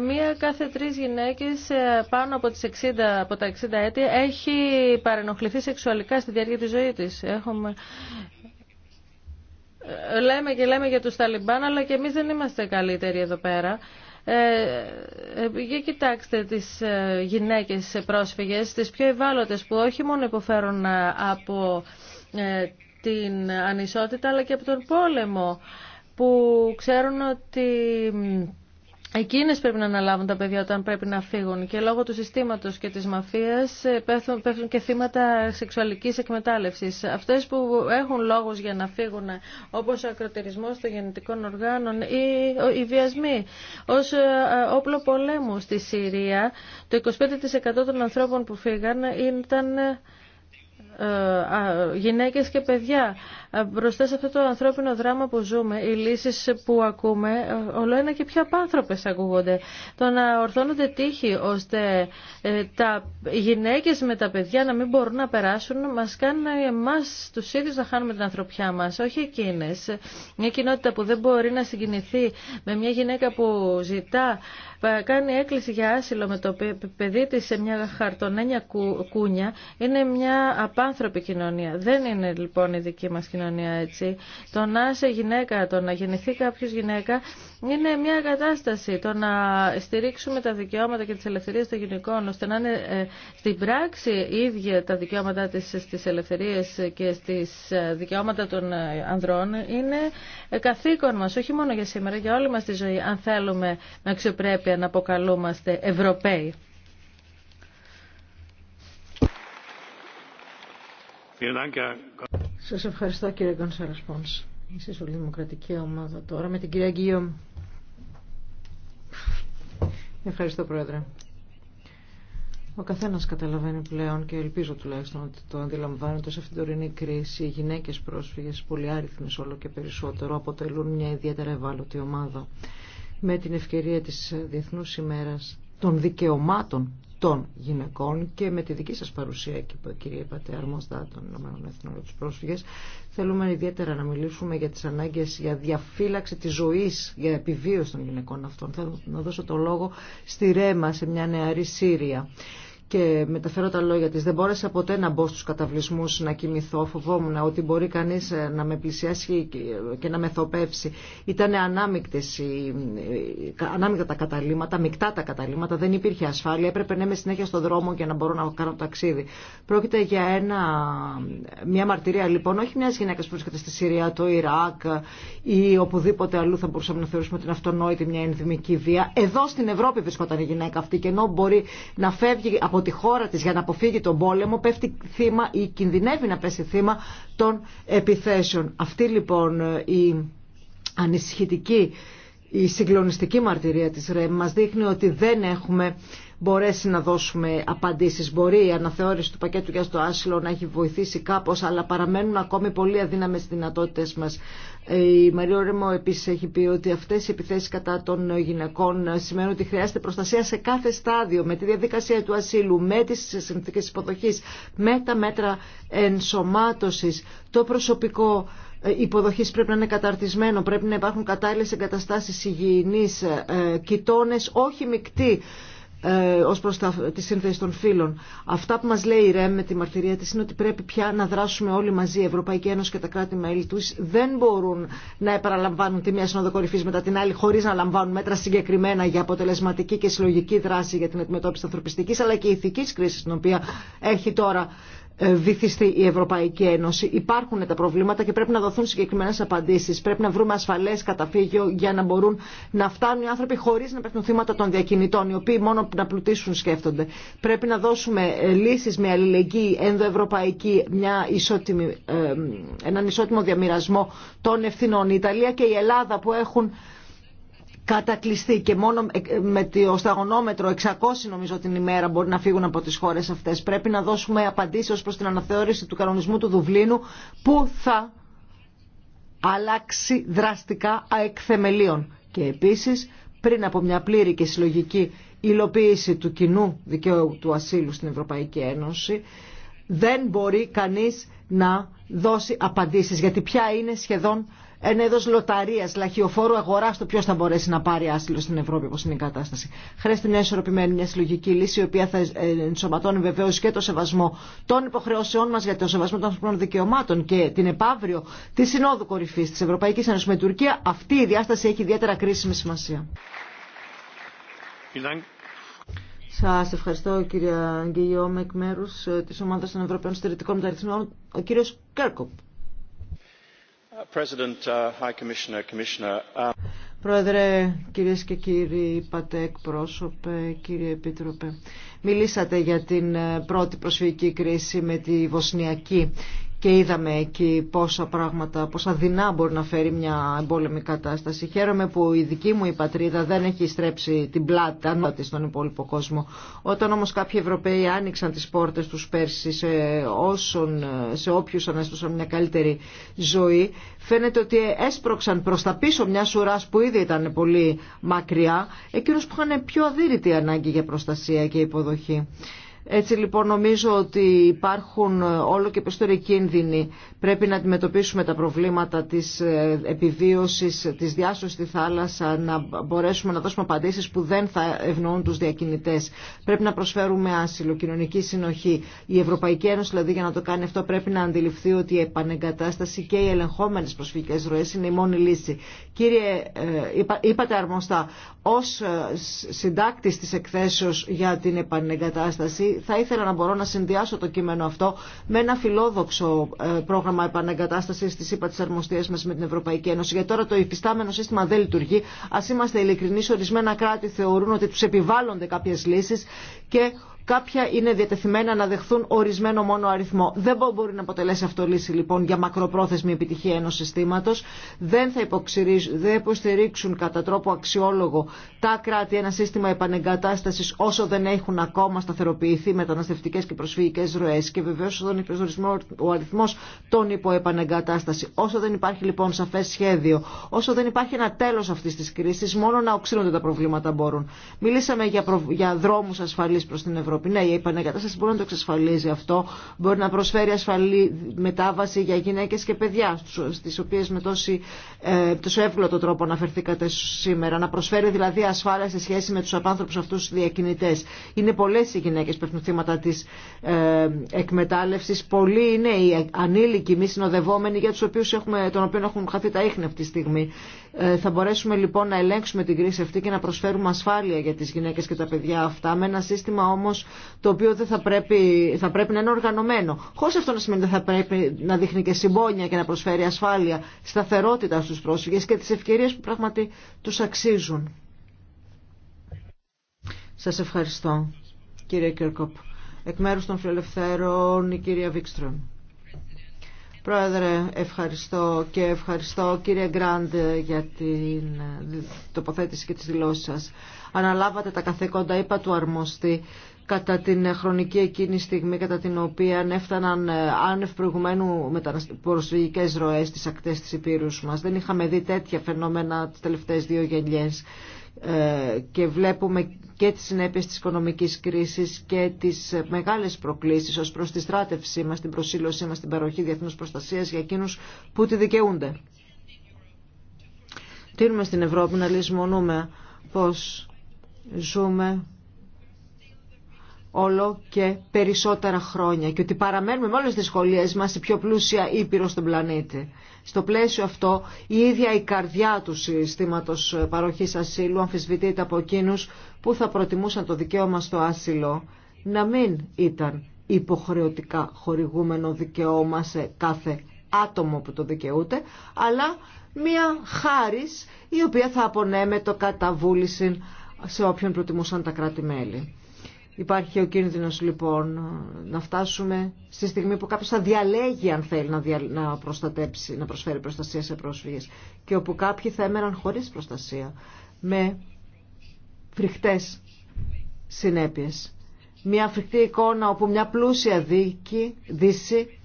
Μία κάθε τρεις γυναίκες πάνω από, τις 60, από τα 60 έτη έχει παρενοχληθεί σεξουαλικά στη διάρκεια της ζωής της. Έχουμε λέμε και λέμε για τους Ταλιμπάν, αλλά και εμείς δεν είμαστε καλύτεροι εδώ πέρα. Ε, ε για κοιτάξτε τις ε, γυναίκες πρόσφυγες, τις πιο ευάλωτες που όχι μόνο υποφέρουν ε, από την ανισότητα αλλά και από τον πόλεμο που ξέρουν ότι Εκείνε πρέπει να αναλάβουν τα παιδιά όταν πρέπει να φύγουν και λόγω του συστήματος και της μαφίας ε, πέφτουν, πέφτουν και θύματα σεξουαλικής εκμετάλλευση. Αυτές που έχουν λόγους για να φύγουν όπως ο ακροτηρισμό των γεννητικών οργάνων ή οι βιασμοί Ω ε, όπλο πολέμου στη Συρία το 25% των ανθρώπων που φύγαν ήταν ε, γυναίκε και παιδιά. Μπροστά σε αυτό το ανθρώπινο δράμα που ζούμε, οι λύσει που ακούμε, όλο ένα και πιο απάνθρωπε ακούγονται. Το να ορθώνονται τύχοι ώστε ε, τα γυναίκε με τα παιδιά να μην μπορούν να περάσουν, μα κάνει εμά, τους ίδιους να χάνουμε την ανθρωπιά μα, όχι εκείνε, Μια κοινότητα που δεν μπορεί να συγκινηθεί με μια γυναίκα που ζητά, ε, κάνει έκκληση για άσυλο με το παιδί της σε μια χαρτονένια κούνια, είναι μια απάνθρωπη κοινωνία. Δεν είναι λοιπόν η δική μας κοινωνία. Το να είσαι γυναίκα, το να γεννηθεί κάποιο γυναίκα είναι μια κατάσταση. Το να στηρίξουμε τα δικαιώματα και τι ελευθερίε των γυναικών, ώστε να είναι ε, στην πράξη ίδια τα δικαιώματά τη στι ελευθερίε και στι ε, δικαιώματα των ε, ανδρών, είναι καθήκον μα, όχι μόνο για σήμερα, για όλη μα τη ζωή, αν θέλουμε να αξιοπρέπεια να αποκαλούμαστε Ευρωπαίοι. Σα ευχαριστώ κύριε Γκονσάρα Πόνς. Είσαι στο Δημοκρατική Ομάδα τώρα με την κυρία Γκίο. Ευχαριστώ πρόεδρε. Ο καθένα καταλαβαίνει πλέον και ελπίζω τουλάχιστον ότι το αντιλαμβάνεται σε αυτήν την τωρινή κρίση. Οι γυναίκε πρόσφυγε, πολυάριθμε όλο και περισσότερο, αποτελούν μια ιδιαίτερα ευάλωτη ομάδα. Με την ευκαιρία τη Διεθνού ημέρα των δικαιωμάτων των γυναικών και με τη δική σας παρουσία κύριε είπατε Αρμοστά των Ηνωμένων Εθνών για πρόσφυγες θέλουμε ιδιαίτερα να μιλήσουμε για τις ανάγκες για διαφύλαξη της ζωής για επιβίωση των γυναικών αυτών θέλω να δώσω το λόγο στη Ρέμα σε μια νεαρή Σύρια και μεταφέρω τα λόγια της. Δεν μπόρεσα ποτέ να μπω στους καταβλισμούς να κοιμηθώ. Φοβόμουν ότι μπορεί κανείς ε, να με πλησιάσει και ε, να με θοπεύσει. Ήταν ε, ανάμεικτα τα καταλήματα, μεικτά τα καταλήματα. Δεν υπήρχε ασφάλεια. Έπρεπε να είμαι συνέχεια στον δρόμο για να μπορώ να κάνω ταξίδι. Πρόκειται για ένα, μια μαρτυρία λοιπόν, όχι μια γυναίκα που βρίσκεται στη Συρία, το Ιράκ ή οπουδήποτε αλλού θα μπορούσαμε να θεωρήσουμε την αυτονόητη μια ενδυμική βία. Εδώ στην Ευρώπη βρισκόταν η γυναίκα αυτή και ενώ μπορεί να φεύγει από ότι τη χώρα της για να αποφύγει τον πόλεμο πέφτει θύμα ή κινδυνεύει να πέσει θύμα των επιθέσεων. Αυτή λοιπόν ε, η ανησυχητική, η συγκλονιστική μαρτυρία της ΡΕΜ μας δείχνει ότι δεν έχουμε μπορέσει να δώσουμε απαντήσει Μπορεί η αναθεώρηση του πακέτου για το άσυλο να έχει βοηθήσει κάπω, αλλά παραμένουν ακόμη πολύ αδύναμες δυνατότητε μα. Ε, η Μαρία Ρεμό επίσης έχει πει ότι αυτέ οι επιθέσει κατά των γυναικών σημαίνουν ότι χρειάζεται προστασία σε κάθε στάδιο, με τη διαδικασία του ασύλου, με τι συνθήκες υποδοχής, με τα μέτρα ενσωμάτωσης, το προσωπικό ε, υποδοχή πρέπει να είναι καταρτισμένο, πρέπει να υπάρχουν κατάλληλες εγκαταστάσεις υγιεινής, ε, κοιτώνες, όχι μεικτοί ε, ως προς τα, τη σύνθεση των φύλων. Αυτά που μας λέει η ΡΕΜ με τη μαρτυρία της είναι ότι πρέπει πια να δράσουμε όλοι μαζί, η Ευρωπαϊκή Ένωση και τα κράτη-μέλη τους δεν μπορούν να επαναλαμβάνουν τη μία σύνοδο κορυφής μετά την άλλη χωρίς να λαμβάνουν μέτρα συγκεκριμένα για αποτελεσματική και συλλογική δράση για την αντιμετώπιση ανθρωπιστικής αλλά και ηθικής κρίσης την οποία έχει τώρα ε, βυθιστεί η Ευρωπαϊκή Ένωση. Υπάρχουν τα προβλήματα και πρέπει να δοθούν συγκεκριμένε απαντήσει. Πρέπει να βρούμε ασφαλέ καταφύγιο για να μπορούν να φτάνουν οι άνθρωποι χωρί να πέφτουν θύματα των διακινητών, οι οποίοι μόνο να πλουτίσουν σκέφτονται. Πρέπει να δώσουμε ε, λύσει με αλληλεγγύη ενδοευρωπαϊκή, μια ισότιμη, ε, έναν ισότιμο διαμοιρασμό των ευθυνών. Η Ιταλία και η Ελλάδα που έχουν κατακλειστεί και μόνο με το σταγονόμετρο 600 νομίζω την ημέρα μπορεί να φύγουν από τις χώρες αυτές. Πρέπει να δώσουμε απαντήσεις ως προς την αναθεώρηση του κανονισμού του Δουβλίνου που θα αλλάξει δραστικά αεκθεμελίων. Και επίσης πριν από μια πλήρη και συλλογική υλοποίηση του κοινού δικαίου του ασύλου στην Ευρωπαϊκή Ένωση δεν μπορεί κανείς να δώσει απαντήσεις γιατί πια είναι σχεδόν ένα είδο λοταρία, λαχιοφόρου αγορά το ποιο θα μπορέσει να πάρει άσυλο στην Ευρώπη, όπω είναι η κατάσταση. Χρειάζεται μια ισορροπημένη, μια συλλογική λύση, η οποία θα ε, ενσωματώνει βεβαίω και το σεβασμό των υποχρεώσεών μα για το σεβασμό των ανθρωπίνων δικαιωμάτων και την επαύριο τη Συνόδου Κορυφή τη Ευρωπαϊκή Ένωση με Τουρκία. Αυτή η διάσταση έχει ιδιαίτερα κρίσιμη σημασία. Σα ευχαριστώ κύριε Αγγελιό, εκ μέρου ε, τη Ομάδα των Ευρωπαίων Στερετικών ο κύριο Κέρκοπ. Uh, uh, Πρόεδρε, κυρίες και κύριοι, είπατε εκπρόσωπε, κύριε Επίτροπε, μιλήσατε για την ε, πρώτη προσφυγική κρίση με τη Βοσνιακή και είδαμε εκεί πόσα πράγματα, πόσα δεινά μπορεί να φέρει μια εμπόλεμη κατάσταση. Χαίρομαι που η δική μου η πατρίδα δεν έχει στρέψει την πλάτη ανώτη στον υπόλοιπο κόσμο. Όταν όμως κάποιοι Ευρωπαίοι άνοιξαν τις πόρτες τους πέρσι σε, όσον, σε όποιους αναστούσαν μια καλύτερη ζωή, φαίνεται ότι έσπρωξαν προς τα πίσω μια σουρά που ήδη ήταν πολύ μακριά, εκείνους που είχαν πιο αδύρυτη ανάγκη για προστασία και υποδοχή. Έτσι λοιπόν νομίζω ότι υπάρχουν όλο και περισσότεροι κίνδυνοι. Πρέπει να αντιμετωπίσουμε τα προβλήματα της ε, επιβίωσης, της διάσωσης στη θάλασσα, να μπορέσουμε να δώσουμε απαντήσεις που δεν θα ευνοούν τους διακινητές. Πρέπει να προσφέρουμε άσυλο, κοινωνική συνοχή. Η Ευρωπαϊκή Ένωση δηλαδή για να το κάνει αυτό πρέπει να αντιληφθεί ότι η επανεγκατάσταση και οι ελεγχόμενες προσφυγικές ροές είναι η μόνη λύση. Κύριε, ε, είπατε αρμοστά, ως ε, συντάκτης της εκθέσεως για την επανεγκατάσταση θα ήθελα να μπορώ να συνδυάσω το κείμενο αυτό με ένα φιλόδοξο ε, πρόγραμμα επαναγκατάσταση τη ΥΠΑ τη Αρμοστία μα με την Ευρωπαϊκή Ένωση. Γιατί τώρα το υφιστάμενο σύστημα δεν λειτουργεί. Α είμαστε ειλικρινεί, ορισμένα κράτη θεωρούν ότι του επιβάλλονται κάποιε λύσει και κάποια είναι διατεθειμένα να δεχθούν ορισμένο μόνο αριθμό. Δεν μπορεί να αποτελέσει αυτό λύση λοιπόν για μακροπρόθεσμη επιτυχία ενό συστήματο. Δεν θα δεν υποστηρίξουν κατά τρόπο αξιόλογο τα κράτη ένα σύστημα επανεγκατάσταση όσο δεν έχουν ακόμα σταθεροποιηθεί μεταναστευτικέ και προσφυγικέ ροέ. και βεβαίω όταν ο αριθμός των υποεπανεγκατάσταση. Όσο δεν υπάρχει λοιπόν σαφέ σχέδιο, όσο δεν υπάρχει ένα τέλο αυτή τη κρίση, μόνο να οξύνονται τα προβλήματα μπορούν. Μιλήσαμε για, προ... για δρόμους την Ευρώπη. Ευρώπη. Ναι, η επανεγκατάσταση μπορεί να το εξασφαλίζει αυτό. Μπορεί να προσφέρει ασφαλή μετάβαση για γυναίκε και παιδιά, στι οποίε με τόση, ε, τόσο εύκολο τρόπο αναφερθήκατε σήμερα. Να προσφέρει δηλαδή ασφάλεια σε σχέση με του απάνθρωπου αυτού διακινητέ. Είναι πολλέ οι γυναίκε που έχουν θύματα τη ε, εκμετάλλευση. Πολλοί είναι οι ανήλικοι, μη συνοδευόμενοι, για του οποίου έχουμε, τον οποίο έχουν χαθεί τα ίχνη αυτή τη στιγμή. Ε, θα μπορέσουμε λοιπόν να ελέγξουμε την κρίση αυτή και να προσφέρουμε ασφάλεια για τι γυναίκε και τα παιδιά αυτά με ένα σύστημα όμως το οποίο δεν θα πρέπει, θα πρέπει να είναι οργανωμένο. Χωρί αυτό να σημαίνει ότι θα πρέπει να δείχνει και συμπόνια και να προσφέρει ασφάλεια, σταθερότητα στου πρόσφυγε και τι ευκαιρίε που πράγματι του αξίζουν. Σα ευχαριστώ, κύριε Κέρκοπ. Εκ μέρου των Φιλελευθέρων, η κυρία Βίξτρον. Πρόεδρε, ευχαριστώ και ευχαριστώ κύριε Γκραντ για την τοποθέτηση και τις δηλώσεις σας. Αναλάβατε τα καθήκοντα, είπα του αρμοστή, κατά την χρονική εκείνη στιγμή κατά την οποία έφταναν ε, άνευ προηγουμένου προσφυγικέ ροές στις ακτές της Υπήρους μας. Δεν είχαμε δει τέτοια φαινόμενα τις τελευταίες δύο γενιές ε, και βλέπουμε και τις συνέπειες της οικονομικής κρίσης και τις μεγάλες προκλήσεις ως προς τη στράτευσή μας, την προσήλωσή μας, την παροχή διεθνούς προστασίας για εκείνους που τη δικαιούνται. Τίνουμε στην Ευρώπη να λησμονούμε πως ζούμε όλο και περισσότερα χρόνια και ότι παραμένουμε με όλες τις δυσκολίες μας η πιο πλούσια ήπειρο στον πλανήτη. Στο πλαίσιο αυτό η ίδια η καρδιά του συστήματος παροχής ασύλου αμφισβητείται από εκείνου που θα προτιμούσαν το δικαίωμα στο άσυλο να μην ήταν υποχρεωτικά χορηγούμενο δικαίωμα σε κάθε άτομο που το δικαιούται, αλλά μία χάρις η οποία θα απονέμεται κατά βούληση σε όποιον προτιμούσαν τα κράτη-μέλη. Υπάρχει και ο κίνδυνος λοιπόν να φτάσουμε στη στιγμή που κάποιος θα διαλέγει αν θέλει να, να προστατέψει, να προσφέρει προστασία σε πρόσφυγες και όπου κάποιοι θα έμεναν χωρίς προστασία με φρικτές συνέπειες. Μια φρικτή εικόνα όπου μια πλούσια δίκη, δύση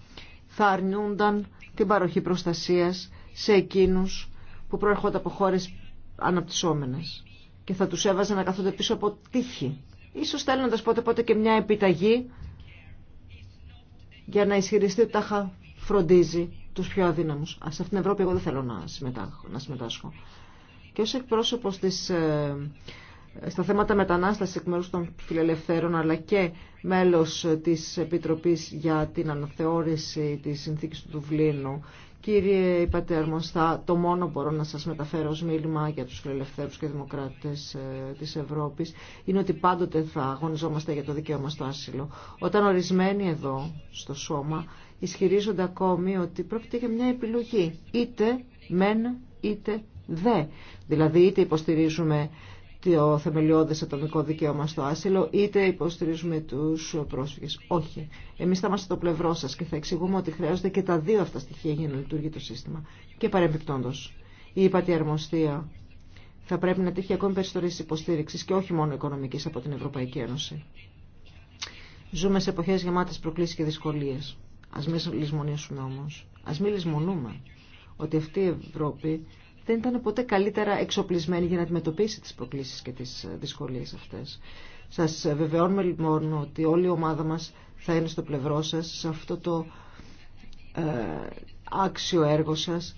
θα αρνούνταν την παροχή προστασίας σε εκείνους που προέρχονται από χώρες αναπτυσσόμενες και θα τους έβαζε να καθόνται πίσω από τύχη ίσως στέλνοντας πότε πότε και μια επιταγή για να ισχυριστεί ότι τάχα φροντίζει τους πιο αδύναμους. Α, σε αυτήν την Ευρώπη εγώ δεν θέλω να συμμετάσχω. Και ως εκπρόσωπο της, ε, στα θέματα μετανάστασης εκ μέρους των φιλελευθέρων αλλά και μέλος της Επιτροπής για την αναθεώρηση της συνθήκης του Δουβλίνου Κύριε Υπατέρμοστα, το μόνο μπορώ να σας μεταφέρω ως μίλημα για τους φιλελευθέρους και δημοκράτες ε, της Ευρώπης είναι ότι πάντοτε θα αγωνιζόμαστε για το δικαίωμα στο άσυλο. Όταν ορισμένοι εδώ στο σώμα ισχυρίζονται ακόμη ότι πρόκειται για μια επιλογή είτε μεν είτε δε. Δηλαδή είτε υποστηρίζουμε το θεμελιώδες ατομικό δικαίωμα στο άσυλο, είτε υποστηρίζουμε τους πρόσφυγες. Όχι. Εμείς θα είμαστε το πλευρό σα και θα εξηγούμε ότι χρειάζονται και τα δύο αυτά στοιχεία για να λειτουργεί το σύστημα. Και παρεμπιπτόντω, η αρμοστία θα πρέπει να τύχει ακόμη περισσότερη υποστήριξη και όχι μόνο οικονομικής από την Ευρωπαϊκή Ένωση. Ζούμε σε εποχές γεμάτες προκλήσεις και δυσκολίες. Ας μην λησμονήσουμε όμως. Ας μην λησμονούμε ότι αυτή η Ευρώπη δεν ήταν ποτέ καλύτερα εξοπλισμένη για να αντιμετωπίσει τις προκλήσεις και τις ε, δυσκολίες αυτές. Σας βεβαιώνουμε λοιπόν ότι όλη η ομάδα μας θα είναι στο πλευρό σας σε αυτό το ε, άξιο έργο σας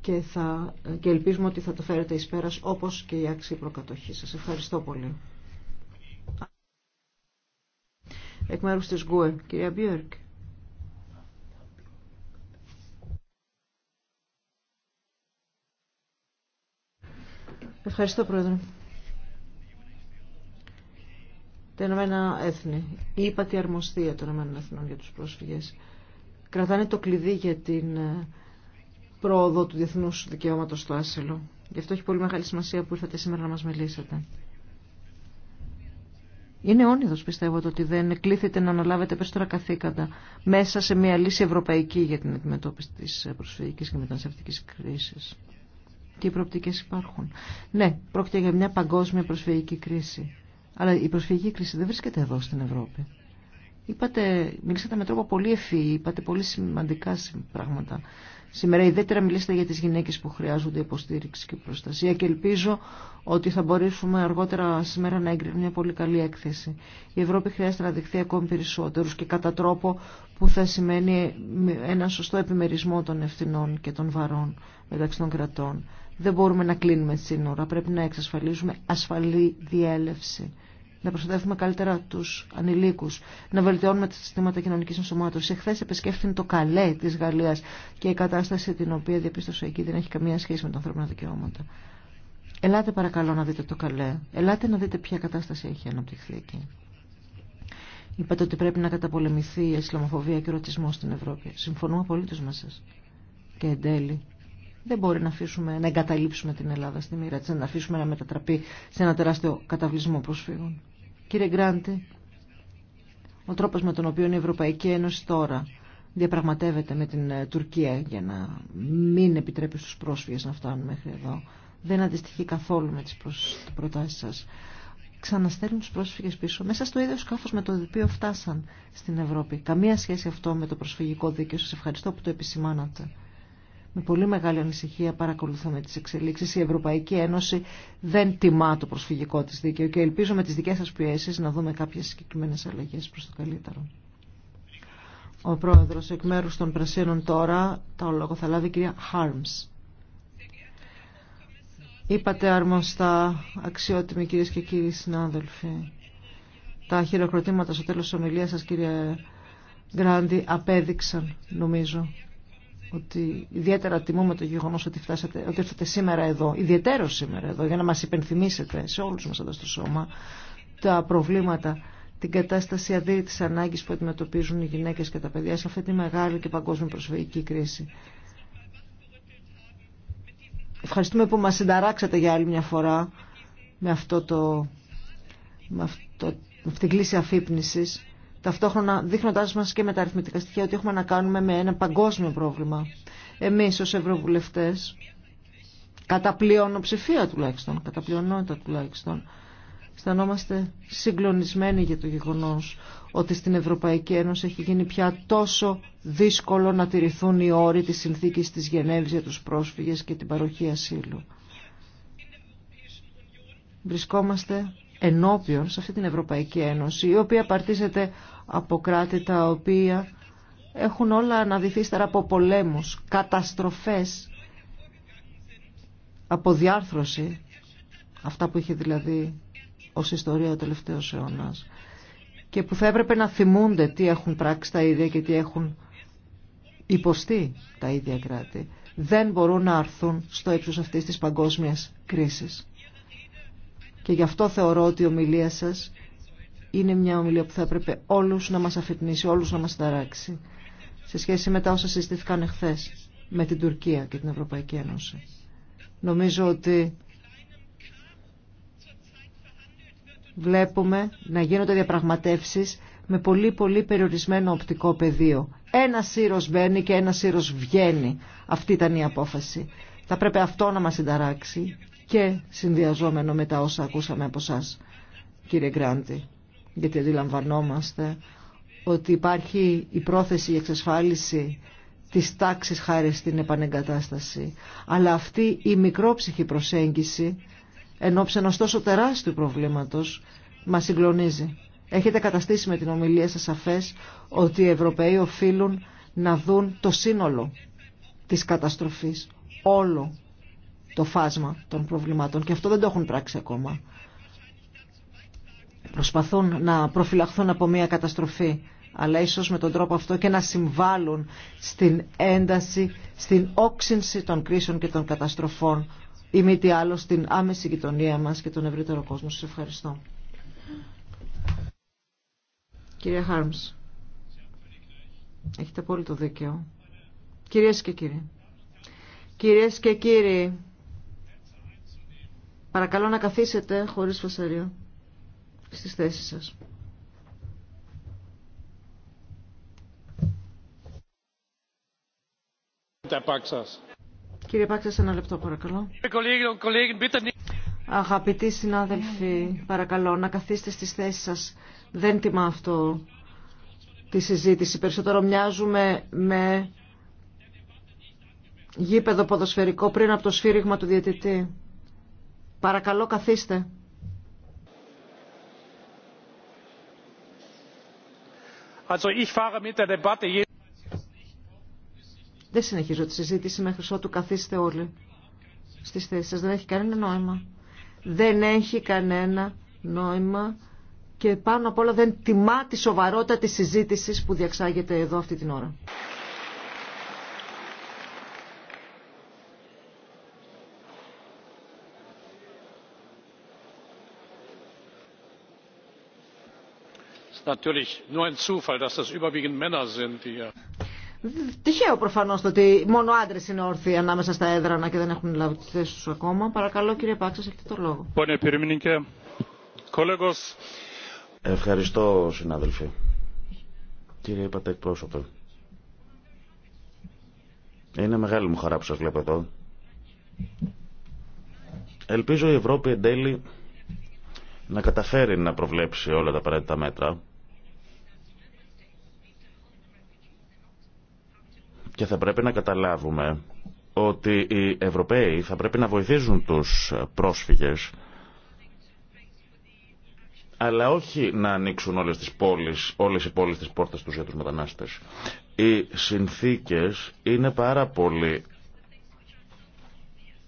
και, θα, ελπίζουμε ότι θα το φέρετε εις πέρας όπως και η άξιοι προκατοχή σας. Ευχαριστώ πολύ. Εκ μέρους κυρία Ευχαριστώ, Πρόεδρε. Τα Ηνωμένα Έθνη, η ύπατη αρμοστία των Ηνωμένων Εθνών για τους πρόσφυγες, κρατάνε το κλειδί για την ε, πρόοδο του διεθνούς δικαιώματος στο άσυλο. Γι' αυτό έχει πολύ μεγάλη σημασία που ήρθατε σήμερα να μας μιλήσετε. Είναι όνειρο, πιστεύω, το ότι δεν κλείθετε να αναλάβετε περισσότερα καθήκοντα μέσα σε μια λύση ευρωπαϊκή για την αντιμετώπιση τη προσφυγική και μεταναστευτική κρίση και οι προοπτικές υπάρχουν. Ναι, πρόκειται για μια παγκόσμια προσφυγική κρίση. Αλλά η προσφυγική κρίση δεν βρίσκεται εδώ στην Ευρώπη. Είπατε, μιλήσατε με τρόπο πολύ ευφύη, είπατε πολύ σημαντικά πράγματα. Σήμερα ιδιαίτερα μιλήσατε για τις γυναίκες που χρειάζονται υποστήριξη και προστασία και ελπίζω ότι θα μπορέσουμε αργότερα σήμερα να έγκρινε μια πολύ καλή έκθεση. Η Ευρώπη χρειάζεται να δεχθεί ακόμη περισσότερους και κατά τρόπο που θα σημαίνει ένα σωστό επιμερισμό των ευθυνών και των βαρών μεταξύ των κρατών. Δεν μπορούμε να κλείνουμε σύνορα. Πρέπει να εξασφαλίσουμε ασφαλή διέλευση. Να προστατεύουμε καλύτερα του ανηλίκου. Να βελτιώνουμε τα συστήματα κοινωνική ενσωμάτωση. Εχθέ επισκέφθηκε το καλέ τη Γαλλία και η κατάσταση την οποία διαπίστωσα εκεί δεν έχει καμία σχέση με τα ανθρώπινα δικαιώματα. Ελάτε παρακαλώ να δείτε το καλέ. Ελάτε να δείτε ποια κατάσταση έχει αναπτυχθεί εκεί. Είπατε ότι πρέπει να καταπολεμηθεί η Ισλαμοφοβία και ο ρωτισμό στην Ευρώπη. Συμφωνώ απολύτω μαζί σας. Και εν δεν μπορεί να, αφήσουμε, να εγκαταλείψουμε την Ελλάδα στη μοίρα της, να αφήσουμε να μετατραπεί σε ένα τεράστιο καταβλισμό προσφύγων. Κύριε Γκράντι, ο τρόπος με τον οποίο η Ευρωπαϊκή Ένωση τώρα διαπραγματεύεται με την ε, Τουρκία για να μην επιτρέπει στους πρόσφυγες να φτάνουν μέχρι εδώ, δεν αντιστοιχεί καθόλου με τις προτάσεις σας. Ξαναστέλνουν τους πρόσφυγες πίσω, μέσα στο ίδιο σκάφος με το οποίο φτάσαν στην Ευρώπη. Καμία σχέση αυτό με το προσφυγικό δίκαιο. Σα ευχαριστώ που το επισημάνατε. Με πολύ μεγάλη ανησυχία παρακολουθούμε τις εξελίξεις. Η Ευρωπαϊκή Ένωση δεν τιμά το προσφυγικό της δίκαιο και ελπίζω με τις δικές σας πιέσεις να δούμε κάποιες συγκεκριμένε αλλαγές προς το καλύτερο. Ο πρόεδρος εκ μέρους των Πρασίνων τώρα, τα ολόγω θα λάβει κυρία Χάρμς. Είπατε αρμοστά, αξιότιμοι κυρίες και κύριοι συνάδελφοι. Τα χειροκροτήματα στο τέλος της ομιλίας σας, κύριε Γκράντι, απέδειξαν, νομίζω, ότι ιδιαίτερα τιμούμε το γεγονός ότι, φτάσατε, ότι ήρθατε σήμερα εδώ, ιδιαίτερο σήμερα εδώ, για να μα υπενθυμίσετε σε όλους μας εδώ στο σώμα τα προβλήματα, την κατάσταση αντίρρητης ανάγκης που αντιμετωπίζουν οι γυναίκες και τα παιδιά σε αυτή τη μεγάλη και παγκόσμια προσφυγική κρίση. Ευχαριστούμε που μας συνταράξατε για άλλη μια φορά με, αυτό το, με, αυτό, την κλίση αφύπνισης ταυτόχρονα δείχνοντάς μας και με τα αριθμητικά στοιχεία ότι έχουμε να κάνουμε με ένα παγκόσμιο πρόβλημα. Εμείς ως ευρωβουλευτές, κατά πλειονοψηφία τουλάχιστον, κατά πλειονότητα τουλάχιστον, αισθανόμαστε συγκλονισμένοι για το γεγονός ότι στην Ευρωπαϊκή Ένωση έχει γίνει πια τόσο δύσκολο να τηρηθούν οι όροι της συνθήκης της Γενέβης για τους πρόσφυγες και την παροχή ασύλου. Βρισκόμαστε ενώπιον σε αυτή την Ευρωπαϊκή Ένωση, η οποία παρτίζεται από κράτη τα οποία έχουν όλα αναδυθεί ύστερα από πολέμους, καταστροφές, αποδιάρθρωση, αυτά που είχε δηλαδή ως ιστορία ο τελευταίος αιώνας και που θα έπρεπε να θυμούνται τι έχουν πράξει τα ίδια και τι έχουν υποστεί τα ίδια κράτη δεν μπορούν να αρθούν στο ύψος αυτής της παγκόσμιας κρίσης. Και γι' αυτό θεωρώ ότι η ομιλία σας είναι μια ομιλία που θα έπρεπε όλου να μας αφυπνίσει, όλου να μας ταράξει σε σχέση με τα όσα συζητήθηκαν εχθές με την Τουρκία και την Ευρωπαϊκή Ένωση. Νομίζω ότι βλέπουμε να γίνονται διαπραγματεύσεις με πολύ πολύ περιορισμένο οπτικό πεδίο. Ένα σύρος μπαίνει και ένα σύρος βγαίνει. Αυτή ήταν η απόφαση. Θα πρέπει αυτό να μας συνταράξει και συνδυαζόμενο με τα όσα ακούσαμε από εσά, κύριε Γκράντι γιατί αντιλαμβανόμαστε ότι υπάρχει η πρόθεση για εξασφάλιση της τάξης χάρη στην επανεγκατάσταση. Αλλά αυτή η μικρόψυχη προσέγγιση, ενώ ενός τόσο τεράστιου προβλήματος, μας συγκλονίζει. Έχετε καταστήσει με την ομιλία σας σαφές ότι οι Ευρωπαίοι οφείλουν να δουν το σύνολο της καταστροφής, όλο το φάσμα των προβλημάτων και αυτό δεν το έχουν πράξει ακόμα προσπαθούν να προφυλαχθούν από μια καταστροφή αλλά ίσως με τον τρόπο αυτό και να συμβάλλουν στην ένταση, στην όξυνση των κρίσεων και των καταστροφών ή μη τι άλλο στην άμεση γειτονία μας και τον ευρύτερο κόσμο. Σας ευχαριστώ. Κυρία Χάρμς, έχετε το δίκαιο. Κυρίες και κύριοι, κυρίες και κύριοι, παρακαλώ να καθίσετε χωρίς φασαρία στις θέσεις σας. Κύριε Πάξας, ένα λεπτό παρακαλώ. Αγαπητοί συνάδελφοι, παρακαλώ να καθίστε στις θέσεις σας. Δεν τιμά αυτό τη συζήτηση. Περισσότερο μοιάζουμε με γήπεδο ποδοσφαιρικό πριν από το σφύριγμα του διαιτητή. Παρακαλώ καθίστε. Δεν συνεχίζω τη συζήτηση μέχρι ότου καθίστε όλοι στι θέσεις σα Δεν έχει κανένα νόημα. Δεν έχει κανένα νόημα και πάνω απ' όλα δεν τιμά τη σοβαρότητα της συζήτηση που διαξάγεται εδώ αυτή την ώρα. natürlich nur ein Zufall, dass das überwiegend Männer sind, die hier. Τυχαίο προφανώ το ότι μόνο άντρε είναι όρθιοι ανάμεσα στα έδρανα και δεν έχουν λάβει τι θέσει του ακόμα. Παρακαλώ, κύριε Πάξα, έχετε το λόγο. Ευχαριστώ, συνάδελφοι. Κύριε Πατέκ, πρόσωπε. Είναι μεγάλη μου χαρά που σα βλέπω εδώ. Ελπίζω η Ευρώπη εν τέλει να καταφέρει να προβλέψει όλα τα απαραίτητα μέτρα Και θα πρέπει να καταλάβουμε ότι οι Ευρωπαίοι θα πρέπει να βοηθήσουν τους πρόσφυγες αλλά όχι να ανοίξουν όλες τις πόλεις, όλες οι πόλεις τις πόρτες τους για τους μετανάστες. Οι συνθήκες είναι πάρα πολύ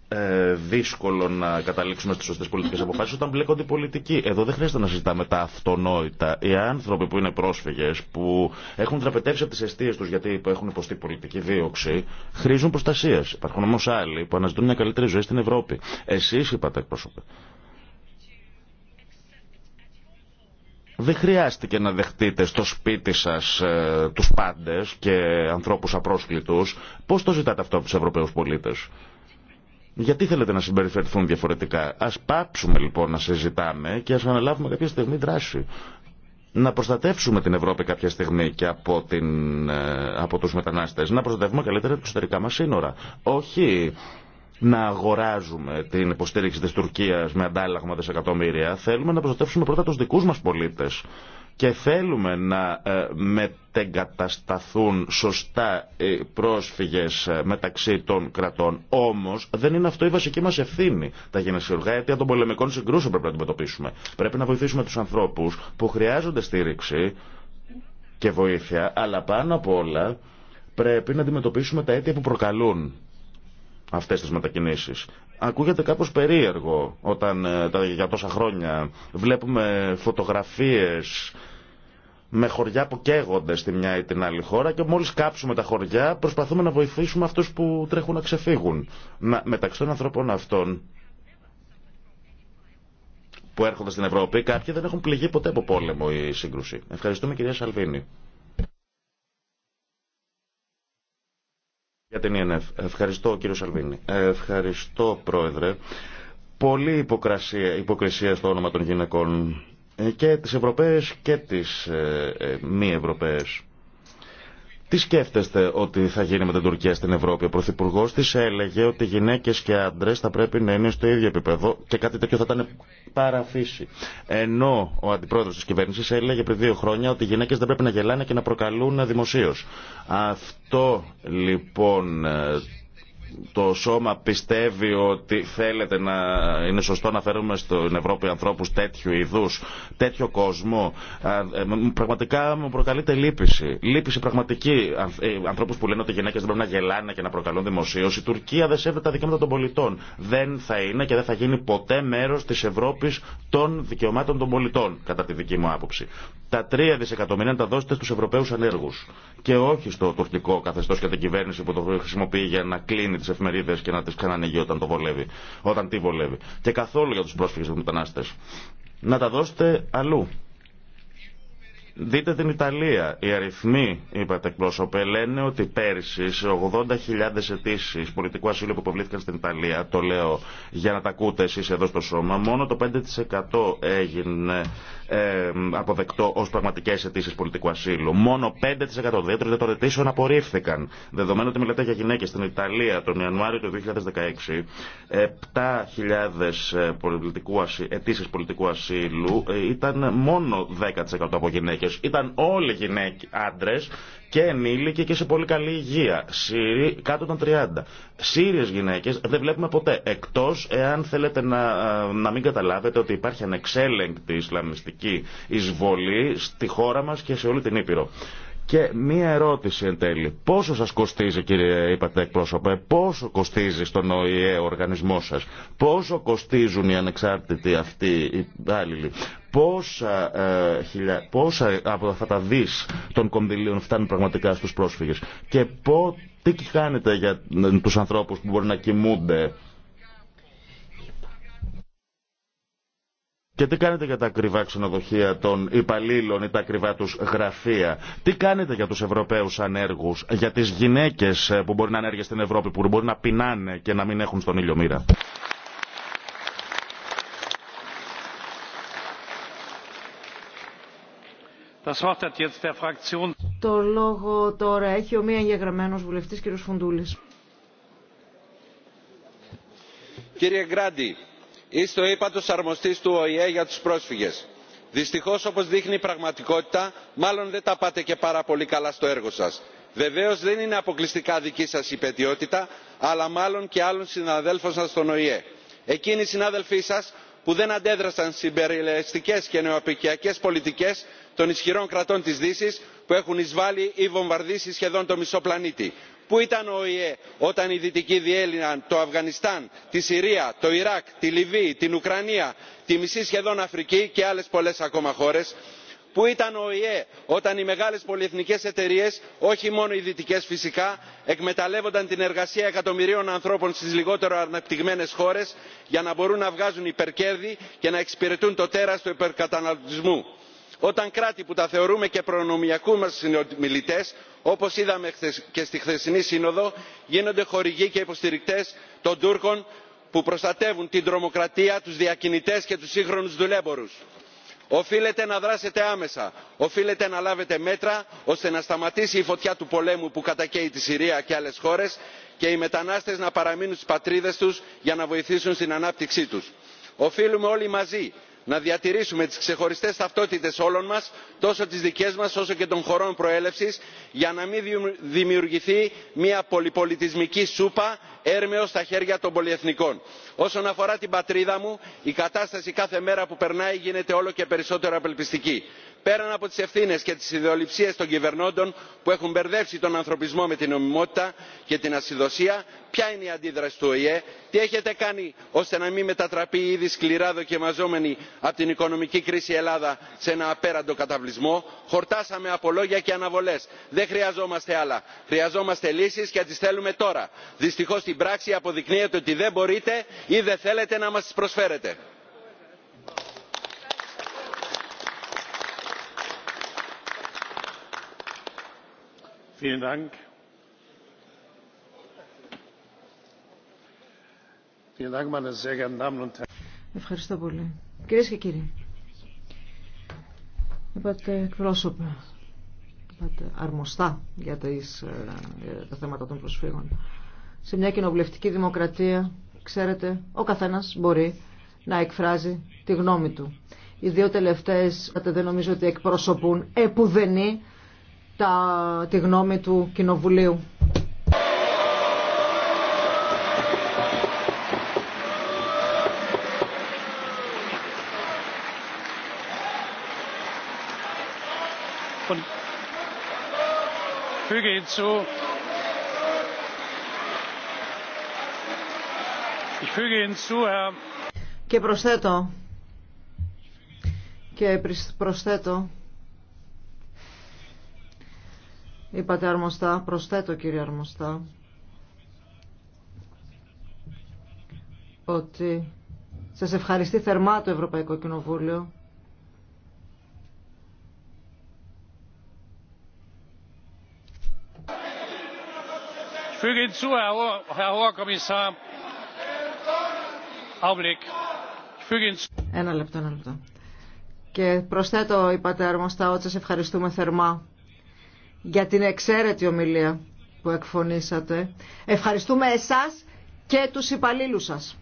ε, δύσκολο να καταλήξουμε στι σωστέ πολιτικέ αποφάσει όταν μπλέκονται οι πολιτικοί. Εδώ δεν χρειάζεται να συζητάμε τα αυτονόητα. Οι άνθρωποι που είναι πρόσφυγε, που έχουν τραπετεύσει από τι αιστείε του γιατί έχουν υποστεί πολιτική δίωξη, χρήζουν προστασία. Υπάρχουν όμω άλλοι που αναζητούν μια καλύτερη ζωή στην Ευρώπη. Εσεί είπατε, εκπρόσωπε. Δεν χρειάστηκε να δεχτείτε στο σπίτι σας ε, τους πάντες και ανθρώπους απρόσκλητου. Πώς το ζητάτε αυτό από τους ευρωπαίου πολίτες. Γιατί θέλετε να συμπεριφερθούν διαφορετικά. Ας πάψουμε λοιπόν να συζητάμε και ας αναλάβουμε κάποια στιγμή δράση. Να προστατεύσουμε την Ευρώπη κάποια στιγμή και από, την, ε, από τους μετανάστες. Να προστατεύουμε καλύτερα τα εξωτερικά μας σύνορα. Όχι να αγοράζουμε την υποστήριξη της Τουρκίας με αντάλλαγμα δισεκατομμύρια. Θέλουμε να προστατεύσουμε πρώτα τους δικούς μας πολίτες και θέλουμε να ε, μετεγκατασταθούν σωστά οι πρόσφυγες ε, μεταξύ των κρατών. Όμως δεν είναι αυτό η βασική μας ευθύνη. Τα γενεσιουργά αίτια των πολεμικών συγκρούσεων πρέπει να αντιμετωπίσουμε. Πρέπει να βοηθήσουμε τους ανθρώπους που χρειάζονται στήριξη και βοήθεια, αλλά πάνω απ' όλα πρέπει να αντιμετωπίσουμε τα αίτια που προκαλούν αυτές τις μετακινήσεις. Ακούγεται κάπως περίεργο όταν ε, για τόσα χρόνια βλέπουμε φωτογραφίες με χωριά που καίγονται στη μια ή την άλλη χώρα και μόλις κάψουμε τα χωριά προσπαθούμε να βοηθήσουμε αυτούς που τρέχουν να ξεφύγουν. μεταξύ των ανθρώπων αυτών που έρχονται στην Ευρώπη κάποιοι δεν έχουν πληγεί ποτέ από πόλεμο ή σύγκρουση. Ευχαριστούμε κυρία Σαλβίνη. Για την Ευχαριστώ κύριο Σαλβίνη. Ευχαριστώ πρόεδρε. Πολύ υποκρασία, υποκρισία στο όνομα των γυναικών ε, και τις Ευρωπαίες και τις ε, ε, μη Ευρωπαίες. Τι σκέφτεστε ότι θα γίνει με την Τουρκία στην Ευρώπη. Ο Πρωθυπουργό τη έλεγε ότι γυναίκε και άντρε θα πρέπει να είναι στο ίδιο επίπεδο και κάτι τέτοιο θα ήταν παραφύση. Ενώ ο αντιπρόεδρο τη κυβέρνηση έλεγε πριν δύο χρόνια ότι οι γυναίκε δεν πρέπει να γελάνε και να προκαλούν δημοσίω. Αυτό λοιπόν το σώμα πιστεύει ότι θέλετε να είναι σωστό να φέρουμε στην Ευρώπη ανθρώπους τέτοιου είδους, τέτοιο κόσμο, ε, πραγματικά μου προκαλείται λύπηση. Λύπηση πραγματική. Ε, ανθρώπους που λένε ότι οι γυναίκες δεν πρέπει να γελάνε και να προκαλούν δημοσίω. Η Τουρκία δεν σέβεται τα δικαιώματα των πολιτών. Δεν θα είναι και δεν θα γίνει ποτέ μέρος της Ευρώπης των δικαιωμάτων των πολιτών, κατά τη δική μου άποψη. Τα 3% δισεκατομμύρια να τα δώσετε στου Ευρωπαίους ανέργους και όχι στο τουρκικό καθεστώς και την κυβέρνηση που το χρησιμοποιεί για να κλείνει τι εφημερίδε και να τι ξανανοίγει όταν το βολεύει. Όταν τι βολεύει. Και καθόλου για του πρόσφυγε και μετανάστε. Να τα δώσετε αλλού. Δείτε την Ιταλία. Οι αριθμοί, είπατε εκπρόσωπε, λένε ότι πέρσι σε 80.000 αιτήσει πολιτικού ασύλου που υποβλήθηκαν στην Ιταλία, το λέω για να τα ακούτε εσεί εδώ στο σώμα, μόνο το 5% έγινε ε, αποδεκτό ω πραγματικέ αιτήσει πολιτικού ασύλου. Μόνο 5% δέντρων των αιτήσεων απορρίφθηκαν. Δεδομένου ότι μιλάτε για γυναίκε στην Ιταλία τον Ιανουάριο του 2016, 7.000 αιτήσει πολιτικού ασύλου ε, ήταν μόνο 10% από γυναίκε. Ήταν όλοι γυναίκε άντρε και ενήλικη και σε πολύ καλή υγεία. Σύρι, κάτω των 30. Σύριες γυναίκες δεν βλέπουμε ποτέ. Εκτός εάν θέλετε να, να μην καταλάβετε ότι υπάρχει ανεξέλεγκτη ισλαμιστική εισβολή στη χώρα μας και σε όλη την Ήπειρο. Και μία ερώτηση εν τέλει. Πόσο σας κοστίζει κύριε είπατε εκπρόσωπε, πόσο κοστίζει στον ΟΗΕ ο οργανισμό σας, πόσο κοστίζουν οι ανεξάρτητοι αυτοί οι υπάλληλοι, πόσα, ε, χιλιά, πόσα από αυτά τα δις των κονδυλίων φτάνουν πραγματικά στους πρόσφυγες και πό, τι κάνετε για τους ανθρώπους που μπορεί να κοιμούνται Και τι κάνετε για τα ακριβά ξενοδοχεία των υπαλλήλων ή τα ακριβά τους γραφεία. Τι κάνετε για τους Ευρωπαίους ανέργους, για τις γυναίκες που μπορεί να ανέργουν στην Ευρώπη, που μπορεί να πεινάνε και να μην έχουν στον ήλιο μοίρα. Το λόγο τώρα έχει ο μία εγγεγραμμένος βουλευτής, κύριος Φουντούλης. Κύριε Γκράντι, είστε ο ύπατος αρμοστής του ΟΗΕ για τους πρόσφυγες. Δυστυχώς, όπως δείχνει η πραγματικότητα, μάλλον δεν τα πάτε και πάρα πολύ καλά στο έργο σας. Βεβαίως δεν είναι αποκλειστικά δική σας υπετιότητα, αλλά μάλλον και άλλων συναδέλφων σας στον ΟΗΕ. Εκείνοι οι συνάδελφοί σας που δεν αντέδρασαν στις και νεοαπικιακές πολιτικές των ισχυρών κρατών της δύσης που έχουν εισβάλει ή βομβαρδίσει σχεδόν το μισό πλανήτη. πού ήταν ο οηε όταν οι δυτικοί διέλυναν το αφγανιστάν τη συρία το ιράκ τη λιβύη την ουκρανία τη μισή σχεδόν αφρική και άλλες πολλές ακόμα χώρες; πού ήταν ο οηε όταν οι μεγάλες πολυεθνικές εταιρείες όχι μόνο οι δυτικές φυσικά εκμεταλλεύονταν την εργασία εκατομμυρίων ανθρώπων στις λιγότερο αναπτυγμένες χώρες για να μπορούν να βγάζουν υπερκέρδη και να εξυπηρετούν το τέρας του υπερκαταναλωτισμού; όταν κράτη που τα θεωρούμε και προνομιακού μας συνομιλητές όπως είδαμε και στη χθεσινή σύνοδο γίνονται χορηγοί και υποστηρικτές των τούρκων που προστατεύουν την τρομοκρατία τους διακινητές και τους σύγχρονους δουλέμπορους. οφείλετε να δράσετε άμεσα οφείλετε να λάβετε μέτρα ώστε να σταματήσει η φωτιά του πολέμου που κατακαίει τη συρία και άλλες χώρες και οι μετανάστες να παραμείνουν στις πατρίδες τους για να βοηθήσουν στην ανάπτυξή τους. οφείλουμε όλοι μαζί να διατηρήσουμε τις ξεχωριστές ταυτότητες όλων μας τόσο τις δικές μας όσο και των χωρών προέλευσης για να μην δημιουργηθεί μια πολυπολιτισμική σούπα έρμεως στα χέρια των πολυεθνικών. όσον αφορά την πατρίδα μου η κατάσταση κάθε μέρα που περνάει γίνεται όλο και περισσότερο απελπιστική πέραν από τις ευθύνες και τις ιδεοληψίες των κυβερνώντων που έχουν μπερδέψει τον ανθρωπισμό με την νομιμότητα και την ασυδοσία ποια είναι η αντίδραση του οηε τι έχετε κάνει ώστε να μην μετατραπεί η ήδη σκληρά δοκιμαζόμενη από την οικονομική κρίση ελλάδα σε ένα απέραντο καταβλισμό. χορτάσαμε από λόγια και αναβολές δεν χρειαζόμαστε άλλα χρειαζόμαστε λύσεις και τις θέλουμε τώρα. δυστυχώς στην πράξη αποδεικνύεται ότι δεν μπορείτε ή δεν θέλετε να μας προσφέρετε. Ευχαριστώ πολύ. Κυρίες και κύριοι, είπατε εκπρόσωπα, είπατε αρμοστά ε, για, τα θέματα των προσφύγων. Σε μια κοινοβουλευτική δημοκρατία, ξέρετε, ο καθένας μπορεί να εκφράζει τη γνώμη του. Οι δύο τελευταίες, δεν νομίζω ότι εκπροσωπούν επουδενή τα, τη γνώμη του Κοινοβουλίου. Füge hinzu, ich füge και προσθέτω και προσθέτω Είπατε αρμοστά, προσθέτω κύριε αρμοστά, ότι σας ευχαριστεί θερμά το Ευρωπαϊκό Κοινοβούλιο füge hinzu herr hoher kommissar ich ένα λεπτό, ένα λεπτό. Και προσθέτω, είπατε αρμοστά, ότι σας ευχαριστούμε θερμά για την εξαίρετη ομιλία που εκφωνήσατε. Ευχαριστούμε εσάς και τους υπαλλήλους σας.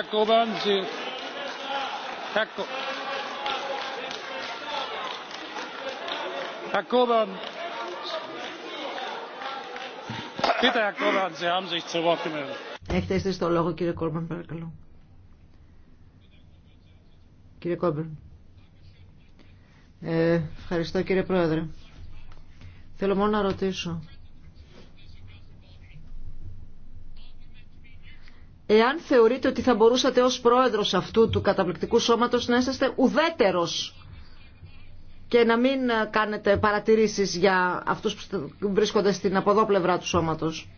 Herr Coburn, Έχετε το λόγο κύριε Κόρμπαν παρακαλώ. Κύριε Κόρμπαν. Ε, ευχαριστώ κύριε Πρόεδρε. Θέλω μόνο να ρωτήσω. εάν θεωρείτε ότι θα μπορούσατε ως πρόεδρος αυτού του καταπληκτικού σώματος να είσαστε ουδέτερος και να μην κάνετε παρατηρήσεις για αυτούς που βρίσκονται στην αποδόπλευρά του σώματος.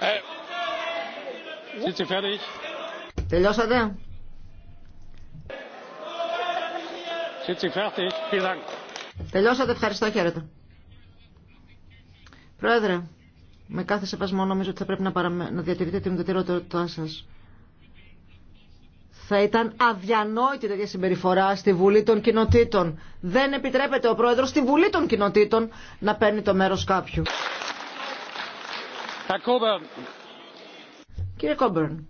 Ε, Τελειώσατε. Τελειώσατε, ευχαριστώ, χαίρετε. Πρόεδρε, με κάθε σεβασμό νομίζω ότι θα πρέπει να, παραμε... να διατηρείτε την ουδετερότητά σα. Θα ήταν αδιανόητη τέτοια συμπεριφορά στη Βουλή των Κοινοτήτων. Δεν επιτρέπεται ο Πρόεδρος στη Βουλή των Κοινοτήτων να παίρνει το μέρος κάποιου. Κύριε Κόμπερν,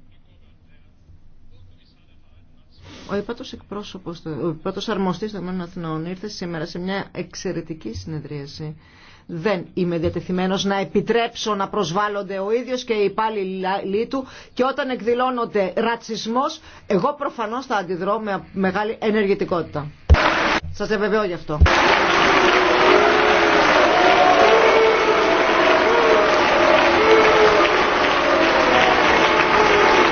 ο υπάτος εκπρόσωπος, ο υπάτος αρμοστής των Εθνών ήρθε σήμερα σε μια εξαιρετική συνεδρίαση. Δεν είμαι διατεθειμένος να επιτρέψω να προσβάλλονται ο ίδιος και οι υπάλληλοι του και όταν εκδηλώνονται ρατσισμός, εγώ προφανώς θα αντιδρώ με μεγάλη ενεργητικότητα. Σας ευεβαιώ γι' αυτό.